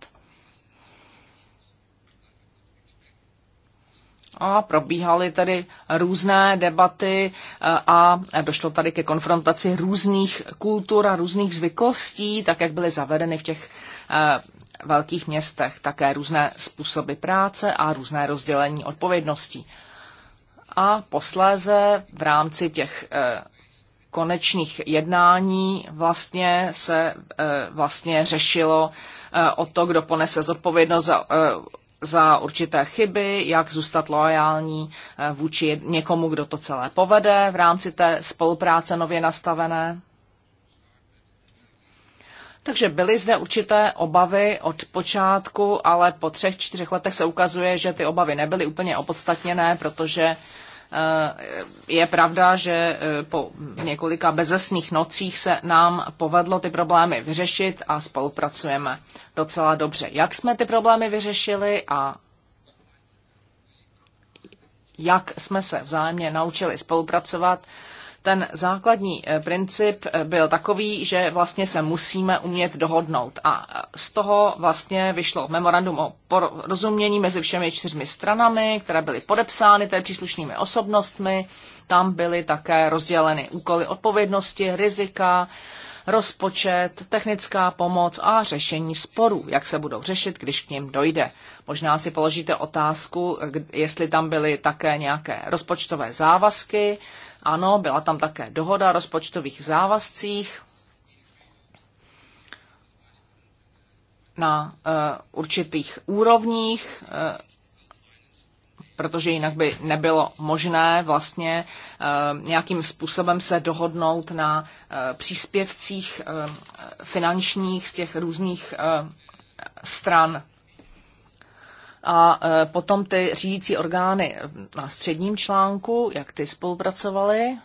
A probíhaly tedy různé debaty eh, a došlo tady ke konfrontaci různých kultur a různých zvyklostí, tak jak byly zavedeny v těch eh, velkých městech, také různé způsoby práce a různé rozdělení odpovědností. A posléze v rámci těch eh, konečných jednání vlastně se eh, vlastně řešilo eh, o to, kdo ponese zodpovědnost za, eh, za určité chyby, jak zůstat loajální vůči někomu, kdo to celé povede v rámci té spolupráce nově nastavené. Takže byly zde určité obavy od počátku, ale po třech, čtyřech letech se ukazuje, že ty obavy nebyly úplně opodstatněné, protože Eh, je pravda, že eh, po několika bezesných nocích se nám povedlo ty problémy vyřešit a spolupracujeme docela dobře. Jak jsme ty problémy vyřešili a jak jsme se vzájemně naučili spolupracovat, ten základní eh, princip eh, byl takový, že vlastně se musíme umět dohodnout. A eh, z toho vlastně vyšlo memorandum o porozumění mezi všemi čtyřmi stranami, které byly podepsány tedy příslušnými osobnostmi. Tam byly také rozděleny úkoly odpovědnosti, rizika, rozpočet, technická pomoc a řešení sporů, jak se budou řešit, když k ním dojde. Možná si položíte otázku, jestli tam byly také nějaké rozpočtové závazky. Ano, byla tam také dohoda o rozpočtových závazcích, na eh, určitých úrovních eh, protože jinak by nebylo možné vlastně eh, nějakým způsobem se dohodnout na eh, příspěvcích eh, finančních z těch různých stran. A potom ty řídící orgány na středním článku, jak ty spolupracovaly?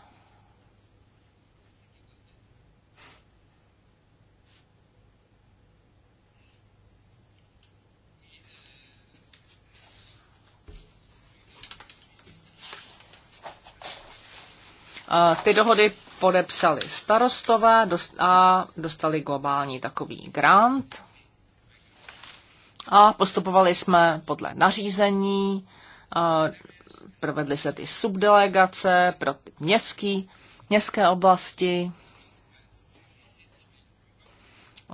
Ty dohody podepsali starostové a dostali globální takový grant. A postupovali jsme podle nařízení, provedly se ty subdelegace pro ty městský, městské oblasti.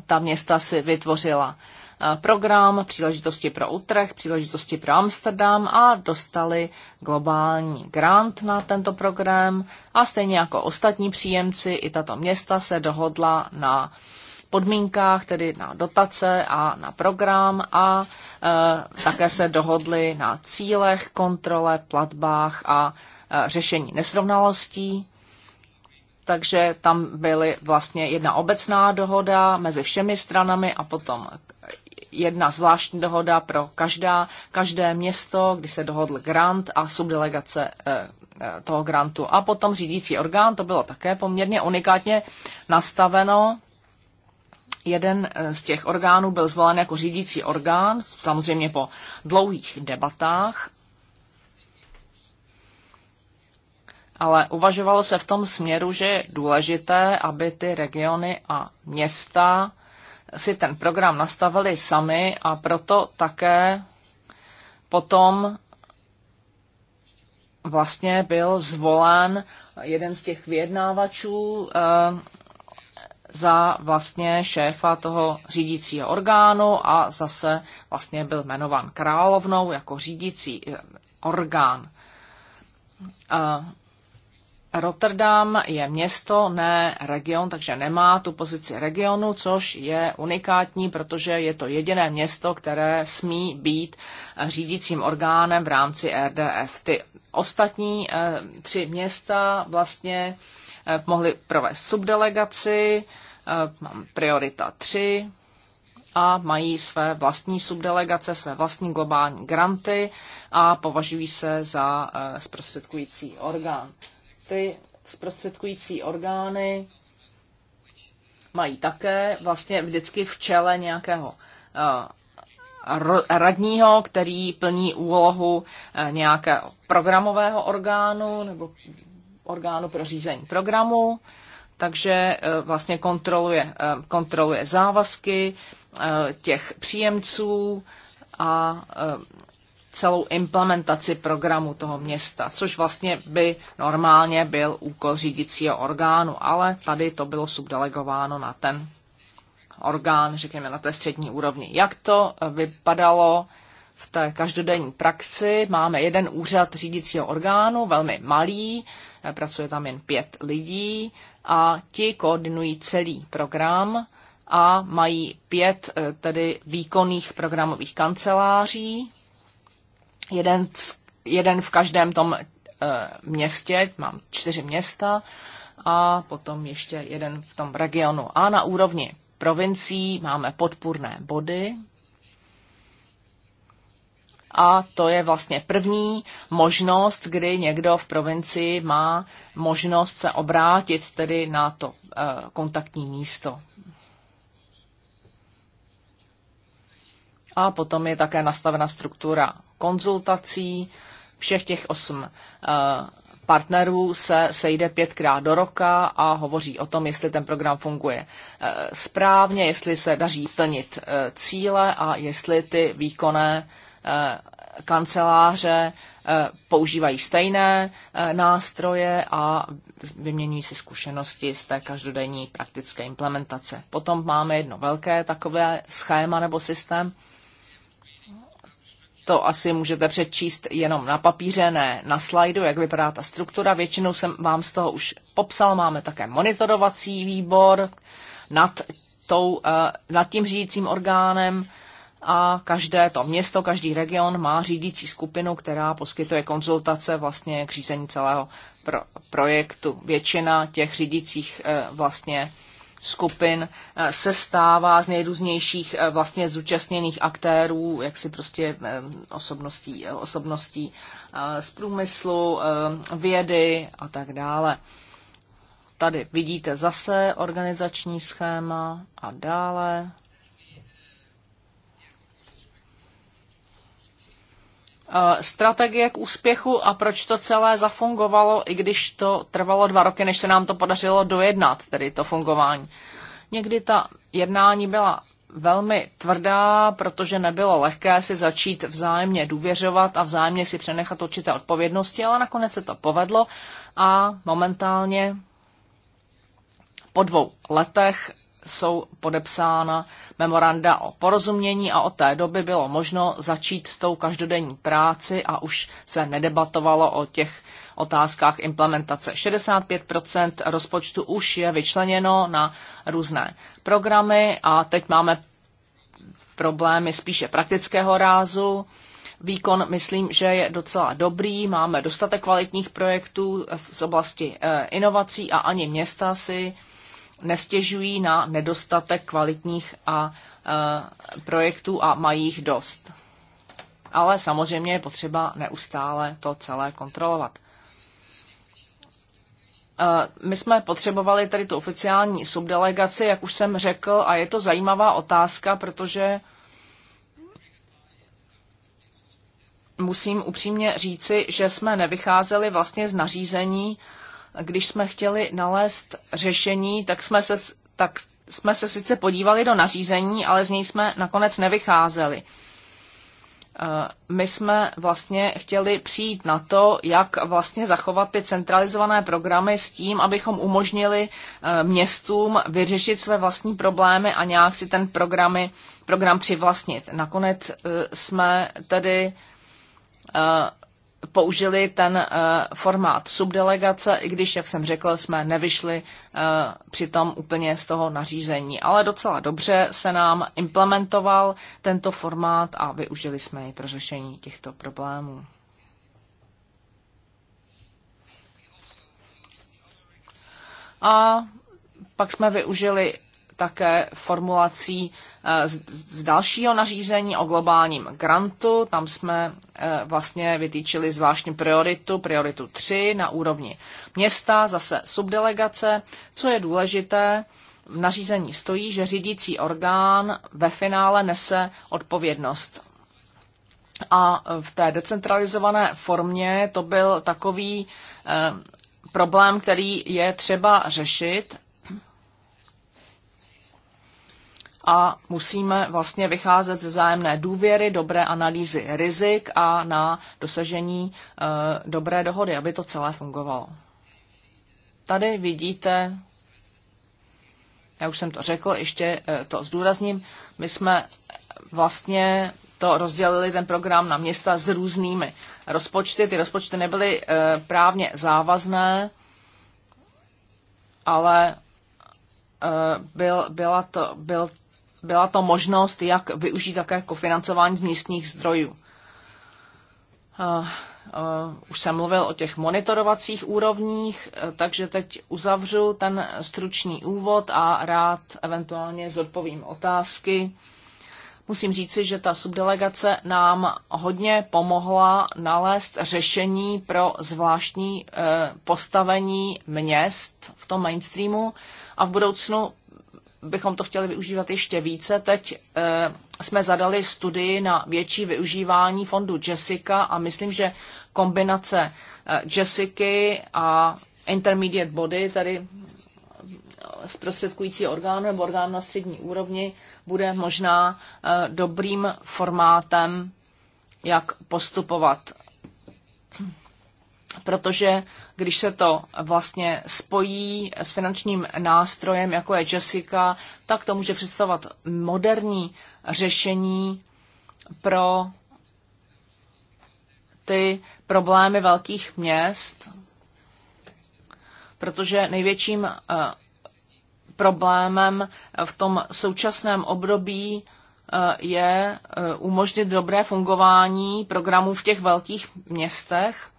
Ta města si vytvořila program Příležitosti pro Utrecht, Příležitosti pro Amsterdam a dostali globální grant na tento program a stejně jako ostatní příjemci i tato města se dohodla na podmínkách, tedy na dotace a na program a e, také se dohodli na cílech, kontrole, platbách a e, řešení nesrovnalostí. Takže tam byly vlastně jedna obecná dohoda mezi všemi stranami a potom jedna zvláštní dohoda pro každá, každé město, kdy se dohodl grant a subdelegace eh, eh, toho grantu. A potom řídící orgán, to bylo také poměrně unikátně nastaveno. Jeden eh, z těch orgánů byl zvolen jako řídící orgán, samozřejmě po dlouhých debatách, ale uvažovalo se v tom směru, že je důležité, aby ty regiony a města si ten program nastavili sami a proto také potom vlastně byl zvolen jeden z těch vyjednávačů eh, za vlastně šéfa toho řídícího orgánu a zase vlastně byl jmenován královnou jako řídící eh, orgán. Eh, Rotterdam je město, ne region, takže nemá tu pozici regionu, což je unikátní, protože je to jediné město, které smí být eh, řídícím orgánem v rámci RDF. Ty ostatní eh, tři města vlastně eh, mohly provést subdelegaci, mám priorita 3 a mají své vlastní subdelegace, své vlastní globální granty a považují se za zprostředkující orgán ty zprostředkující orgány mají také vlastně vždycky v čele nějakého eh, radního, který plní úlohu eh, nějakého programového orgánu nebo orgánu pro řízení programu, takže eh, vlastně kontroluje, kontroluje závazky těch příjemců a celou implementaci programu toho města, což vlastně by normálně byl úkol řídícího orgánu, ale tady to bylo subdelegováno na ten orgán, řekněme na té střední úrovni. Jak to vypadalo v té každodenní praxi? Máme jeden úřad řídícího orgánu, velmi malý, eh, pracuje tam jen pět lidí a ti koordinují celý program a mají pět eh, tedy výkonných programových kanceláří, jeden, jeden v každém tom eh, městě, mám čtyři města a potom ještě jeden v tom regionu. A na úrovni provincií máme podpůrné body, a to je vlastně první možnost, kdy někdo v provincii má možnost se obrátit tedy na to eh, kontaktní místo. A potom je také nastavena struktura konzultací. Všech těch osm eh, partnerů se sejde pětkrát do roka a hovoří o tom, jestli ten program funguje eh, správně, jestli se daří plnit eh, cíle a jestli ty výkonné kanceláře používají stejné nástroje a vyměňují si zkušenosti z té každodenní praktické implementace. Potom máme jedno velké takové schéma nebo systém, to asi můžete přečíst jenom na papíře, ne na slajdu, jak vypadá ta struktura. Většinou jsem vám z toho už popsal. Máme také monitorovací výbor nad, tou, eh, nad tím řídícím orgánem a každé to město, každý region má řídící skupinu, která poskytuje konzultace vlastně k řízení celého pro- projektu. Většina těch řídících eh, vlastně skupin eh, se stává z nejrůznějších eh, vlastně zúčastněných aktérů, jak si prostě eh, osobností, osobností z průmyslu, vědy a tak dále. Tady vidíte zase organizační schéma a dále Eh, strategie k úspěchu a proč to celé zafungovalo, i když to trvalo dva roky, než se nám to podařilo dojednat, tedy to fungování. Někdy ta jednání byla velmi tvrdá, protože nebylo lehké si začít vzájemně důvěřovat a vzájemně si přenechat určité odpovědnosti, ale nakonec se to povedlo a momentálně po dvou letech jsou podepsána memoranda o porozumění a od té doby bylo možno začít s tou každodenní práci a už se nedebatovalo o těch otázkách implementace. 65 rozpočtu už je vyčleněno na různé programy a teď máme problémy spíše praktického rázu. Výkon myslím, že je docela dobrý, máme dostatek kvalitních projektů z oblasti eh, inovací a ani města si nestěžují na nedostatek kvalitních a, e, projektů a mají jich dost. Ale samozřejmě je potřeba neustále to celé kontrolovat. E, my jsme potřebovali tady tu oficiální subdelegaci, jak už jsem řekl, a je to zajímavá otázka, protože musím upřímně říci, že jsme nevycházeli vlastně z nařízení když jsme chtěli nalézt řešení, tak jsme se, tak jsme se sice podívali do nařízení, ale z něj jsme nakonec nevycházeli. Eh, my jsme vlastně chtěli přijít na to, jak vlastně zachovat ty centralizované programy s tím, abychom umožnili eh, městům vyřešit své vlastní problémy a nějak si ten programy, program přivlastnit. Nakonec eh, jsme tedy použili ten eh, formát subdelegace, i když, jak jsem řekl, jsme nevyšli eh, přitom úplně z toho nařízení. Ale docela dobře se nám implementoval tento formát a využili jsme jej pro řešení těchto problémů. A pak jsme využili také formulací eh, z dalšího nařízení o globálním grantu. Tam jsme eh, vlastně vytýčili zvláštní prioritu, prioritu 3 na úrovni města, zase subdelegace. Co je důležité, v nařízení stojí, že řídící orgán ve finále nese odpovědnost. A v té decentralizované formě to byl takový eh, problém, který je třeba řešit a musíme vlastně vycházet ze vzájemné důvěry, dobré analýzy rizik a na dosažení eh, dobré dohody, aby to celé fungovalo. Tady vidíte, já už jsem to řekl, ještě eh, to zdůrazním, my jsme vlastně to rozdělili ten program na města s různými rozpočty. Ty rozpočty nebyly eh, právně závazné, ale byl, byla to, byl byla to možnost, jak využít také kofinancování z místních zdrojů. Uh, uh, už jsem mluvil o těch monitorovacích úrovních, eh, takže teď uzavřu ten stručný úvod a rád eventuálně zodpovím otázky. Musím říci, že ta subdelegace nám hodně pomohla nalézt řešení pro zvláštní postavení měst v tom mainstreamu a v budoucnu bychom to chtěli využívat ještě více. Teď eh, jsme zadali studii na větší využívání fondu Jessica a myslím, že kombinace eh, Jessica a intermediate body, tedy zprostředkující orgán nebo orgán na střední úrovni, bude možná eh, dobrým formátem, jak postupovat protože když se to vlastně spojí s finančním nástrojem, jako je Jessica, tak to může představovat moderní řešení pro ty problémy velkých měst, protože největším eh, problémem v tom současném období eh, je eh, umožnit dobré fungování programů v těch velkých městech,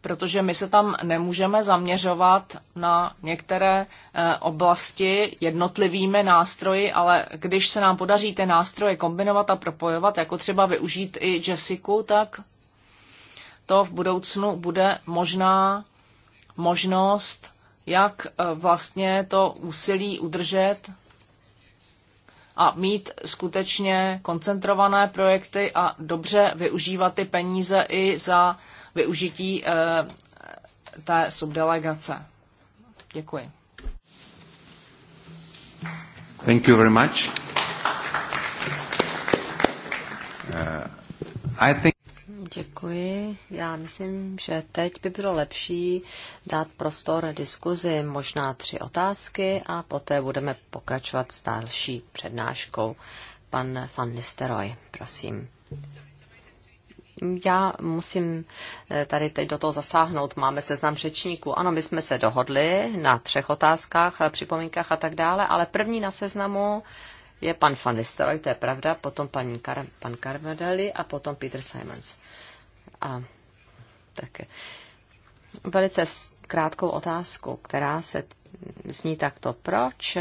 protože my se tam nemůžeme zaměřovat na některé eh, oblasti jednotlivými nástroji, ale když se nám podaří ty nástroje kombinovat a propojovat, jako třeba využít i Jessiku, tak to v budoucnu bude možná možnost, jak eh, vlastně to úsilí udržet a mít skutečně koncentrované projekty a dobře využívat ty peníze i za využití eh, té subdelegace. Děkuji. Thank you very much. Uh, I think... Děkuji. Já myslím, že teď by bylo lepší dát prostor diskuzi, možná tři otázky a poté budeme pokračovat s další přednáškou. Pan van Nisteroy, prosím. Já musím eh, tady teď do toho zasáhnout. Máme seznam řečníků. Ano, my jsme se dohodli na třech otázkách, eh, připomínkách a tak dále, ale první na seznamu je pan Van to je pravda, potom pan, Kar- pan Carmadeli a potom Peter Simons. A také velice krátkou otázku, která se zní takto. Proč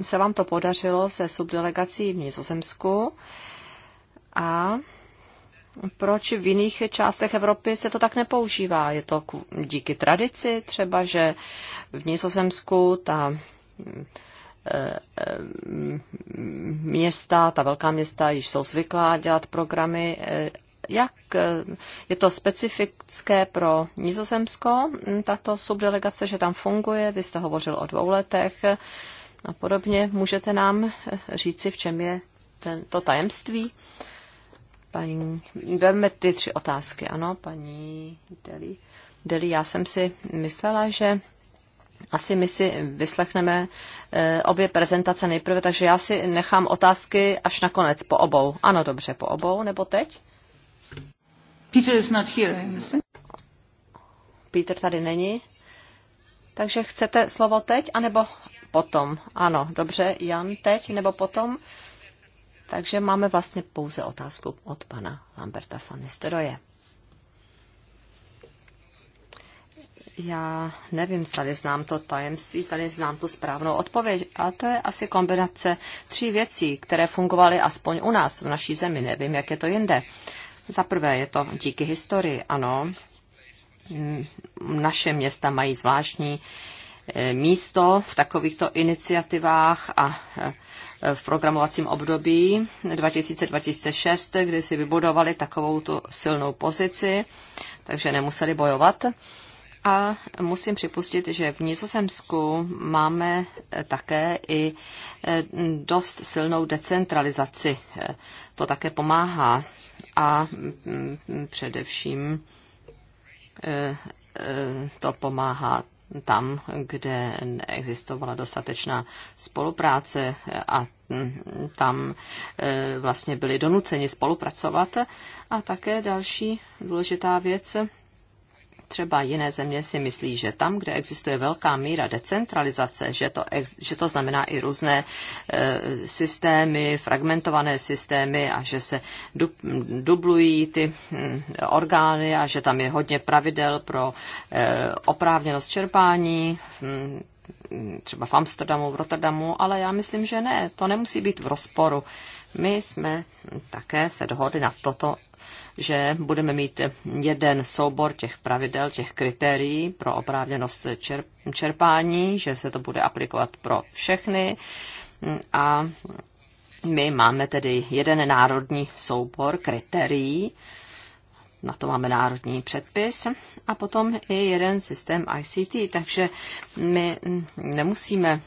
se vám to podařilo se subdelegací v Nizozemsku a proč v jiných částech Evropy se to tak nepoužívá? Je to díky tradici třeba, že v Nizozemsku ta mm, eh, eh, města, ta velká města již jsou zvyklá dělat programy. Eh, jak je to specifické pro Nizozemsko, mm, tato subdelegace, že tam funguje? Vy jste hovořil o dvou letech a podobně. Můžete nám eh, říci, v čem je ten, to tajemství? Paní, vezme ty tři otázky, ano, paní Deli. Deli, já jsem si myslela, že asi my si vyslechneme eh, obě prezentace nejprve, takže já si nechám otázky až nakonec po obou. Ano, dobře, po obou, nebo teď? Peter is not here, I Peter tady není. Takže chcete slovo teď, anebo potom. Ano, dobře, Jan teď nebo potom? Takže máme vlastně pouze otázku od pana Lamberta van Nistelrooye. Já nevím, zda znám to tajemství, zda znám tu správnou odpověď, ale to je asi kombinace tří věcí, které fungovaly aspoň u nás, v naší zemi, nevím, jak je to jinde. Za prvé je to díky historii, ano. Naše města mají zvláštní uh, Eh, místo v takovýchto iniciativách a eh, v programovacím období 2000-2006, kdy si vybudovali takovou tu silnou pozici, takže nemuseli bojovat. A musím připustit, že v Nizozemsku máme eh, také i dost silnou decentralizaci. To také pomáhá. A mm, především to pomáhá tam, kde existovala dostatečná spolupráce a mm, tam e, vlastně byli donuceni spolupracovat. A také další důležitá věc třeba jiné země si myslí, že tam, kde existuje velká míra decentralizace, že to, ex, že to znamená i různé e, systémy, fragmentované systémy a že se du, dublují ty m, hm, orgány a že tam je hodně pravidel pro e, oprávněnost čerpání. M, hm, třeba v Amsterdamu, v Rotterdamu, ale já myslím, že ne, to nemusí být v rozporu. My jsme také se dohodli na, toto, že budeme mít jeden soubor těch pravidel, těch kritérií pro oprávněnost čerpání, že se to bude aplikovat pro všechny a my máme tedy jeden národní soubor kritérií, na to máme národní předpis a potom i jeden systém ICT, takže my nemusíme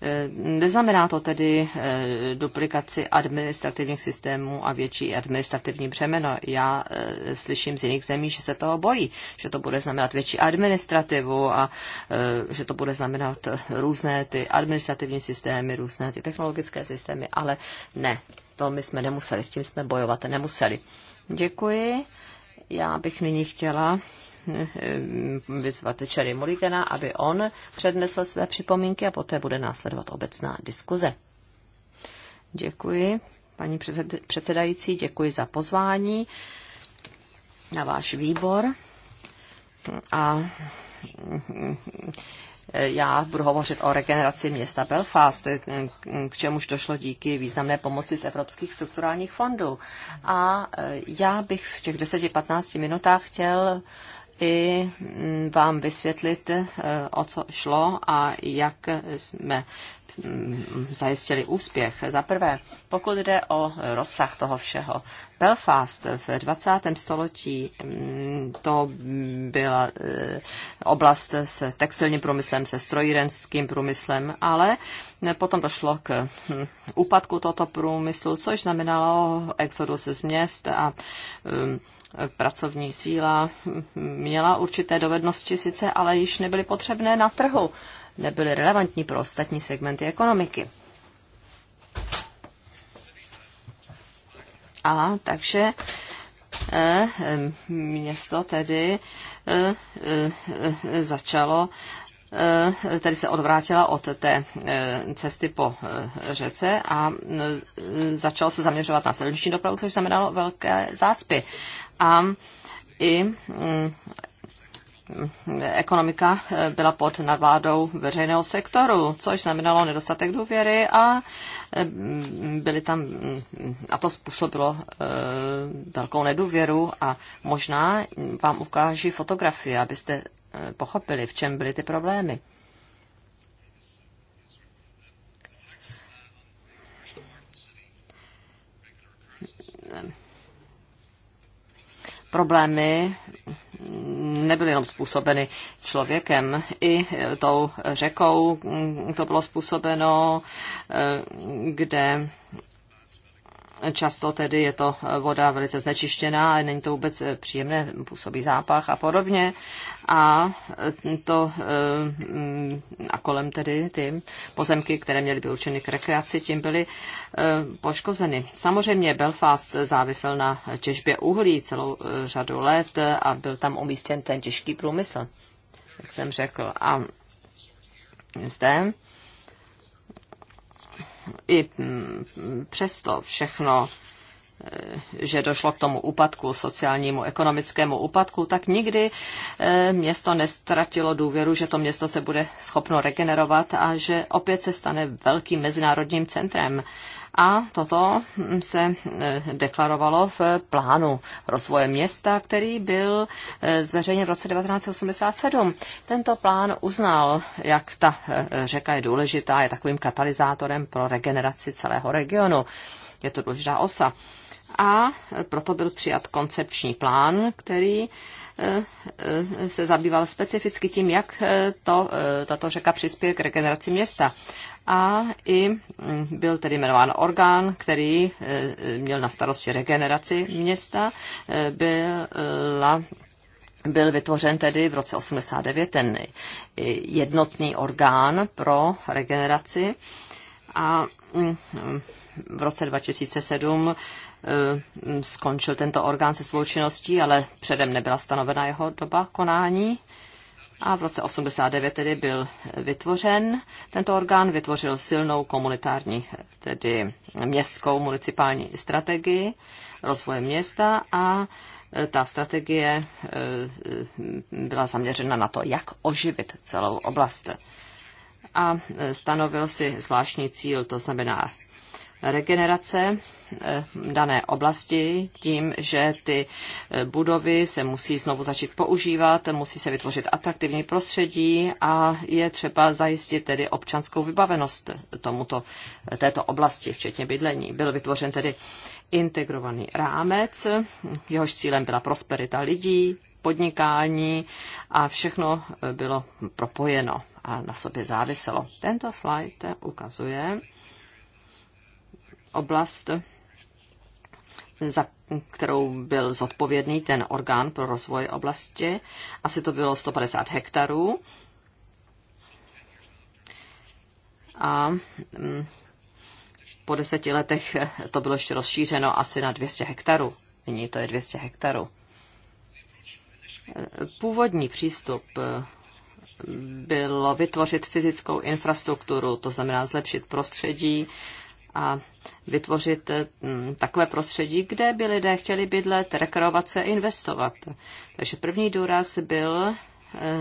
Eh, neznamená to tedy eh, duplikaci administrativních systémů a větší administrativní břemeno. Já eh, slyším z jiných zemí, že se toho bojí, že to bude znamenat větší administrativu a že to bude znamenat různé ty administrativní systémy, různé ty technologické systémy, ale ne, to my jsme nemuseli, s tím jsme bojovat nemuseli. Děkuji. Já bych nyní chtěla Eh, vyzvat Čery Muligana, aby on přednesl své připomínky a poté bude následovat obecná diskuze. Děkuji, paní předsedající, děkuji za pozvání na váš výbor. A eh, já budu hovořit o regeneraci města Belfast, eh, k čemuž došlo díky významné pomoci z evropských strukturálních fondů. A já bych v těch 10-15 minutách chtěl i mm, vám vysvětlit, eh, o co šlo a jak jsme mm, zajistili úspěch. Za prvé, pokud jde o rozsah toho všeho, Belfast v 20. století mm, to byla eh, oblast s textilním průmyslem, se strojírenským průmyslem, ale eh, potom došlo k hm, úpadku tohoto průmyslu, což znamenalo exodus z měst a hm, pracovní síla měla určité dovednosti sice, ale již nebyly potřebné na trhu, nebyly relevantní pro ostatní segmenty ekonomiky. A takže eh, eh, město tedy eh, začalo tedy se odvrátila od té cesty po řece a začalo se zaměřovat na silniční dopravu, což znamenalo velké zácpy a i mm, ekonomika e, byla pod nadvládou veřejného sektoru, což znamenalo nedostatek důvěry a e, mm, byly tam, mm, a to způsobilo e, velkou nedůvěru a možná vám ukáží fotografie, abyste pochopili, v čem byly ty problémy problémy nebyly jenom způsobeny člověkem, i tou řekou to bylo způsobeno, eh, kde Často tedy je to eh, voda velice znečištěná, ale není to vůbec eh, příjemné, působí zápach a podobně. A, eh, to, a kolem tedy ty pozemky, které měly být určeny k rekreaci, tím byly poškozeny. Samozřejmě Belfast závisel na těžbě uhlí celou řadu let a byl tam umístěn ten těžký průmysl, jak jsem řekl. A zde i mm, přesto všechno, eh, že došlo k tomu úpadku, sociálnímu, ekonomickému úpadku, tak nikdy eh, město nestratilo důvěru, že to město se bude schopno regenerovat a že opět se stane velkým mezinárodním centrem a toto se eh, deklarovalo v plánu rozvoje města, který byl eh, zveřejněn v roce 1987. Tento plán uznal, jak ta eh, řeka je důležitá, je takovým katalyzátorem pro regeneraci celého regionu. Je to důležitá osa a proto byl přijat koncepční plán, který Eh, se zabýval specificky tím, jak eh, to, eh, tato řeka přispěje k regeneraci města. A i mm, byl tedy jmenován orgán, který měl na starosti regeneraci města. Byla byl vytvořen tedy v roce 89 ten jednotný orgán pro regeneraci a mm, v roce 2007 Eh, skončil tento orgán se svou činností, ale předem nebyla stanovena jeho doba konání. A v roce 89 tedy byl vytvořen tento orgán, vytvořil silnou komunitární, tedy městskou municipální strategii rozvoje města a eh, ta strategie eh, byla zaměřena na to, jak oživit celou oblast. A stanovil si zvláštní cíl, to znamená regenerace eh, dané oblasti tím, že ty eh, budovy se musí znovu začít používat, musí se vytvořit atraktivní prostředí a je třeba zajistit tedy občanskou vybavenost tomuto, této oblasti, včetně bydlení. Byl vytvořen tedy integrovaný rámec, jehož cílem byla prosperita lidí, podnikání a všechno eh, bylo propojeno a na sobě záviselo. Tento slide ukazuje, oblast, za kterou byl zodpovědný ten orgán pro rozvoj oblasti. Asi to bylo 150 hektarů. A mm, po deseti letech to bylo ještě rozšířeno asi na 200 hektarů. Nyní to je 200 hektarů. Původní přístup eh, bylo vytvořit fyzickou infrastrukturu, to znamená zlepšit prostředí a vytvořit mm, takové prostředí, kde by lidé chtěli bydlet, rekreovat se, investovat. Takže první důraz byl eh,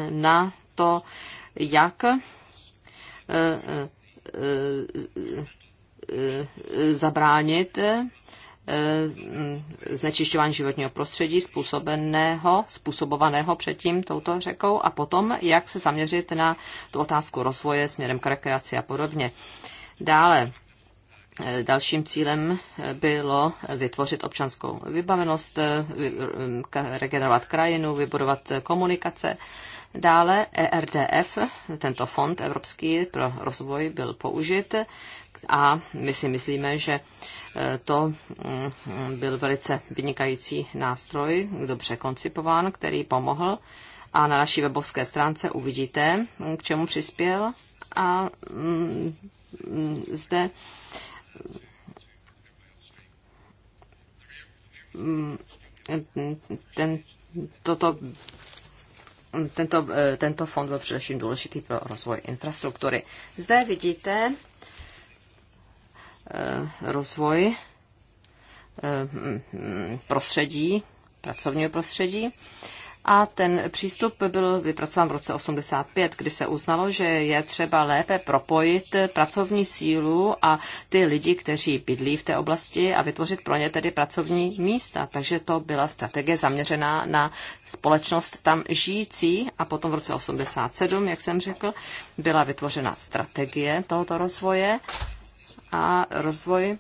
na to, jak eh, eh, zabránit znečišťování životního prostředí způsobeného, způsobovaného předtím touto řekou a potom, jak se zaměřit na tu otázku rozvoje směrem k rekreaci a podobně. Dále Dalším cílem bylo vytvořit občanskou vybavenost, regenerovat krajinu, vybudovat komunikace. Dále ERDF, tento fond evropský pro rozvoj, byl použit a my si myslíme, že e, to mm, byl velice vynikající nástroj, dobře koncipován, který pomohl. A na naší webovské stránce uvidíte, k čemu přispěl. A mm, mm, zde ten, toto, tento, tento fond byl především důležitý pro rozvoj infrastruktury. Zde vidíte eh, rozvoj eh, prostředí, pracovního prostředí. A ten přístup byl vypracován v roce 85, kdy se uznalo, že je třeba lépe propojit pracovní sílu a ty lidi, kteří bydlí v té oblasti a vytvořit pro ně tedy pracovní místa. Takže to byla strategie zaměřená na společnost tam žijící a potom v roce 87, jak jsem řekl, byla vytvořena strategie tohoto rozvoje a rozvoj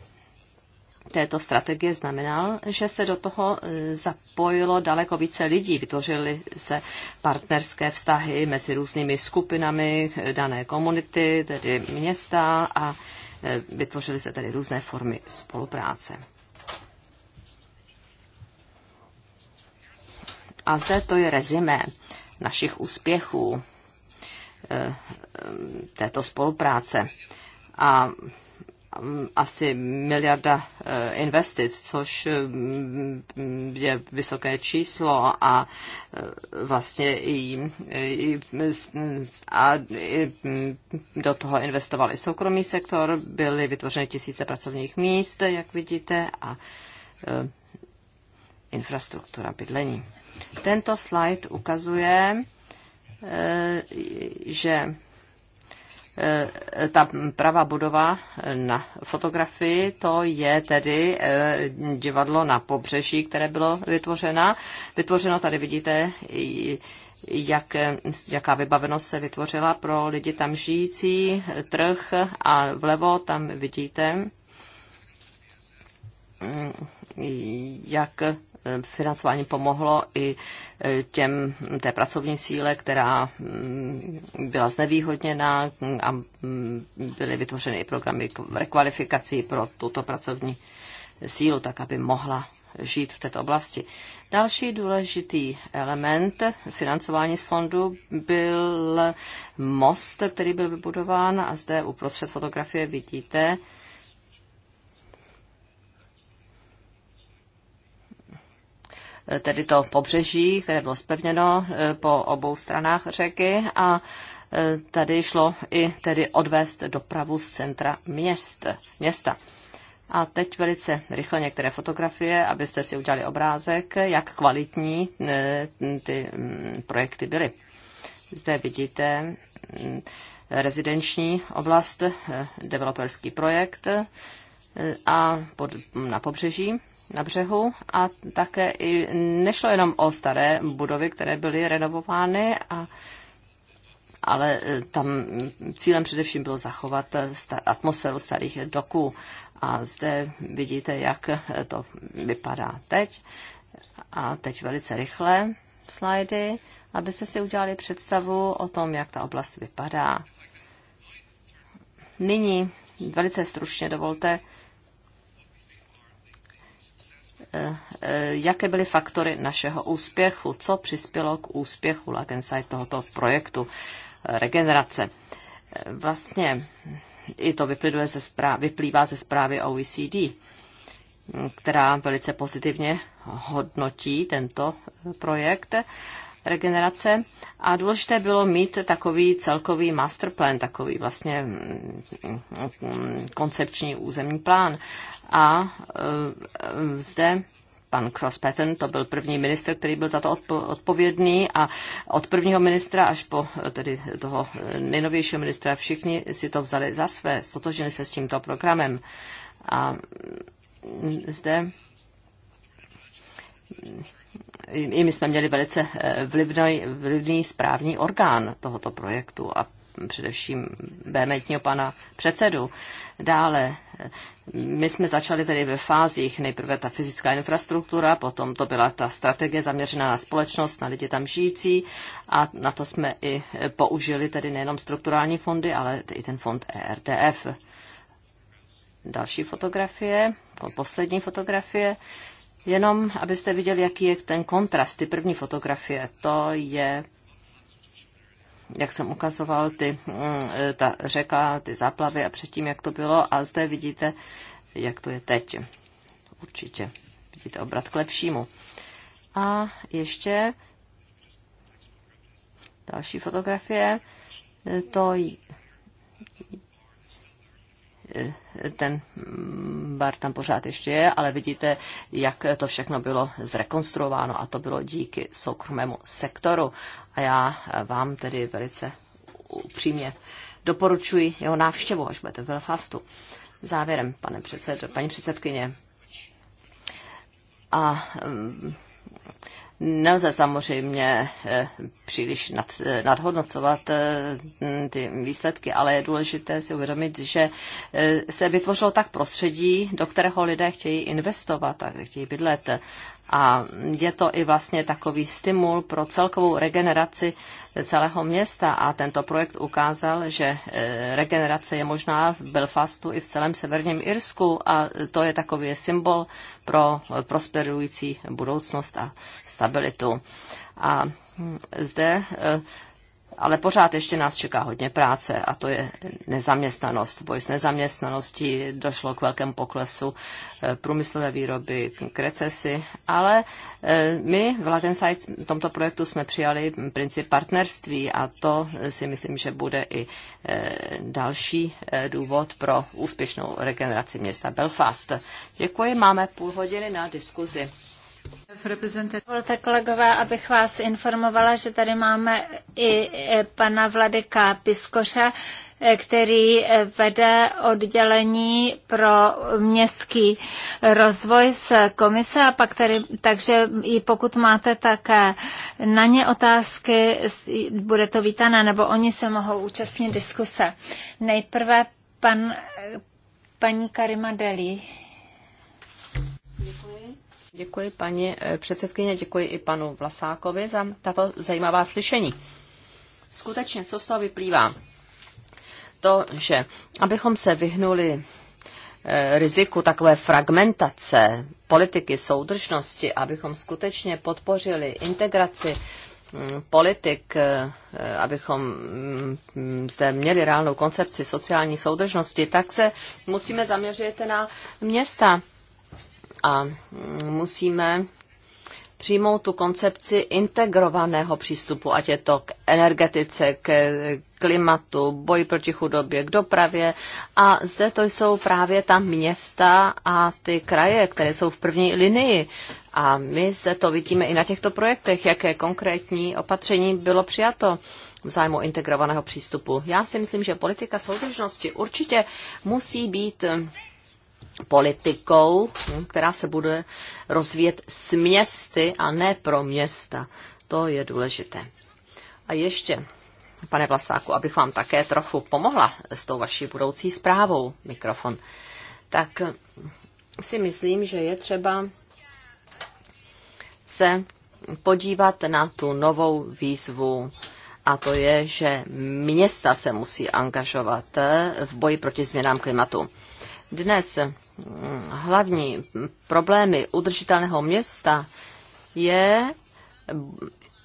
této strategie znamenal, že se do toho e, zapojilo daleko více lidí. Vytvořily se partnerské vztahy mezi různými skupinami e, dané komunity, tedy města a e, vytvořily se tedy různé formy spolupráce. A zde to je rezime našich úspěchů této spolupráce. A Mm, asi miliarda eh, investic, což mm, je vysoké číslo a eh, vlastně i, i, a i mm, do toho investoval i soukromý sektor, byly vytvořeny tisíce pracovních míst, jak vidíte, a eh, infrastruktura bydlení. Tento slide ukazuje, že Eh, ta pravá budova na fotografii, to je tedy eh, divadlo na pobřeží, které bylo vytvořeno. Vytvořeno tady vidíte jak, jaká vybavenost se vytvořila pro lidi tam žijící, trh a vlevo tam vidíte, mm, jak financování pomohlo i e, těm té pracovní síle, která mm, byla znevýhodněna a mm, byly vytvořeny i programy rekvalifikací pro tuto pracovní sílu, tak aby mohla žít v této oblasti. Další důležitý element financování z fondu byl most, který byl vybudován a zde uprostřed fotografie vidíte Eh, tedy to pobřeží, které bylo spevněno eh, po obou stranách řeky a eh, tady šlo i tedy odvést dopravu z centra měst, města. A teď velice rychle některé fotografie, abyste si udělali obrázek, jak kvalitní ty mm, projekty byly. Zde vidíte mm, rezidenční oblast, developerský projekt a pod, na pobřeží na břehu a také i nešlo jenom o staré budovy, které byly renovovány, a, ale e, tam cílem především bylo zachovat e, star, atmosféru starých doků. A zde vidíte, jak e, to vypadá teď. A teď velice rychle slajdy, abyste si udělali představu o tom, jak ta oblast vypadá. Nyní velice stručně dovolte Eh, eh, jaké byly faktory našeho úspěchu, co přispělo k úspěchu Lagensai tohoto projektu eh, regenerace. Vlastně i to vyplývá ze, zpráv, vyplývá ze zprávy OECD, mm, která velice pozitivně hodnotí tento projekt regenerace a důležité bylo mít takový celkový masterplan, takový vlastně mm, mm, koncepční územní plán. A e, zde pan Cross Patton, to byl první ministr, který byl za to odpovědný a od prvního ministra až po e, tedy toho e, nejnovějšího ministra všichni si to vzali za své, stotožili se s tímto programem. A mm, zde i my jsme měli velice eh, vlivný, vlivný správní orgán tohoto projektu a především Bémetního pana předsedu. Dále, eh, my jsme začali tedy ve fázích nejprve ta fyzická infrastruktura, potom to byla ta strategie zaměřená na společnost, na lidi tam žijící a na to jsme i eh, použili tedy nejenom strukturální fondy, ale i ten fond ERDF. Další fotografie, poslední fotografie, Jenom, abyste viděli, jaký je ten kontrast, ty první fotografie, to je jak jsem ukazoval, ty, mm, ta řeka, ty záplavy a předtím, jak to bylo. A zde vidíte, jak to je teď. Určitě. Vidíte obrat k lepšímu. A ještě další fotografie. To ten bar tam pořád ještě je, ale vidíte, jak to všechno bylo zrekonstruováno a to bylo díky soukromému sektoru. A já vám tedy velice upřímně doporučuji jeho návštěvu, až budete v Belfastu. Závěrem, pane předsed, paní předsedkyně. A mm, Nelze samozřejmě eh, příliš nad, eh, nadhodnocovat eh, ty výsledky, ale je důležité si uvědomit, že se vytvořilo tak prostředí, do kterého lidé chtějí investovat a chtějí bydlet a je to i vlastně takový stimul pro celkovou regeneraci celého města a tento projekt ukázal, že eh, regenerace je možná v Belfastu i v celém severním Irsku a to je takový symbol pro prosperující budoucnost a stabilitu. A hm, zde eh, ale pořád ještě nás čeká hodně práce a to je nezaměstnanost. Boj s nezaměstnaností došlo k velkému poklesu eh, průmyslové výroby k recesi, ale eh, my v Lagensight v tomto projektu jsme přijali princip partnerství a to si myslím, že bude i eh, další důvod pro úspěšnou regeneraci města Belfast. Děkuji, máme půl hodiny na diskuzi. Volte kolegové, abych vás informovala, že tady máme i e, pana Vladeka Piskoše, e, který e, vede oddělení pro městský rozvoj z komise a pak tady, takže i pokud máte také na ně otázky, bude to vítané, nebo oni se mohou účastnit diskuse. Nejprve pan, paní Karima Deli. Děkuji paní eh, předsedkyně, děkuji i panu Vlasákovi za tato zajímavá slyšení. Skutečně, co z toho vyplývá? To, že abychom se vyhnuli eh, riziku takové fragmentace politiky soudržnosti, abychom skutečně podpořili integraci mm, politik, eh, abychom mm, zde měli reálnou koncepci sociální soudržnosti, tak se musíme zaměřit na města a musíme přijmout tu koncepci integrovaného přístupu, ať je to k energetice, k klimatu, boji proti chudobě, k dopravě. A zde to jsou právě ta města a ty kraje, které jsou v první linii. A my zde to vidíme i na těchto projektech, jaké konkrétní opatření bylo přijato v zájmu integrovaného přístupu. Já si myslím, že politika soudržnosti určitě musí být politikou, která se bude rozvíjet s městy a ne pro města. To je důležité. A ještě, pane Vlasáku, abych vám také trochu pomohla s tou vaší budoucí zprávou, mikrofon, tak si myslím, že je třeba se podívat na tu novou výzvu, a to je, že města se musí angažovat v boji proti změnám klimatu. Dnes mm, hlavní problémy udržitelného města je mm,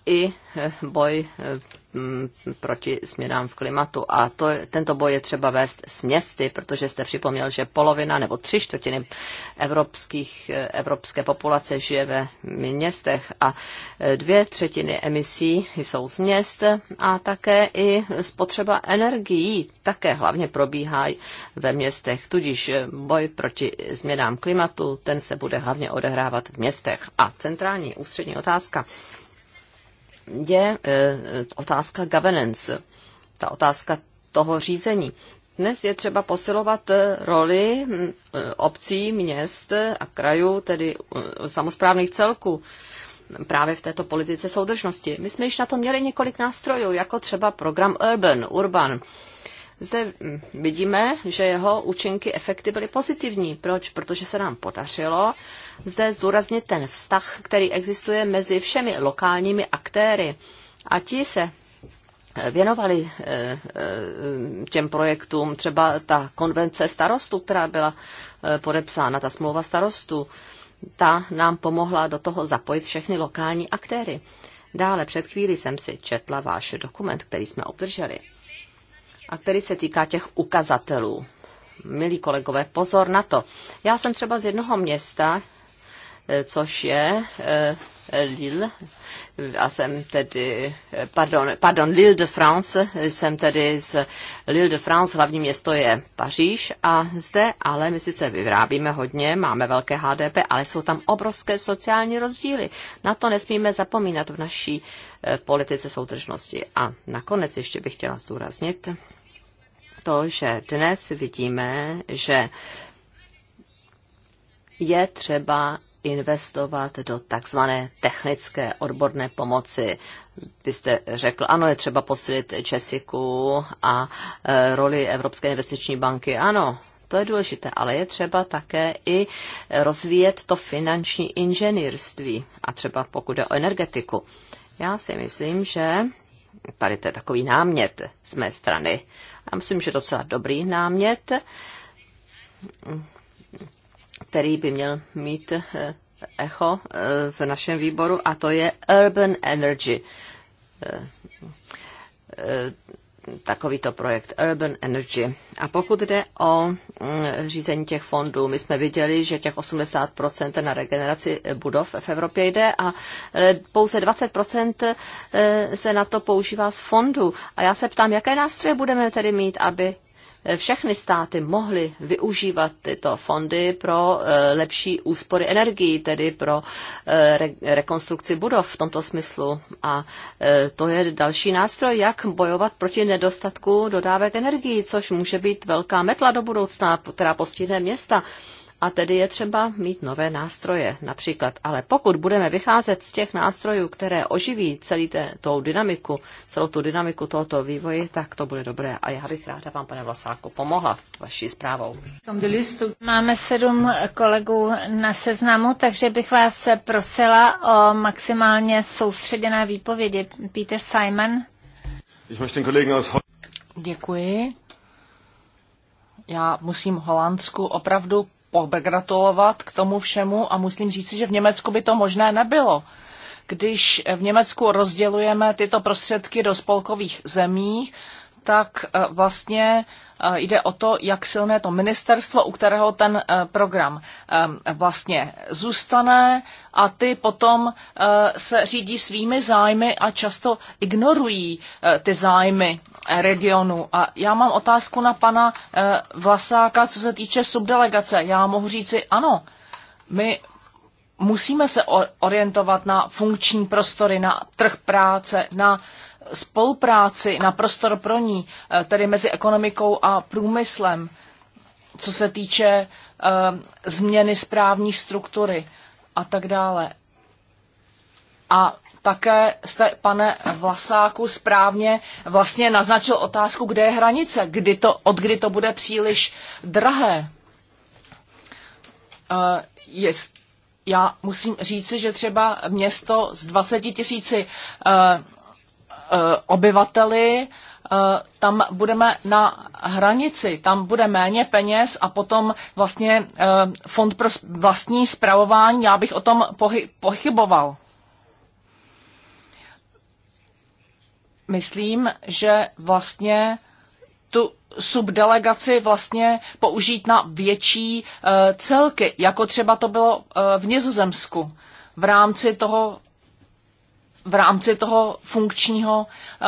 i eh, boj eh, Mm, proti směnám v klimatu. A to, tento boj je třeba vést s městy, protože jste připomněl, že polovina nebo tři čtvrtiny evropských, evropské populace žije ve městech a dvě třetiny emisí jsou z měst a také i spotřeba energií také hlavně probíhá ve městech. Tudíž boj proti změnám klimatu, ten se bude hlavně odehrávat v městech. A centrální ústřední otázka je e, otázka governance, ta otázka toho řízení. Dnes je třeba posilovat e, roli e, obcí, měst a krajů, tedy samozprávných celků právě v této politice soudržnosti. My jsme již na to měli několik nástrojů, jako třeba program Urban, Urban, zde hm, vidíme, že jeho účinky, efekty byly pozitivní. Proč? Protože se nám podařilo zde zdůraznit ten vztah, který existuje mezi všemi lokálními aktéry. A ti se eh, věnovali eh, eh, těm projektům, třeba ta konvence starostů, která byla podepsána, ta smlouva starostů, ta nám pomohla do toho zapojit všechny lokální aktéry. Dále před chvílí jsem si četla váš dokument, který jsme obdrželi a který se týká těch ukazatelů. Milí kolegové, pozor na to. Já jsem třeba z jednoho města, eh, což je eh, Lille, a jsem tedy, eh, pardon, pardon, Lille de France, jsem tedy z Lille de France, hlavní město je Paříž a zde ale my sice vyrábíme hodně, máme velké HDP, ale jsou tam obrovské sociální rozdíly. Na to nesmíme zapomínat v naší politice soudržnosti. A nakonec ještě bych chtěla zdůraznit, to, že dnes vidíme, že je třeba investovat do takzvané technické odborné pomoci. Vy jste řekl, ano, je třeba posilit Česiku a e, roli Evropské investiční banky. Ano, to je důležité, ale je třeba také i rozvíjet to finanční inženýrství a třeba pokud je o energetiku. Já si myslím, že Tady to je takový námět z mé strany. Já myslím, že docela dobrý námět, který by měl mít eh, echo eh, v našem výboru, a to je Urban Energy eh, takovýto projekt Urban Energy. A pokud jde o mm, řízení těch fondů, my jsme viděli, že těch 80% na regeneraci budov v Evropě jde a e, pouze 20% e, se na to používá z fondů. A já se ptám, jaké nástroje budeme tedy mít, aby všechny státy mohly využívat tyto fondy pro eh, lepší úspory energií, tedy pro eh, rekonstrukci budov v tomto smyslu. A eh, to je další nástroj, jak bojovat proti nedostatku dodávek energií, což může být velká metla do budoucna, která postihne města a tedy je třeba mít nové nástroje například. Ale pokud budeme vycházet z těch nástrojů, které oživí celý té, tou dynamiku, celou tu dynamiku tohoto vývoje, tak to bude dobré. A já bych ráda vám, pane Vlasáku, pomohla vaší zprávou. Máme sedm kolegů na seznamu, takže bych vás prosila o maximálně soustředěné výpovědi. Píte Simon. Děkuji já musím Holandsku opravdu pogratulovat k tomu všemu a musím říci, že v Německu by to možné nebylo. Když v Německu rozdělujeme tyto prostředky do spolkových zemí, tak eh, vlastně eh, jde o to, jak silné to ministerstvo, u kterého ten eh, program vlastně zůstane a ty potom se řídí svými zájmy a často ignorují ty zájmy regionu. A já mám otázku na pana Vlasáka, co se týče subdelegace. Já mohu říci ano, my musíme se orientovat na funkční prostory, na trh práce, na spolupráci, na prostor pro ní, eh, tedy mezi ekonomikou a průmyslem, co se týče eh, změny správní struktury a tak dále. A také jste, pane Vlasáku, správně vlastně naznačil otázku, kde je hranice, kdy to, od kdy to bude příliš drahé. Uh, jest, já musím říci, že třeba město s 20 tisíci uh, Eh, obyvateli, eh, tam budeme na hranici, tam bude méně peněz a potom vlastně eh, fond pro vlastní zpravování, já bych o tom pochyboval. Myslím, že vlastně tu subdelegaci vlastně použít na větší celky, jako třeba to bylo v Nizozemsku v rámci toho v rámci toho funkčního eh,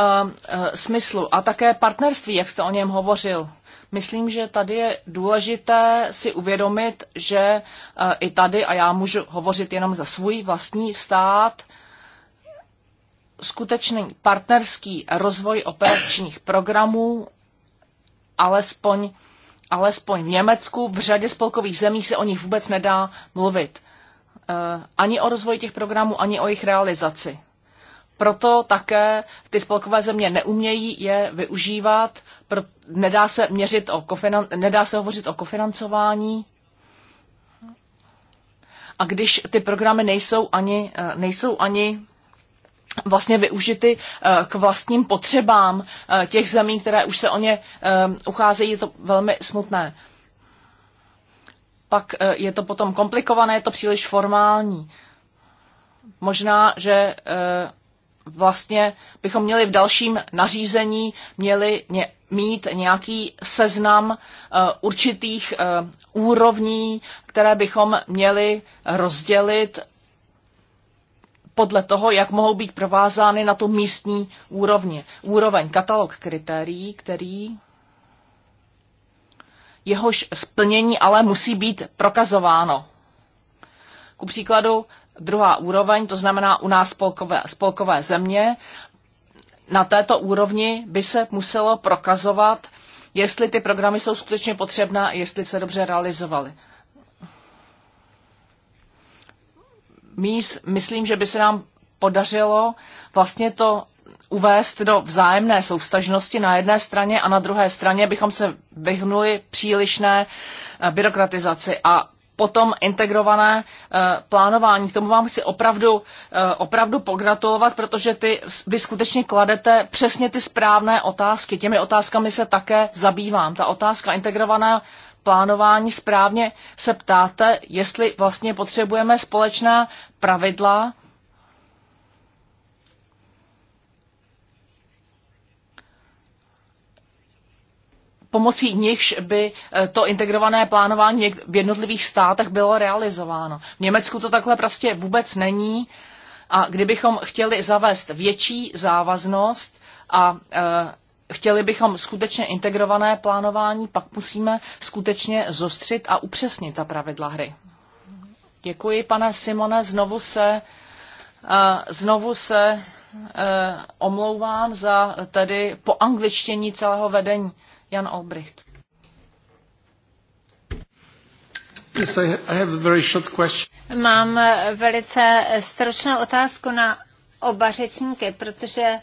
eh, smyslu. A také partnerství, jak jste o něm hovořil. Myslím, že tady je důležité si uvědomit, že eh, i tady, a já můžu hovořit jenom za svůj vlastní stát, skutečný partnerský rozvoj operačních programů, alespoň, alespoň v Německu, v řadě spolkových zemí se o nich vůbec nedá mluvit. Ani o rozvoji těch programů, ani o jejich realizaci proto také ty spolkové země neumějí je využívat, pro, nedá, se měřit o kofinan, nedá se hovořit o kofinancování. A když ty programy nejsou ani, eh, nejsou ani vlastně využity eh, k vlastním potřebám eh, těch zemí, které už se o ně ucházejí, je to velmi smutné. Pak je to potom komplikované, je to příliš formální. Možná, že vlastně bychom měli v dalším nařízení měli ně, mít nějaký seznam uh, určitých uh, úrovní, které bychom měli rozdělit podle toho, jak mohou být provázány na tu místní úrovni. Úroveň katalog kritérií, který jehož splnění ale musí být prokazováno. Ku příkladu Druhá úroveň, to znamená u nás spolkové, spolkové země, na této úrovni by se muselo prokazovat, jestli ty programy jsou skutečně potřebné a jestli se dobře realizovaly. Myslím, že by se nám podařilo vlastně to uvést do vzájemné soustažnosti na jedné straně a na druhé straně bychom se vyhnuli přílišné eh, byrokratizaci. A potom integrované eh, plánování. K tomu vám chci opravdu, eh, opravdu pogratulovat, protože ty, vy skutečně kladete přesně ty správné otázky. Těmi otázkami se také zabývám. Ta otázka integrované plánování správně se ptáte, jestli vlastně potřebujeme společná pravidla pomocí nichž by eh, to integrované plánování v jednotlivých státech bylo realizováno. V Německu to takhle prostě vůbec není a kdybychom chtěli zavést větší závaznost a eh, chtěli bychom skutečně integrované plánování, pak musíme skutečně zostřit a upřesnit ta pravidla hry. Děkuji, pane Simone, znovu se, eh, znovu se omlouvám za tedy po angličtění celého vedení Jan Albrecht. Yes, I have a very short question. Mám velice stručnou otázku na oba řečníky, protože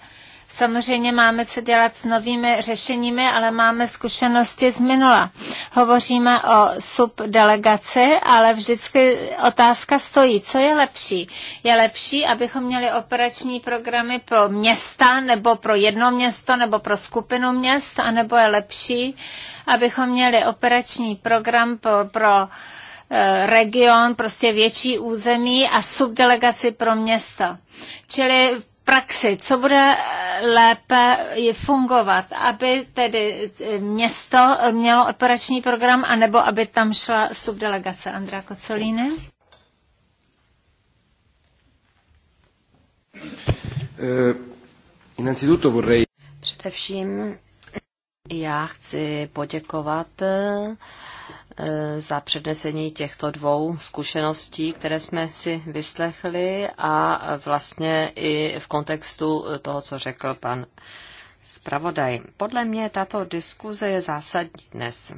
Samozřejmě máme co dělat s novými řešeními, ale máme zkušenosti z minula. Hovoříme o subdelegaci, ale vždycky otázka stojí, co je lepší. Je lepší, abychom měli operační programy pro města, nebo pro jedno město, nebo pro skupinu měst, anebo je lepší, abychom měli operační program pro, pro eh, region, prostě větší území a subdelegaci pro města. Čili praxi, co bude lépe fungovat, aby tedy eh, město mělo operační program, anebo aby tam šla subdelegace Andrá Kocolíny? Eh, Především já chci poděkovat eh, Eh, za přednesení těchto dvou zkušeností, které jsme si vyslechli a vlastně i v kontextu toho, co řekl pan zpravodaj. Podle mě tato diskuze je zásadní dnes.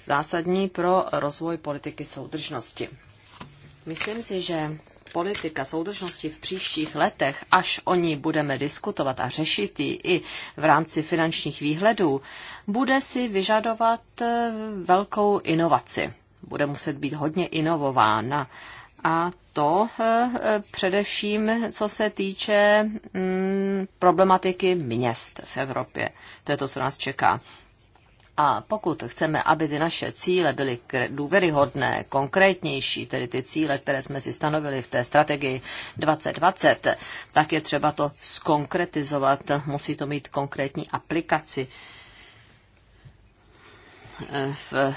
Zásadní pro rozvoj politiky soudržnosti. Myslím si, že politika soudržnosti v příštích letech, až o ní budeme diskutovat a řešit ji i v rámci finančních výhledů, bude si vyžadovat eh, velkou inovaci. Bude muset být hodně inovována. A to eh, eh, především, co se týče mm, problematiky měst v Evropě. To je to, co nás čeká. A pokud chceme, aby ty naše cíle byly důvěryhodné, konkrétnější, tedy ty cíle, které jsme si stanovili v té strategii 2020, tak je třeba to skonkretizovat, musí to mít konkrétní aplikaci eh, v, eh,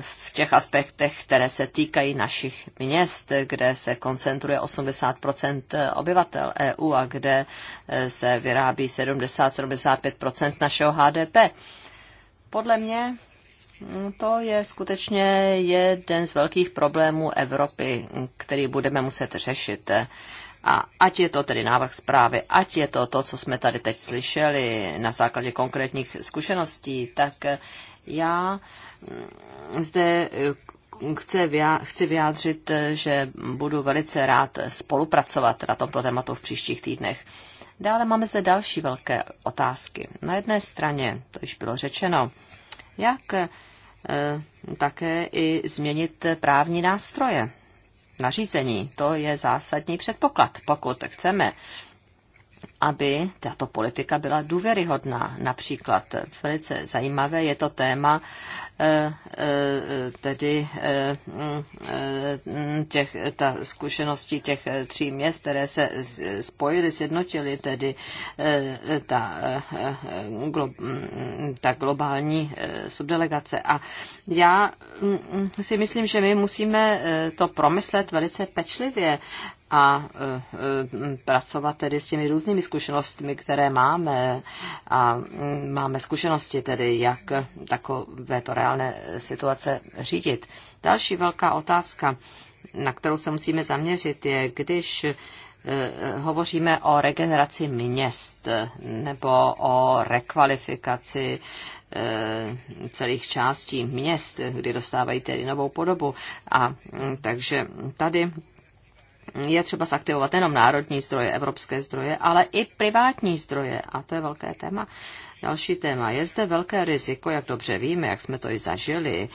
v těch aspektech, které se týkají našich měst, kde se koncentruje 80 eh, obyvatel EU a kde se vyrábí 70-75 našeho HDP. Podle mě mm, to je skutečně jeden z velkých problémů Evropy, který budeme muset řešit. A ať je to tedy návrh zprávy, ať je to to, co jsme tady teď slyšeli na základě konkrétních zkušeností, tak já mm, zde eh, chci vyjádřit, eh, že budu velice rád spolupracovat na tomto tématu v příštích týdnech. Dále máme zde další velké otázky. Na jedné straně, to již bylo řečeno, jak eh, také i změnit právní nástroje. Nařízení, to je zásadní předpoklad, pokud chceme aby tato politika byla důvěryhodná. Například velice zajímavé je to téma eh, eh, tedy eh, mm, těch, ta zkušeností těch tří měst, které se spojily, sjednotily, tedy ta, mm, ta globální subdelegace. A já mm, si myslím, že my musíme to promyslet velice pečlivě a e, pracovat tedy s těmi různými zkušenostmi, které máme a máme zkušenosti tedy, jak to reálné situace řídit. Další velká otázka, na kterou se musíme zaměřit, je, když e, hovoříme o regeneraci měst nebo o rekvalifikaci e, celých částí měst, kdy dostávají tedy novou podobu. A takže tady je třeba zaktivovat jenom národní zdroje, evropské zdroje, ale i privátní zdroje. A to je velké téma. Další téma. Je zde velké riziko, jak dobře víme, jak jsme to i zažili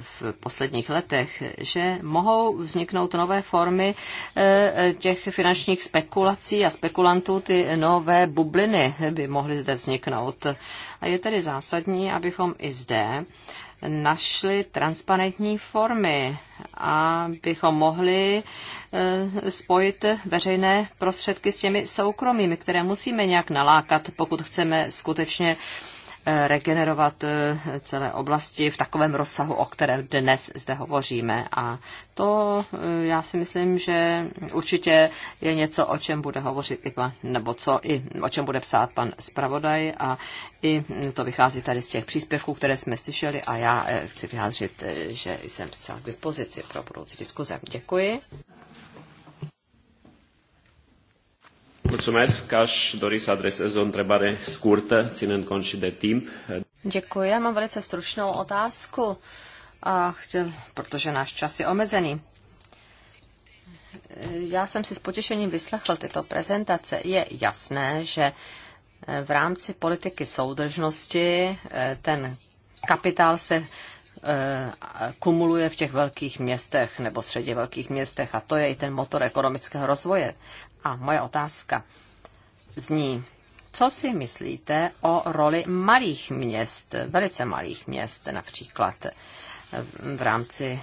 v posledních letech, že mohou vzniknout nové formy eh, eh, těch finančních spekulací a spekulantů, ty nové bubliny by mohly zde vzniknout. A je tedy zásadní, abychom i zde našli transparentní formy, abychom mohli eh, spojit veřejné prostředky s těmi soukromými, které musíme nějak nalákat, pokud chceme skutečně Eh, regenerovat eh, celé oblasti v takovém rozsahu, o kterém dnes zde hovoříme. A to eh, já si myslím, že určitě je něco, o čem bude hovořit i pan, nebo co i o čem bude psát pan zpravodaj a i hm, to vychází tady z těch příspěvků, které jsme slyšeli a já chci vyjádřit, že jsem zcela k dispozici pro budoucí diskuze. Děkuji. Mulțumesc. Aș dori să adresez o întrebare scurtă, ținând cont și de timp. Děkuji. Já mám velice stručnou otázku, a chtěl, protože náš čas je omezený. Já jsem si s potěšením vyslechl tyto prezentace. Je jasné, že e, v rámci politiky soudržnosti e, ten kapitál se e, kumuluje v těch velkých městech nebo středně velkých městech a to je i ten motor ekonomického rozvoje. A moje otázka zní, co si myslíte o roli malých měst, velice malých měst například v rámci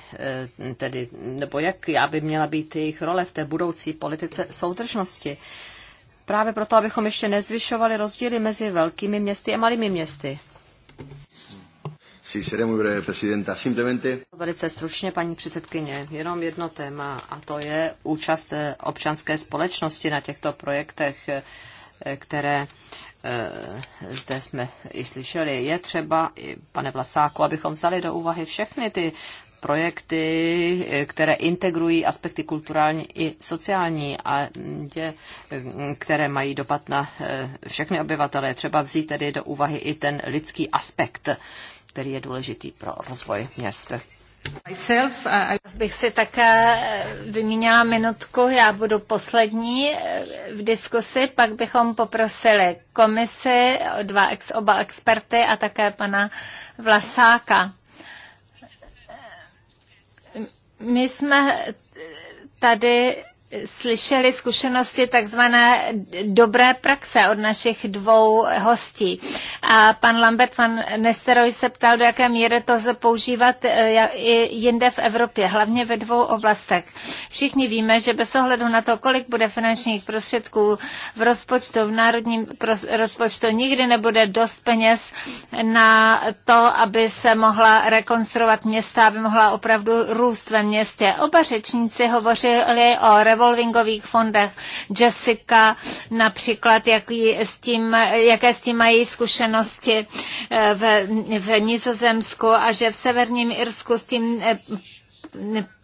eh, tedy, nebo jak já by měla být jejich role v té budoucí politice soudržnosti. Právě proto, abychom ještě nezvyšovali rozdíly mezi velkými městy a malými městy. Sí, seré muy breve, presidenta. Simplemente... Velice stručně, paní předsedkyně, jenom jedno téma, a to je účast eh, občanské společnosti na těchto projektech, eh, které eh, zde jsme i slyšeli. Je třeba, pane Vlasáku, abychom vzali do úvahy všechny ty projekty, které integrují aspekty kulturální i sociální a mm, tě, mm, které mají dopad na všechny obyvatele. Třeba vzít tedy do úvahy i ten lidský aspekt který je důležitý pro rozvoj měst. Uh, bych si také eh, vyměnila minutku, já budu poslední eh, v diskusi, pak bychom poprosili komisi, dva ex, oba experty a také pana Vlasáka. Eh, my jsme tady slyšeli zkušenosti takzvané dobré praxe od našich dvou hostí. A pan Lambert van Nesteroj se ptal, do jaké míry to lze používat eh, i jinde v Evropě, hlavně ve dvou oblastech. Všichni víme, že bez ohledu na to, kolik bude finančních prostředků v rozpočtu, v národním rozpočtu, nikdy nebude dost peněz na to, aby se mohla rekonstruovat města, aby mohla opravdu růst ve městě. Oba řečníci hovořili o revolvingových fondech. Jessica například, jaký s tím, jaké s tím mají zkušenosti eh, v, v Nizozemsku a že v severním Irsku s tím eh,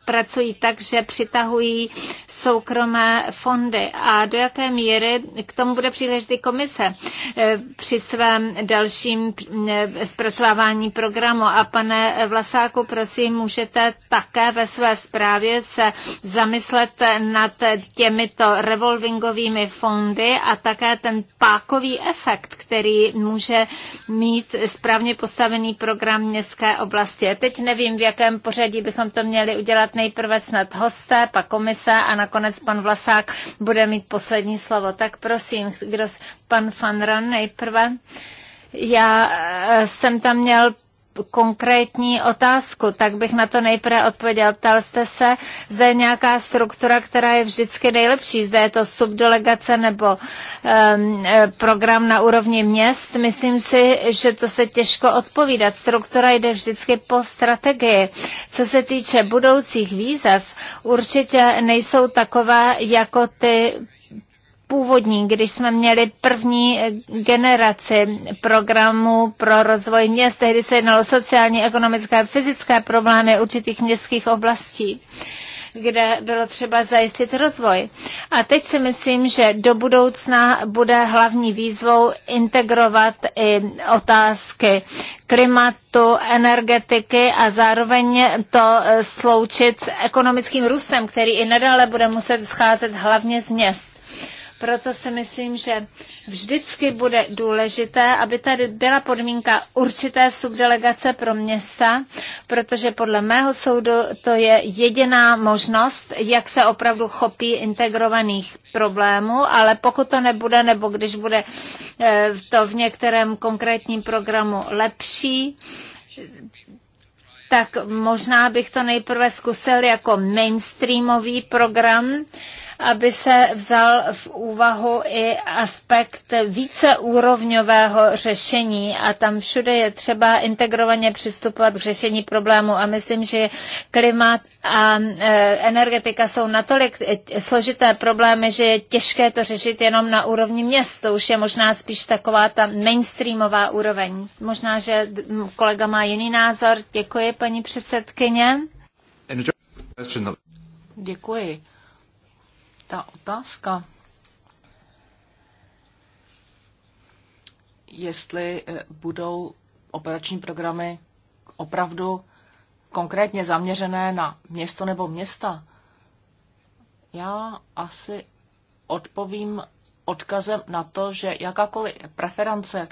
pracují tak, že přitahují soukromé fondy a do jaké míry k tomu bude příležitý komise eh, při svém dalším eh, zpracovávání programu. A pane Vlasáku, prosím, můžete také ve své zprávě se zamyslet nad těmito revolvingovými fondy a také ten pákový efekt, který může mít správně postavený program městské oblasti. Teď nevím, v jakém pořadí bychom to měli udělat nejprve snad hosté, pak komise a nakonec pan Vlasák bude mít poslední slovo. Tak prosím, kdo, pan Fanran nejprve. Já eh, jsem tam měl konkrétní otázku, tak bych na to nejprve odpověděl. Ptal jste se, zde je nějaká struktura, která je vždycky nejlepší. Zde je to subdelegace nebo um, program na úrovni měst. Myslím si, že to se těžko odpovídat. Struktura jde vždycky po strategii. Co se týče budoucích výzev, určitě nejsou takové jako ty původní, když jsme měli první eh, generaci programu pro rozvoj měst, tehdy se jednalo o sociální, ekonomické a fyzické problémy určitých městských oblastí kde bylo třeba zajistit rozvoj. A teď si myslím, že do budoucna bude hlavní výzvou integrovat i otázky klimatu, energetiky a zároveň to eh, sloučit s ekonomickým růstem, který i nadále bude muset scházet hlavně z měst. Proto si myslím, že vždycky bude důležité, aby tady byla podmínka určité subdelegace pro města, protože podle mého soudu to je jediná možnost, jak se opravdu chopí integrovaných problémů, ale pokud to nebude, nebo když bude eh, to v některém konkrétním programu lepší, tak možná bych to nejprve zkusil jako mainstreamový program, aby se vzal v úvahu i aspekt víceúrovňového řešení a tam všude je třeba integrovaně přistupovat k řešení problému a myslím, že klimat a e, energetika jsou natolik složité problémy, že je těžké to řešit jenom na úrovni měst. To už je možná spíš taková ta mainstreamová úroveň. Možná, že kolega má jiný názor. Děkuji, paní předsedkyně. Děkuji ta otázka, jestli e, budou operační programy opravdu konkrétně zaměřené na město nebo města, já asi odpovím odkazem na to, že jakákoliv preference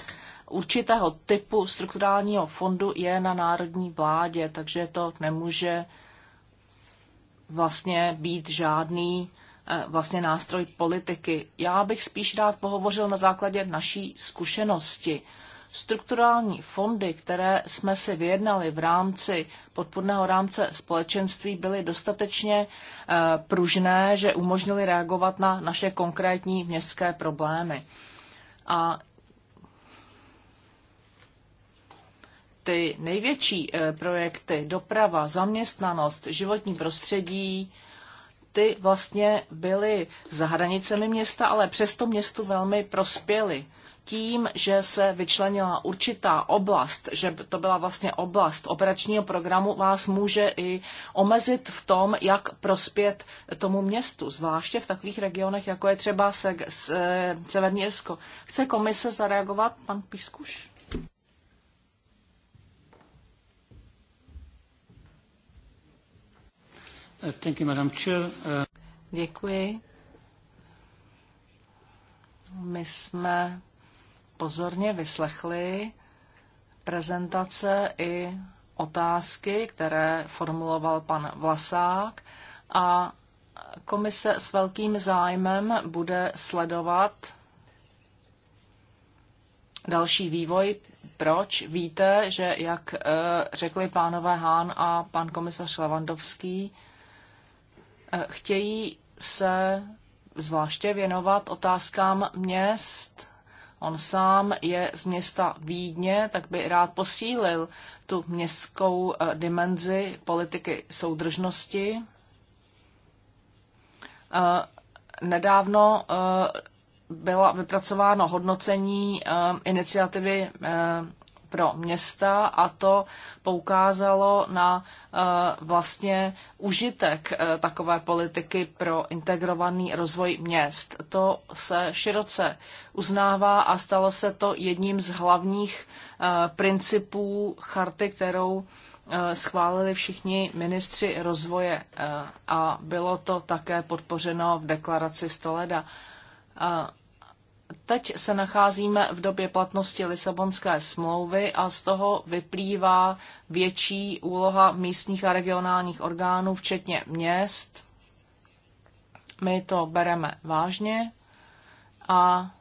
určitého typu strukturálního fondu je na národní vládě, takže to nemůže vlastně být žádný Eh, vlastně nástroj politiky. Já bych spíš rád pohovořil na základě naší zkušenosti. Strukturální fondy, které jsme si vyjednali v rámci podpůrného rámce společenství, byly dostatečně eh, pružné, že umožnili reagovat na naše konkrétní městské problémy. A ty největší eh, projekty, doprava, zaměstnanost, životní prostředí, ty vlastně byly za hranicemi města, ale přesto městu velmi prospěly. Tím, že se vyčlenila určitá oblast, že to byla vlastně oblast operačního programu, vás může i omezit v tom, jak prospět tomu městu, zvláště v takových regionech, jako je třeba se, se, Severní Irsko. Chce komise zareagovat, pan Piskuš? Thank you, Madam Chair. Uh, Děkuji. My jsme pozorně vyslechli prezentace i otázky, které formuloval pan Vlasák a komise s velkým zájmem bude sledovat další vývoj. Proč? Víte, že jak eh, řekli pánové Hán a pan komisař Levandovský, Eh, chtějí se zvláště věnovat otázkám měst. On sám je z města Vídně, tak by rád posílil tu městskou eh, dimenzi politiky soudržnosti. Eh, nedávno byla vypracováno hodnocení iniciativy pro města a to poukázalo na eh, vlastně užitek eh, takové politiky pro integrovaný rozvoj měst. To se široce uznává a stalo se to jedním z hlavních eh, principů charty, kterou schválili všichni ministři rozvoje a bylo to také podpořeno v deklaraci Stoleda. Teď se nacházíme v době platnosti Lisabonské smlouvy a z toho vyplývá větší úloha místních a regionálních orgánů, včetně měst. My to bereme vážně a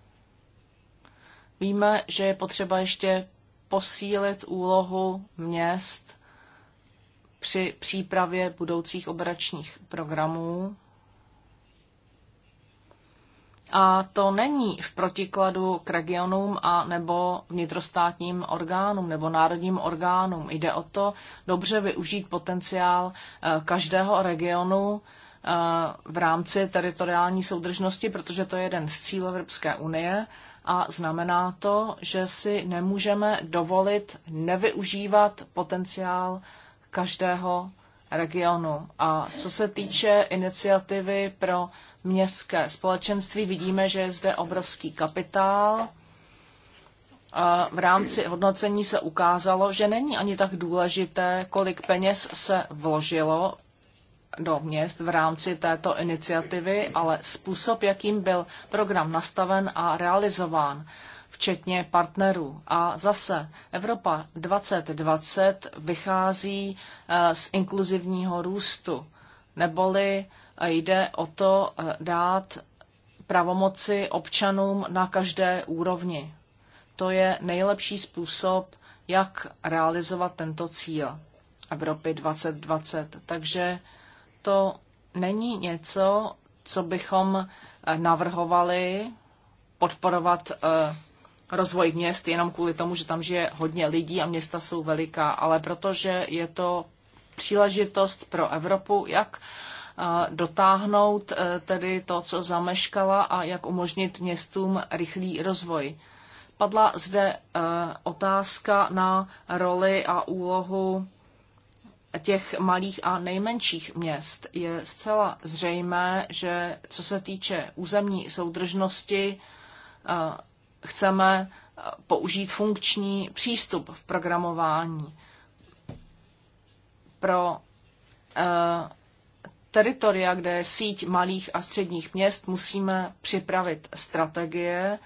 víme, že je potřeba ještě posílit úlohu měst při přípravě budoucích operačních programů a to není v protikladu k regionům a nebo vnitrostátním orgánům nebo národním orgánům. Jde o to dobře využít potenciál eh, každého regionu eh, v rámci teritoriální soudržnosti, protože to je jeden z cílů Evropské unie a znamená to, že si nemůžeme dovolit nevyužívat potenciál každého regionu. A co se týče iniciativy pro městské společenství, vidíme, že je zde obrovský kapitál. A v rámci hodnocení se ukázalo, že není ani tak důležité, kolik peněz se vložilo do měst v rámci této iniciativy, ale způsob, jakým byl program nastaven a realizován včetně partnerů. A zase Evropa 2020 vychází eh, z inkluzivního růstu, neboli jde o to eh, dát pravomoci občanům na každé úrovni. To je nejlepší způsob, jak realizovat tento cíl Evropy 2020. Takže to není něco, co bychom eh, navrhovali podporovat rozvoj měst jenom kvůli tomu, že tam žije hodně lidí a města jsou veliká, ale protože je to příležitost pro Evropu, jak eh, dotáhnout eh, tedy to, co zameškala a jak umožnit městům rychlý rozvoj. Padla zde eh, otázka na roli a úlohu těch malých a nejmenších měst. Je zcela zřejmé, že co se týče územní soudržnosti, chceme eh, použít funkční přístup v programování pro eh, teritoria, kde je síť malých a středních měst, musíme připravit strategie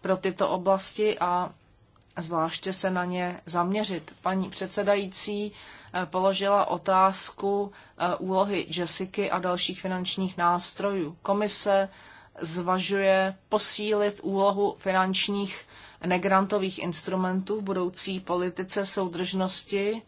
pro tyto oblasti a zvláště se na ně zaměřit. Paní předsedající eh, položila otázku úlohy Jessica a dalších finančních nástrojů. Komise zvažuje posílit úlohu finančních negrantových instrumentů v budoucí politice soudržnosti.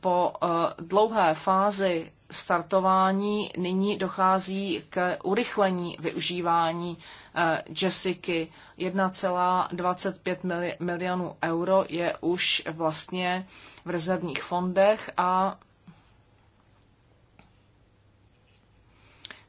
Po eh, dlouhé fázi startování nyní dochází k urychlení využívání eh, Jessica. 1,25 milionů euro je už vlastně v rezervních fondech a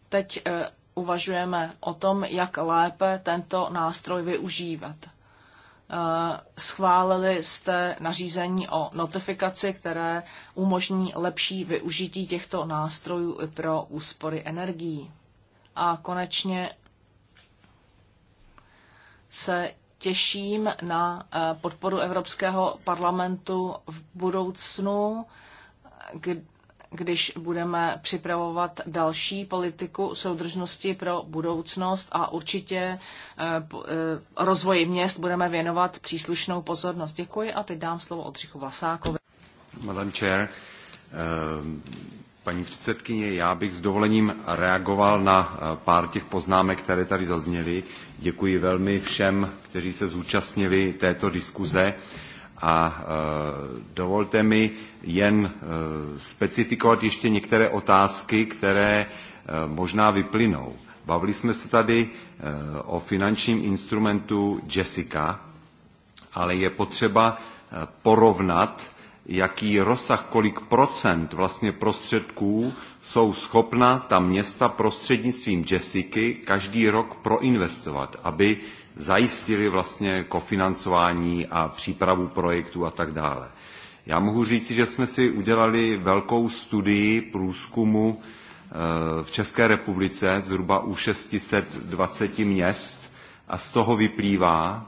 teď eh, uvažujeme o tom, jak lépe tento nástroj využívat. Eh, schválili jste nařízení o notifikaci, které umožní lepší využití těchto nástrojů i pro úspory energií. A konečně se těším na eh, podporu Evropského parlamentu v budoucnu, kdy když budeme připravovat další politiku soudržnosti pro budoucnost a určitě eh, eh, rozvoji měst budeme věnovat příslušnou pozornost. Děkuji a teď dám slovo Odřichu Vlasákovi. Madam Chair, eh, paní předsedkyně, já bych s dovolením reagoval na pár těch poznámek, které tady zazněly. Děkuji velmi všem, kteří se zúčastnili této diskuze a dovolte mi jen eh, specifikovat ještě některé otázky, které eh, možná vyplynou. Bavili jsme se tady eh, o finančním instrumentu Jessica, ale je potřeba porovnat, jaký rozsah, kolik procent vlastně prostředků jsou schopna ta města prostřednictvím Jessiky každý rok proinvestovat, aby zajistili vlastně kofinancování a přípravu projektů a tak dále. Já mohu říci, že jsme si udělali velkou studii průzkumu eh, v České republice, zhruba u 620 měst, a z toho vyplývá,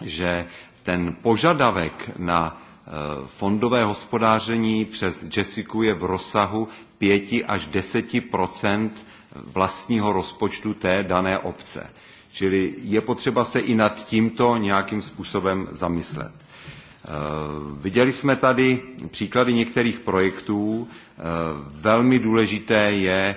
že ten požadavek na eh, fondové hospodáření přes Jessica je v rozsahu 5 až 10 vlastního rozpočtu té dané obce. Čili je potřeba se i nad tímto nějakým způsobem zamyslet. Eh, viděli jsme tady příklady některých projektů. Eh, velmi důležité je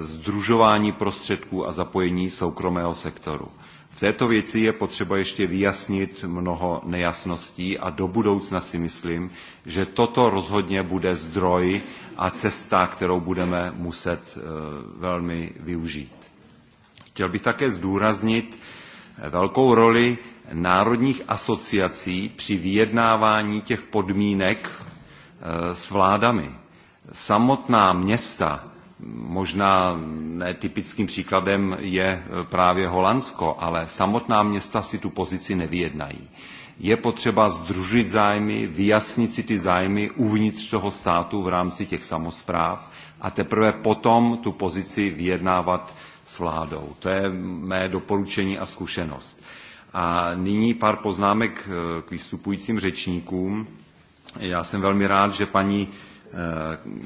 združování eh, prostředků a zapojení soukromého sektoru. V této věci je potřeba ještě vyjasnit mnoho nejasností a do budoucna si myslím, že toto rozhodně bude zdroj a cesta, kterou budeme muset velmi využít. Chtěl bych také zdůraznit velkou roli národních asociací při vyjednávání těch podmínek eh, s vládami. Samotná města, možná netypickým příkladem je eh, právě Holandsko, ale samotná města si tu pozici nevyjednají. Je potřeba združit zájmy, vyjasnit si ty zájmy uvnitř toho státu v rámci těch samozpráv a teprve potom tu pozici vyjednávat s vládou. To je mé doporučení a zkušenost. A nyní pár poznámek eh, k vystupujícím řečníkům. Já jsem velmi rád, že paní eh,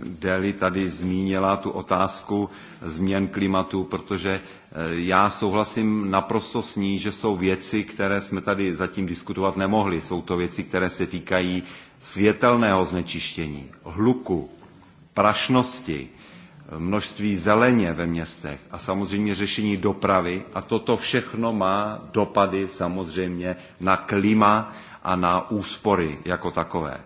Deli tady zmínila tu otázku změn klimatu, protože eh, já souhlasím naprosto s ní, že jsou věci, které jsme tady zatím diskutovat nemohli. Jsou to věci, které se týkají světelného znečištění, hluku, prašnosti, množství zeleně ve městech a samozřejmě řešení dopravy. A toto všechno má dopady samozřejmě na klima a na úspory jako takové.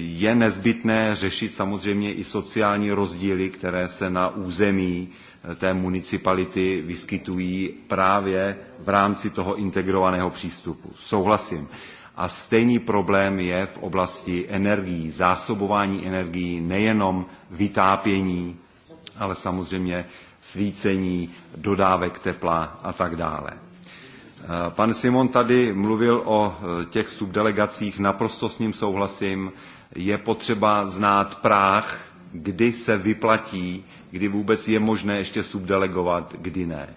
Je nezbytné řešit samozřejmě i sociální rozdíly, které se na území eh, té municipality vyskytují právě v rámci toho integrovaného přístupu. Souhlasím. A stejný problém je v oblasti energií, zásobování energií, nejenom vytápění, ale samozřejmě svícení, dodávek tepla a tak dále. Eh, pan Simon tady mluvil o eh, těch subdelegacích, naprosto s ním souhlasím. Je potřeba znát práh, kdy se vyplatí, kdy vůbec je možné ještě subdelegovat, kdy ne.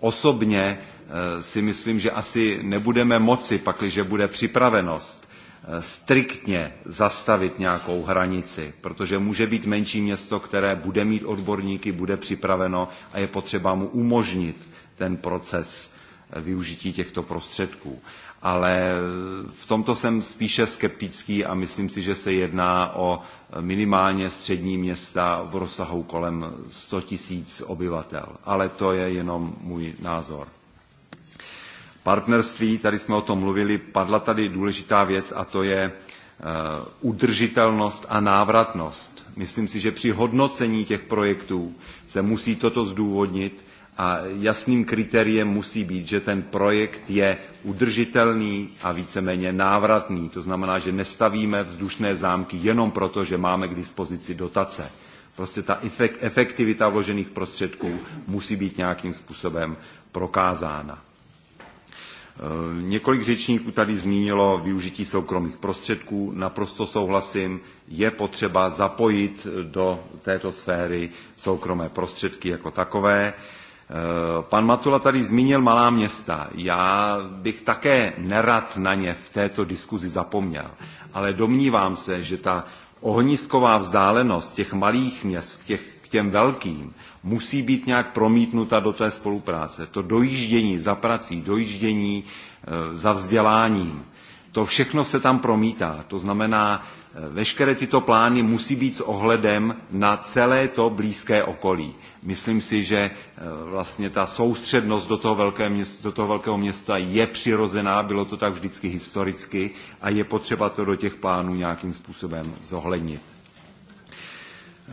Osobně eh, si myslím, že asi nebudeme moci, pakliže bude připravenost Eh, striktně zastavit nějakou hranici, protože může být menší město, které bude mít odborníky, bude připraveno a je potřeba mu umožnit ten proces eh, využití těchto prostředků. Ale eh, v tomto jsem spíše skeptický a myslím si, že se jedná o minimálně střední města v rozsahu kolem 100 tisíc obyvatel. Ale to je jenom můj názor. Partnerství, tady jsme o tom mluvili, padla tady důležitá věc a to je eh, udržitelnost a návratnost. Myslím si, že při hodnocení těch projektů se musí toto zdůvodnit a jasným kritériem musí být, že ten projekt je udržitelný a víceméně návratný. To znamená, že nestavíme vzdušné zámky jenom proto, že máme k dispozici dotace. Prostě ta efektivita vložených prostředků musí být nějakým způsobem prokázána. Eh, několik řečníků tady zmínilo využití soukromých prostředků. Naprosto souhlasím, je potřeba zapojit do této sféry soukromé prostředky jako takové. Eh, pan Matula tady zmínil malá města. Já bych také nerad na ně v této diskuzi zapomněl, ale domnívám se, že ta ohnisková vzdálenost těch malých měst těch, k těm velkým musí být nějak promítnuta do té spolupráce. To dojíždění za prací, dojíždění e, za vzděláním, to všechno se tam promítá. To znamená, e, veškeré tyto plány musí být s ohledem na celé to blízké okolí. Myslím si, že e, vlastně ta soustřednost do toho, velké města, do toho velkého města je přirozená, bylo to tak vždycky historicky a je potřeba to do těch plánů nějakým způsobem zohlednit. Eh,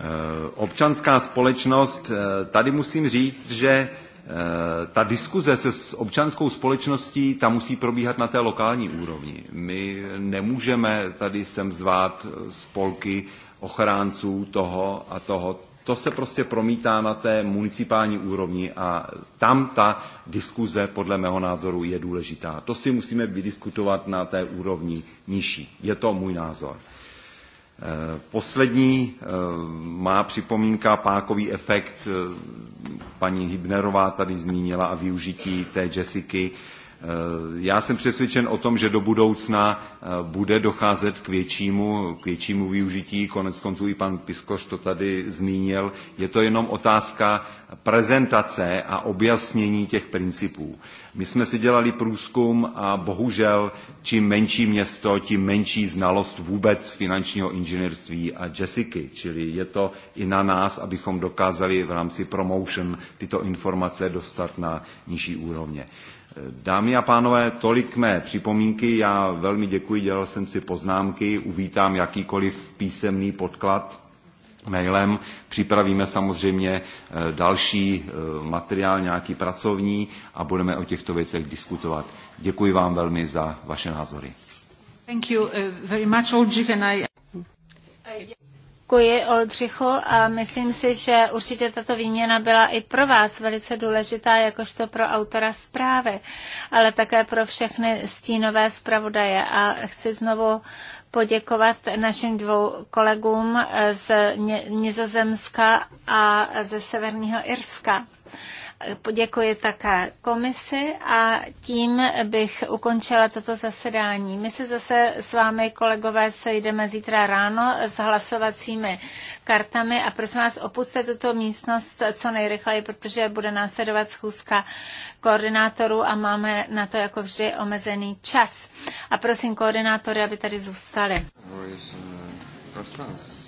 občanská společnost, eh, tady musím říct, že eh, ta diskuze se s občanskou společností, ta musí probíhat na té lokální úrovni. My nemůžeme tady sem zvát spolky ochránců toho a toho. To se prostě promítá na té municipální úrovni a tam ta diskuze podle mého názoru je důležitá. To si musíme vydiskutovat na té úrovni nižší. Je to můj názor. Poslední eh, má připomínka pákový efekt. Eh, paní Hybnerová tady zmínila a využití té Jessiky. Eh, já jsem přesvědčen o tom, že do budoucna bude docházet k většímu, k většímu využití. Konec konců i pan Piskoš to tady zmínil. Je to jenom otázka prezentace a objasnění těch principů. My jsme si dělali průzkum a bohužel čím menší město, tím menší znalost vůbec finančního inženýrství a Jessica, čili je to i na nás, abychom dokázali v rámci promotion tyto informace dostat na nižší úrovně. Dámy a pánové, tolik mé připomínky. Já velmi děkuji, dělal jsem si poznámky, uvítám jakýkoliv písemný podklad mailem. Připravíme samozřejmě eh, další eh, materiál, nějaký pracovní a budeme o těchto věcech diskutovat. Děkuji vám velmi za vaše názory. Thank you eh, very much, Oldřich, and I... Děkuji, Oldřichu, a myslím si, že určitě tato výměna byla i pro vás velice důležitá, jakožto pro autora zprávy, ale také pro všechny stínové zpravodaje. A chci znovu poděkovat našim dvou kolegům z Nizozemska a ze Severního Irska poděkuji také komisi a tím bych ukončila toto zasedání. My se zase s vámi, kolegové, sejdeme zítra ráno s hlasovacími kartami a prosím vás, opuste tuto místnost co nejrychleji, protože bude následovat schůzka koordinátorů a máme na to jako vždy omezený čas. A prosím koordinátory, aby tady zůstali. Uh,